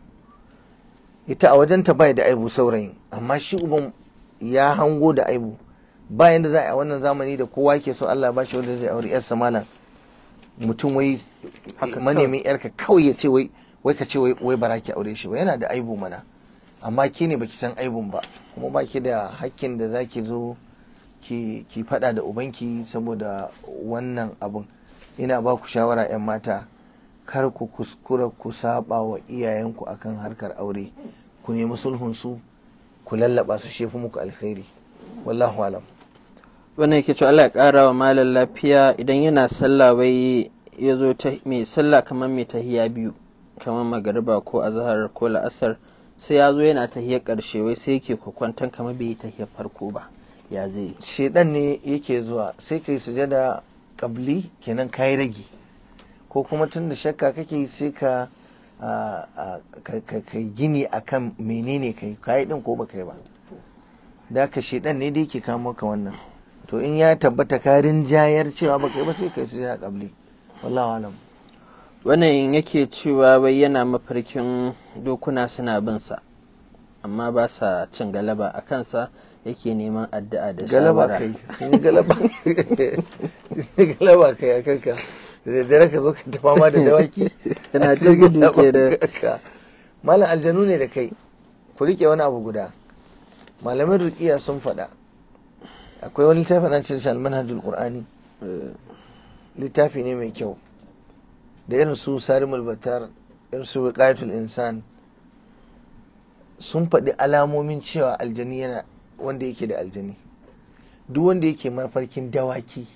S2: ita a wajenta bai da aibu saurayin amma shi uban ya hango da aibu ba yanda za a wannan zamani da kowa ke so Allah ba shi wanda zai aure yarsa malam mutum wai manemin yarka kawai ya ce wai wai ka ce wai bara ki aure shi ba yana da aibu mana amma ki ne baki san aibun ba kuma ba ki da hakkin da zaki zo ki ki fada da ubanki saboda wannan abun ina ba ku shawara yan mata kar ku kuskura ku saba wa iyayenku akan harkar aure ku nemi sulhun su ku lallaba su shefu muku alkhairi wallahu alam
S1: wannan yake to Allah ya kara wa malam lafiya idan yana sallah wai ya zo mai sallah kamar mai tahiya biyu kamar magariba ko azhar ko la'asar sai ya zo yana tahiyar karshe wai sai yake kwakwantan kamar bai yi farko ba ya zai shedan ne yake zuwa
S2: sai kai sujada kabli kenan kai rage ko kuma tun da shakka kake sai ka ka gini akan menene kai kai din ko ba kai ba da ka shedan ne da yake kamo ka wannan to in ya tabbata karin jayar cewa baka yi ba sai kai sujada kabli
S1: wallahu alam wannan yake cewa wai yana mafarkin dokuna suna bin sa amma ba sa cin galaba a kansa yake neman addu'a da galaba kai sun galaba
S2: galaba kai a ka da dare ka zo ka tafa ma da dawaki yana jirgin gudu ke da malam aljanu ne da kai ku rike wani abu guda malamin rukiya sun faɗa akwai wani littafi na cin almanhajul qur'ani eh, littafi ne mai kyau da irin su sarimul batar irin su wiqayatul insan sun faɗi alamomin cewa aljani yana wanda yake da aljani duk wanda yake mafarkin dawaki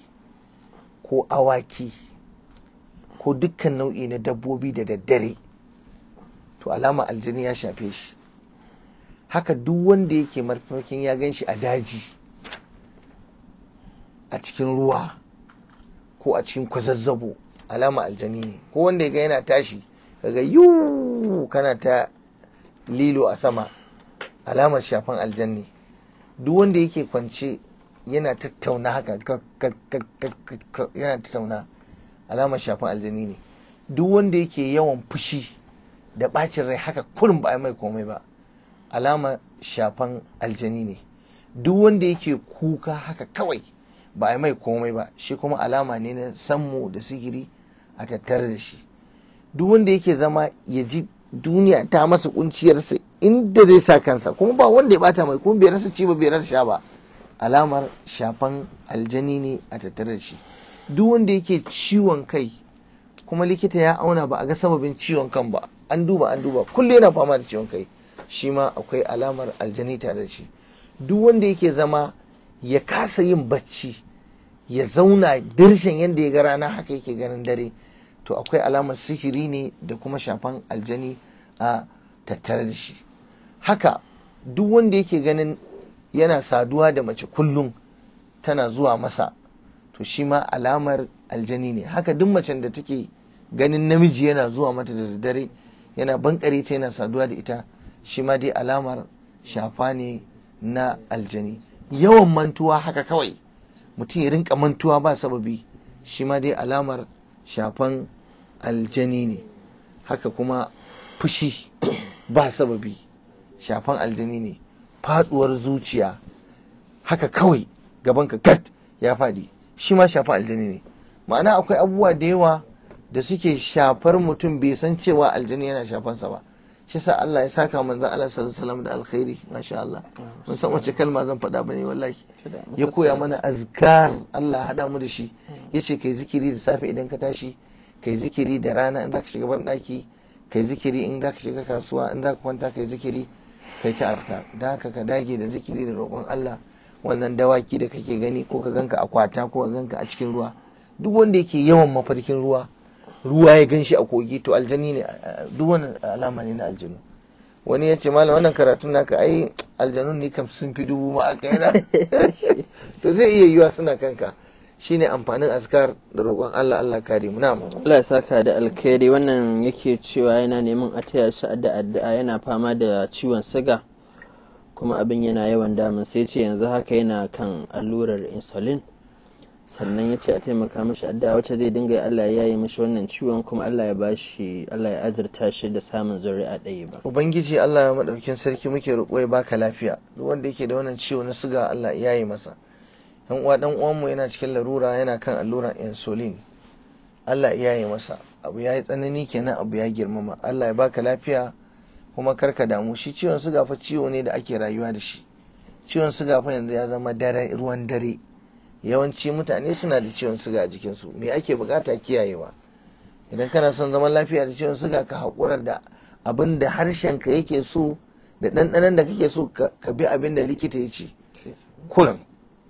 S2: ko awaki ko dukkan nau'i na dabbobi da daddare to alama aljani ya shafe shi haka duk wanda yake mafarkin ya gan shi a daji a cikin ruwa ko a cikin kwazazzabo alama aljani ne ko wanda ya ga yana tashi kaga yuu kana ta lilo a sama alamar shafan aljanni duk wanda yake kwance yana tattauna haka yana tattauna alamar shafan aljani ne duk wanda yake yawan fushi da bacin rai haka kurin ba a mai komai ba alamar shafan aljani ne duk wanda yake kuka haka kawai ba a mai komai ba shi kuma alama ne na sammu da sigiri a tattare da shi duk wanda yake zama ya ji duniya ta masa kunciyarsa inda zai sa kansa kuma ba wanda ya bata mai kuma bai rasa ci ba bai rasa sha ba alamar shafan aljani ne a tattare da shi duk wanda yake ciwon kai kuma likita ya auna ba a ga sababin ciwon kan ba an duba an duba kullum yana fama da ciwon kai shi ma akwai alamar aljani tare da shi duk wanda yake zama ya kasa yin bacci ya zauna dirshin yadda ya ga rana haka yake ganin dare to akwai alamar sihiri ne da kuma shafan aljani a tattare da shi haka duk wanda yake ganin yana saduwa da mace kullum tana zuwa masa to shi ma alamar aljani ne haka duk macen da take ganin namiji yana zuwa mata da daddare yana bankare ta yana saduwa da ita shi ma dai alamar shafa ne na aljani yawan mantuwa haka kawai mutum ya rinka mantuwa ba sababi shi ma dai alamar shafan aljani ne haka kuma fushi ba sababi shafan aljani ne fatsuwar zuciya haka kawai gabanka kat ya faɗi shi ma shafan aljani ne ma'ana akwai abubuwa da yawa da suke shafar mutum bai san cewa aljani yana shafansa ba shi sa Allah ya saka manzon Allah sallallahu alaihi wasallam da alkhairi masha Allah mun san wace kalma zan faɗa bane wallahi ya koya mana azkar Allah hada mu da shi yace kai zikiri da safe idan ka tashi kai zikiri da rana in zaka shiga banɗaki kai zikiri in zaka shiga kasuwa in zaka kwanta kai zikiri kai ta azkar da haka ka dage da zikiri da roƙon Allah wannan dawaki da kake gani ko ka ganka a kwata ko ka ganka a cikin ruwa duk wanda yake yawan mafarkin ruwa ruwa ya gan shi a kogi to aljani ne duk wani alama ne na aljanu wani ya ce malam wannan karatun naka ai aljanun ne kam sun fi dubu ma a to zai iya yiwa suna kanka
S1: shine amfanin askar da roƙon Allah Allah kare mu namu Allah ya saka da alkhairi wannan yake cewa yana neman a taya shi addu'a yana fama da ciwon siga kuma abin yana yawan damun sai ce yanzu haka yana kan allurar insulin sannan ya ce a taimaka mashi adda wacce zai dinga Allah ya yi mashi wannan ciwon kuma Allah ya bashi Allah ya azurta shi da samun a ɗaya ba
S2: ubangiji Allah ya madaukin sarki muke roƙo ya baka lafiya duk wanda yake da wannan ciwo na suga Allah ya yi masa yan uwa dan uwan mu yana cikin larura yana kan alluran insulin Allah ya yi masa abu ya yi tsanani kenan abu ya girmama Allah ya baka lafiya kuma karka damu shi ciwon suga fa ciwo ne da ake rayuwa da shi ciwon suga fa yanzu ya zama dare ruwan dare yawanci mutane suna da ciwon suga a jikinsu me ake bukata kiyayewa idan kana son zaman lafiya da ciwon suga ka haƙura da abin da harshenka yake so da ɗanɗanon da kake so ka bi abin da likita ya ce kurin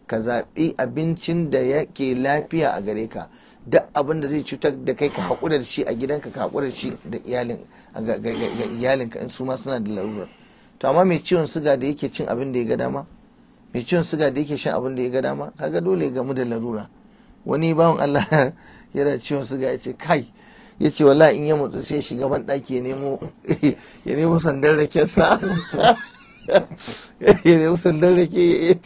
S2: ka zaɓi abincin da yake lafiya a gare ka duk abin da zai cutar da kai ka haƙura shi a gidanka ka haƙura shi da iyalinka in su ma suna da larurar to amma mai ciwon suga da yake cin abin da ya ga dama mai ciwon suga da yake shan abin da ya ga dama kaga dole ya gamu da larura wani bawan Allah yana ciwon suga ya ce kai ya ce wala in ya mutu sai shiga ban ɗaki ya nemo ya nemo sandan sa ya nemo da rake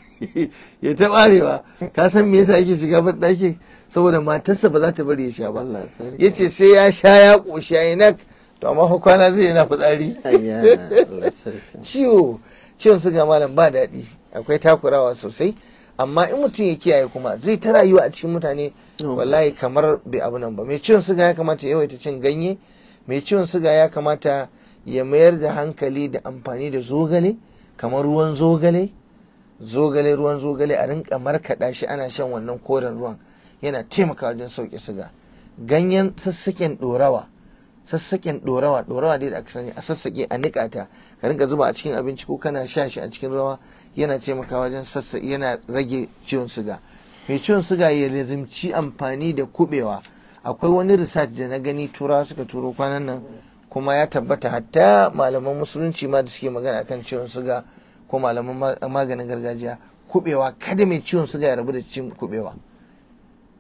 S2: ya ta barewa ka san me yasa yake shiga ban ɗaki saboda matarsa ba za ta bari ya sha ba ya ce sai ya sha ya ƙoshi ya yi to amma kwana zai yana fitsari ciwo ciwon suga malam ba daɗi akwai takurawa sosai amma in mutum ya kiyaye kuma zai ta rayuwa a cikin mutane oh. wallahi kamar bai abu nan ba mai ciwon suga ya kamata ya yawaita cin ganye mai ciwon suga ya kamata ya mayar da hankali da amfani da zogale kamar ruwan zogale zogale ruwan zogale a rinka markaɗa shi ana shan wannan koren ruwan yana taimaka wajen sauke suga ganyen sassaken ɗorawa sassaken ɗorawa ɗorawa dai da aka sani a sassake a niƙa ka rinka zuba a cikin abinci ko kana sha shi a cikin rawa yana taimaka wajen sassa yana rage ciwon suga mai ciwon suga ya lazimci amfani da kubewa akwai wani research da na gani turawa suka turo kwanan nan kuma ya tabbata hatta malaman musulunci ma da suke magana kan ciwon suga ko malaman maganin gargajiya kubewa kada mai ciwon suga ya rabu da cin kubewa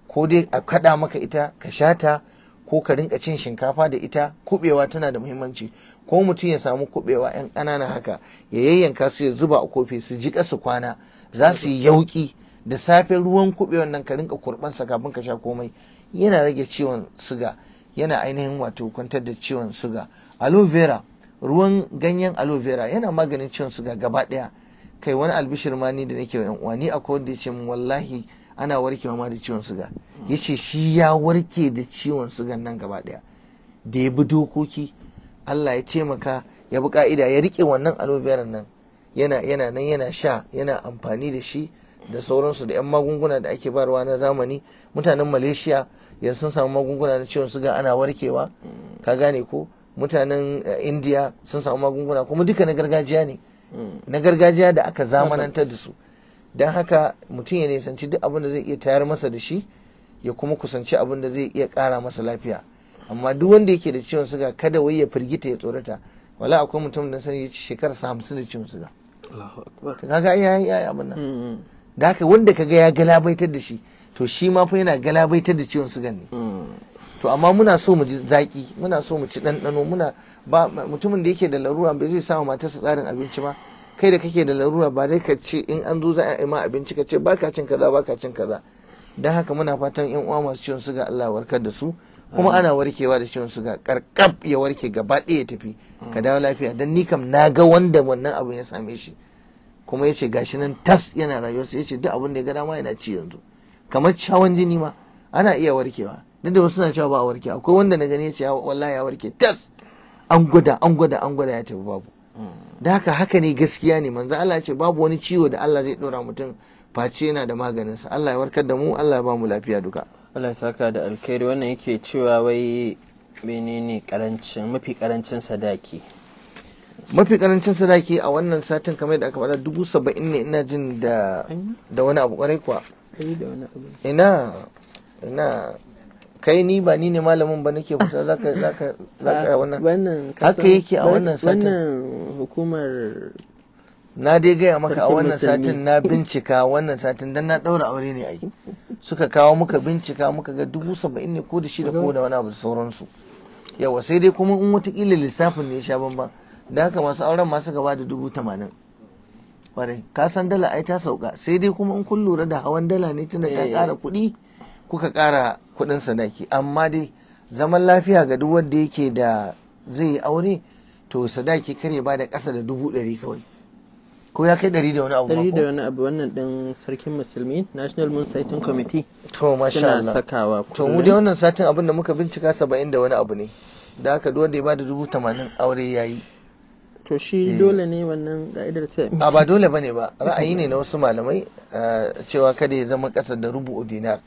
S2: ko dai a kada maka ita ka sha ta, ko ka rinka cin shinkafa da ita kubewa tana da muhimmanci ko mutum ya samu kubewa yan ƙanana haka ya yayyanka su ya zuba a kofi su jiƙa su kwana za su yi yauƙi da safe ruwan kubewan nan ka rinka sa kafin ka sha komai yana rage ciwon suga yana ainihin wato kwantar da ciwon suga aloe vera ruwan ganyen aloe vera yana maganin ciwon suga gaba ɗaya kai wani albishir ma ni da nake wa uwa ni akwai da yace wallahi ana warkewa ma da ciwon suga yace shi ya warke da ciwon sugan nan gaba ɗaya da ya bi dokoki Allah ya taimaka ya bi ka'ida ya rike wannan aloe nan yana yana nan yana sha yana amfani da shi da sauransu da 'yan magunguna da ake barwa na zamani mutanen malaysia yanzu sun samu magunguna na ciwon suga ana warkewa ka gane ko mutanen eh, india sun samu magunguna kuma duka na gargajiya ne na gargajiya da aka zamanantar da su don haka mutum ya nisanci duk abin da zai iya tayar masa da shi ya kuma kusanci abin da zai iya kara masa lafiya amma duk wanda yake da ciwon suga kada wai ya firgita ya tsorata wala akwai mutum da sani yace ci shekarar sa hamsin da ciwon suga kaga ya yi abin nan mm, mm. da haka wanda kaga ya galabaitar da shi to shi ma fa yana galabaitar da ciwon sugan ne mm. to amma muna so mu ji zaki muna so mu ci ɗanɗano muna ba mutumin da yake da larura bai zai samu matarsa tsarin abinci ba kai da kake da larura ba dai ka ce in an zo za a yi ma abinci ka ce baka cin kaza baka cin kaza don haka muna fatan yan uwa masu ciwon suga Allah warkar da su kuma ana warkewa da ciwon suga karkab ya warke gaba ɗaya ya tafi ka dawo lafiya dan ni kam na ga wanda wannan abun ya same shi kuma ya ce gashi nan tas yana rayuwarsa ya ce duk abin da ya ga dama yana ci yanzu kamar cawan jini ma ana iya warkewa duk da wasu suna cewa ba a warke akwai wanda na gani ya ce wallahi ya warke tas an gwada an gwada an gwada ya tafi babu hmm. da haka haka ne gaskiya ne manzo Allah ya ce babu wani ciwo da Allah zai dora mutum face yana da maganinsa Allah ya warkar da mu Allah ya ba mu lafiya duka
S1: Allah saka da alkhairi wannan yake cewa wai menene karancin mafi karancin sadaki
S2: mafi karancin sadaki a wannan satin kamar da aka faɗa dubu saba'in ne ina jin da da wani abu kwarai kuwa ina ina kai ni ba ni ne malamin ba nake kusa zaka zaka zaka ah, wannan haka yake a wannan satin
S1: wannan hukumar
S2: na dai gaya maka a wannan satin na bincika wannan satin don na ɗaura aure ne yi suka kawo muka bincika muka ga dubu saba'in ne ko da shida ko da wani abu sauransu yawa sai dai kuma in watakila lissafin ne ya sha bamban da haka masu auren masu gaba da dubu tamanin kwarai ka san dala ai ta sauka sai dai kuma in kun lura da hawan dala ne tunda ta kara eh. kuɗi kuka kara kuɗin sadaki amma dai zaman lafiya ga duk wanda yake da zai yi aure to sadaki kare ba da ƙasa da dubu ɗari kawai ko ya kai dari da wani abu dari da wani
S1: abu wannan ɗin sarkin musulmi national moon sighting committee to masha Allah suna sakawa to mu dai wannan
S2: satin abin da muka bincika saba'in da wani abu ne da haka duk wanda ya bada dubu tamanin aure ya yi to shi eh. dole
S1: ne wannan ga'idar sai a ba dole ba ne ba ra'ayi ne na
S2: wasu malamai eh, cewa kada ya zama ƙasa da rubu dinar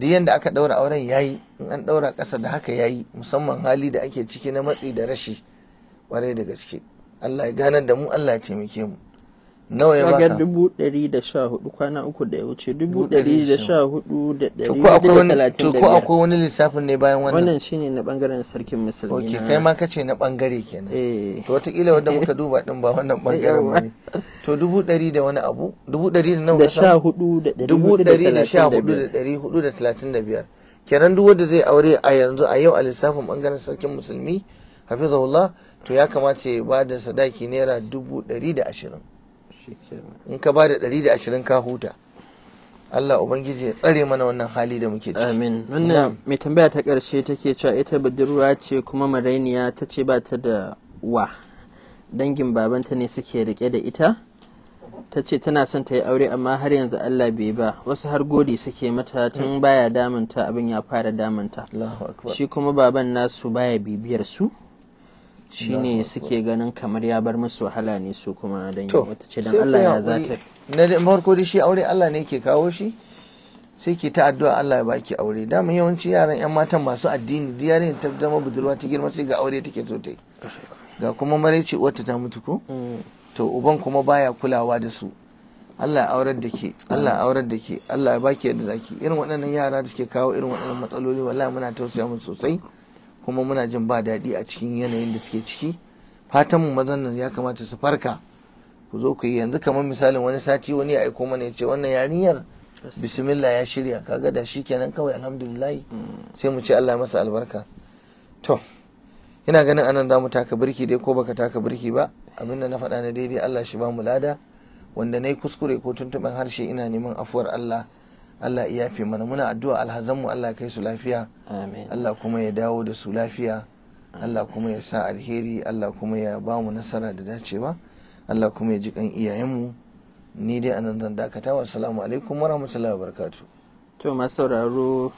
S2: duk yanda aka ɗaura auren yayi in an ɗaura ƙasa da haka yayi musamman hali da ake ciki na matsi da rashi ƙwarai da gaske Allah ya ganar da mu Allah ya taimake mu
S1: nawa ya baka dubu ɗari da sha hudu kwana uku da ya wuce dubu ɗari da sha hudu da ɗari da talatin da ko akwai
S2: wani lissafin ne bayan wannan wannan shine na bangaren sarkin musulmi ok kai ma kace na bangare kenan eh. to wataƙila wanda muka duba din ba wannan bangaren ba ne to dubu ɗari da wani abu dubu ɗari da nawa da sha hudu da dubu ɗari da sha hudu da ɗari hudu da talatin da biyar kenan duk wanda zai aure a yanzu a yau a lissafin bangaren sarkin musulmi hafizahullah to ya kamata ya ba da sadaki naira dubu ɗari da ashirin in ka ba da ɗari da ashirin ka huta Allah Ubangiji ya tsare
S1: mana wannan hali da muke ciki. Amin. Wannan mai tambaya ta ƙarshe take cewa ita budurwa ce kuma marainiya ta ce ba ta da wa. Dangin babanta ne suke rike da ita? Ta ce tana son ta yi aure amma har yanzu Allah bai ba. Wasu har godi suke mata tun baya damunta abin ya fara damunta. Shi kuma baban nasu baya bibiyar su. Shi ne suke ganin kamar ya bar musu wahala ne su kuma don wata ce don Allah ya zata na farko da shi aure Allah ne ke kawo shi sai
S2: ke ta addu'a Allah ya baki aure da yawanci yaran yan matan masu addini da yaran ta zama budurwa ta girma sai ga aure take so ta yi ga kuma maraice wata ta mutu ko mm. to uban kuma baya kulawa da su Allah aurar da ke Allah mm. aurar da ke Allah ya baki yadda zaki irin waɗannan yara da suke kawo irin waɗannan matsaloli wallahi muna tausaya musu sosai kuma muna jin ba daɗi a cikin yanayin da suke ciki fatanmu mazan nan ya kamata su farka ku zo ku yi yanzu kamar misalin wani sati wani ya aiko mana ya ce wannan yarinyar bismillah ya shirya kaga da shi kenan kawai alhamdulillah sai mu ce Allah masa albarka to ina ganin anan da mu taka birki dai ko baka taka birki ba abin da na faɗa na daidai Allah shi ba mu lada wanda nayi kuskure ko tuntuɓen harshe ina neman afuwar Allah Allah ya fi mana muna addu'a alhazanmu Allah kai su lafiya Allah kuma ya dawo da su lafiya Allah kuma ya sa alheri Allah kuma ya ba mu nasara da dacewa Allah kuma ya ji kan iyayenmu ni dai anan zan dakata wa salamu alaikum wa rahmatullahi wa barakatu
S1: to masu sauraro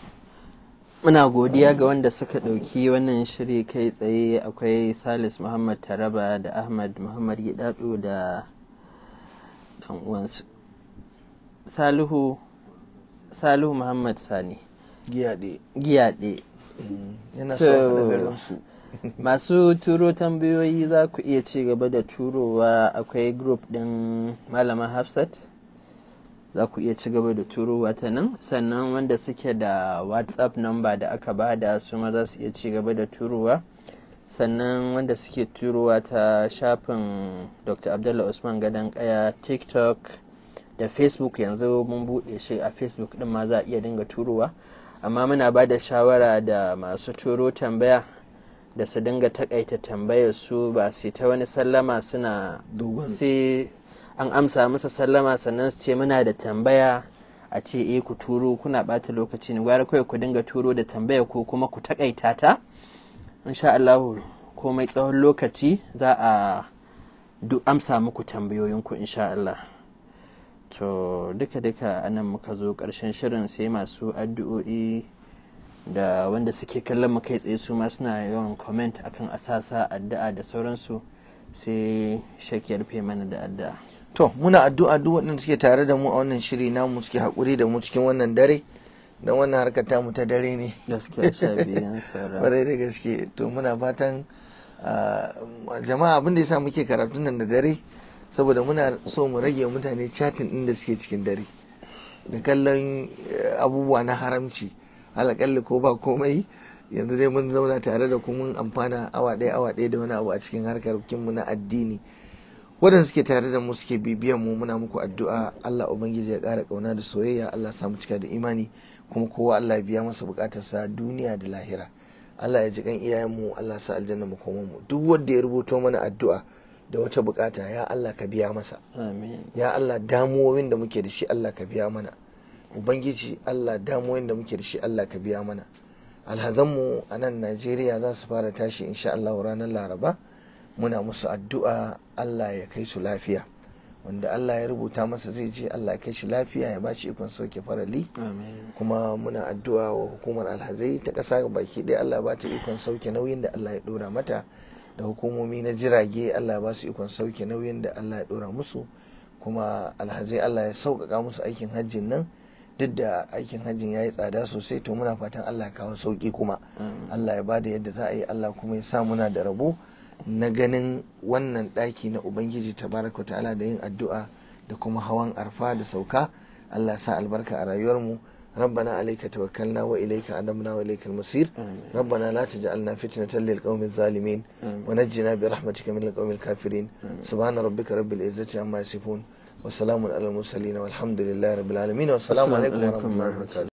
S1: muna godiya ga wanda suka ɗauki wannan shiri kai tsaye akwai salis muhammad taraba da ahmad muhammad gidado da dan uwansu salihu salihu muhammad sani giyaɗe mm, yana so masu turo tambayoyi za ku iya ci gaba da turowa akwai group ɗin malama hafsat za ku iya ci gaba da turowa ta nan sannan wanda suke da whatsapp number da aka bada su ma za su iya ci gaba da turowa sannan wanda suke turowa ta shafin dr abdullahi usman gadon kaya tiktok da facebook yanzu mun buɗe shi a facebook ɗin ma za a iya dinga turowa amma muna ba da shawara da masu turo tambaya da su dinga takaita tambayar su ba sai ta wani sallama suna sai an amsa musu sallama sannan su ce muna da tambaya a ce eh ku turo kuna bata lokaci ne gwara kawai ku dinga turo da tambaya ko kuma ku takaita ta insha Allah komai tsawon lokaci za a amsa muku tambayoyinku insha Allah to duka-duka anan muka zo karshen shirin sai masu addu'o'i da wanda suke kallon mu kai tsaye su ma suna yawan comment akan asasa addu'a da sauransu sai shakiyar rufe mana da addu'a
S2: to muna addu'a duk waɗanda suke tare da mu a wannan shiri namu suke haƙuri da mu cikin wannan dare don wannan harkar mu ta dare ne gaskiya sha biyan
S1: sauran da
S2: gaske to muna fatan ah, jama'a abin da yasa muke karatun nan da dare saboda muna so mu rage mutane chatin din da suke cikin dare da kallon eh, abubuwa na haramci alakalli ko ba komai yanzu dai mun zauna tare da kuma amfana awa ɗaya awa ɗaya da wani abu a cikin harkar mu na addini waɗanda suke tare da mu suke bibiyan mu muna muku addu'a Allah ubangiji ya ƙara ƙauna da soyayya Allah samu cika da imani kuma kowa Allah ya biya masa sa duniya da lahira Allah ya ji kan iyayenmu Allah sa aljanna mu koma mu duk wanda ya rubuto mana addu'a da wata bukata ya Allah ka biya masa ya Allah damuwoyin da muke da shi Allah ka biya mana ubangiji Allah damuwoyin da muke da shi Allah ka biya mana alhazanmu a nan Najeriya za su fara tashi insha Allah ranar Laraba muna musu addu'a Allah ya kai su lafiya wanda Allah ya rubuta masa zai je Allah ya kai shi lafiya ya bashi ikon soke farali kuma muna addu'a wa hukumar alhazai ta ƙasa baki ɗaya Allah ba ta ikon sauke nauyin da Allah ya ɗora mata da hukumomi na jirage Allah ba su ikon sauke nauyin da Allah ya dora musu kuma alhazai Allah ya sauƙaƙa musu aikin hajjin nan duk da aikin hajjin ya yi tsada sosai to muna fatan Allah ya kawo sauƙi kuma Allah ya ba da yadda za a yi Allah kuma ya sa muna da rabo na ganin wannan ɗaki na Ubangiji tabaraka ta'ala da yin addu'a da kuma hawan arfa da sauka Allah ya sa albarka a rayuwarmu mu ربنا عليك توكلنا وإليك أنبنا وإليك المصير ربنا لا تجعلنا فتنة للقوم الظالمين ونجنا برحمتك من القوم الكافرين سبحان ربك رب العزة عما يصفون وسلام على المرسلين والحمد لله رب العالمين والسلام عليكم ورحمة الله وبركاته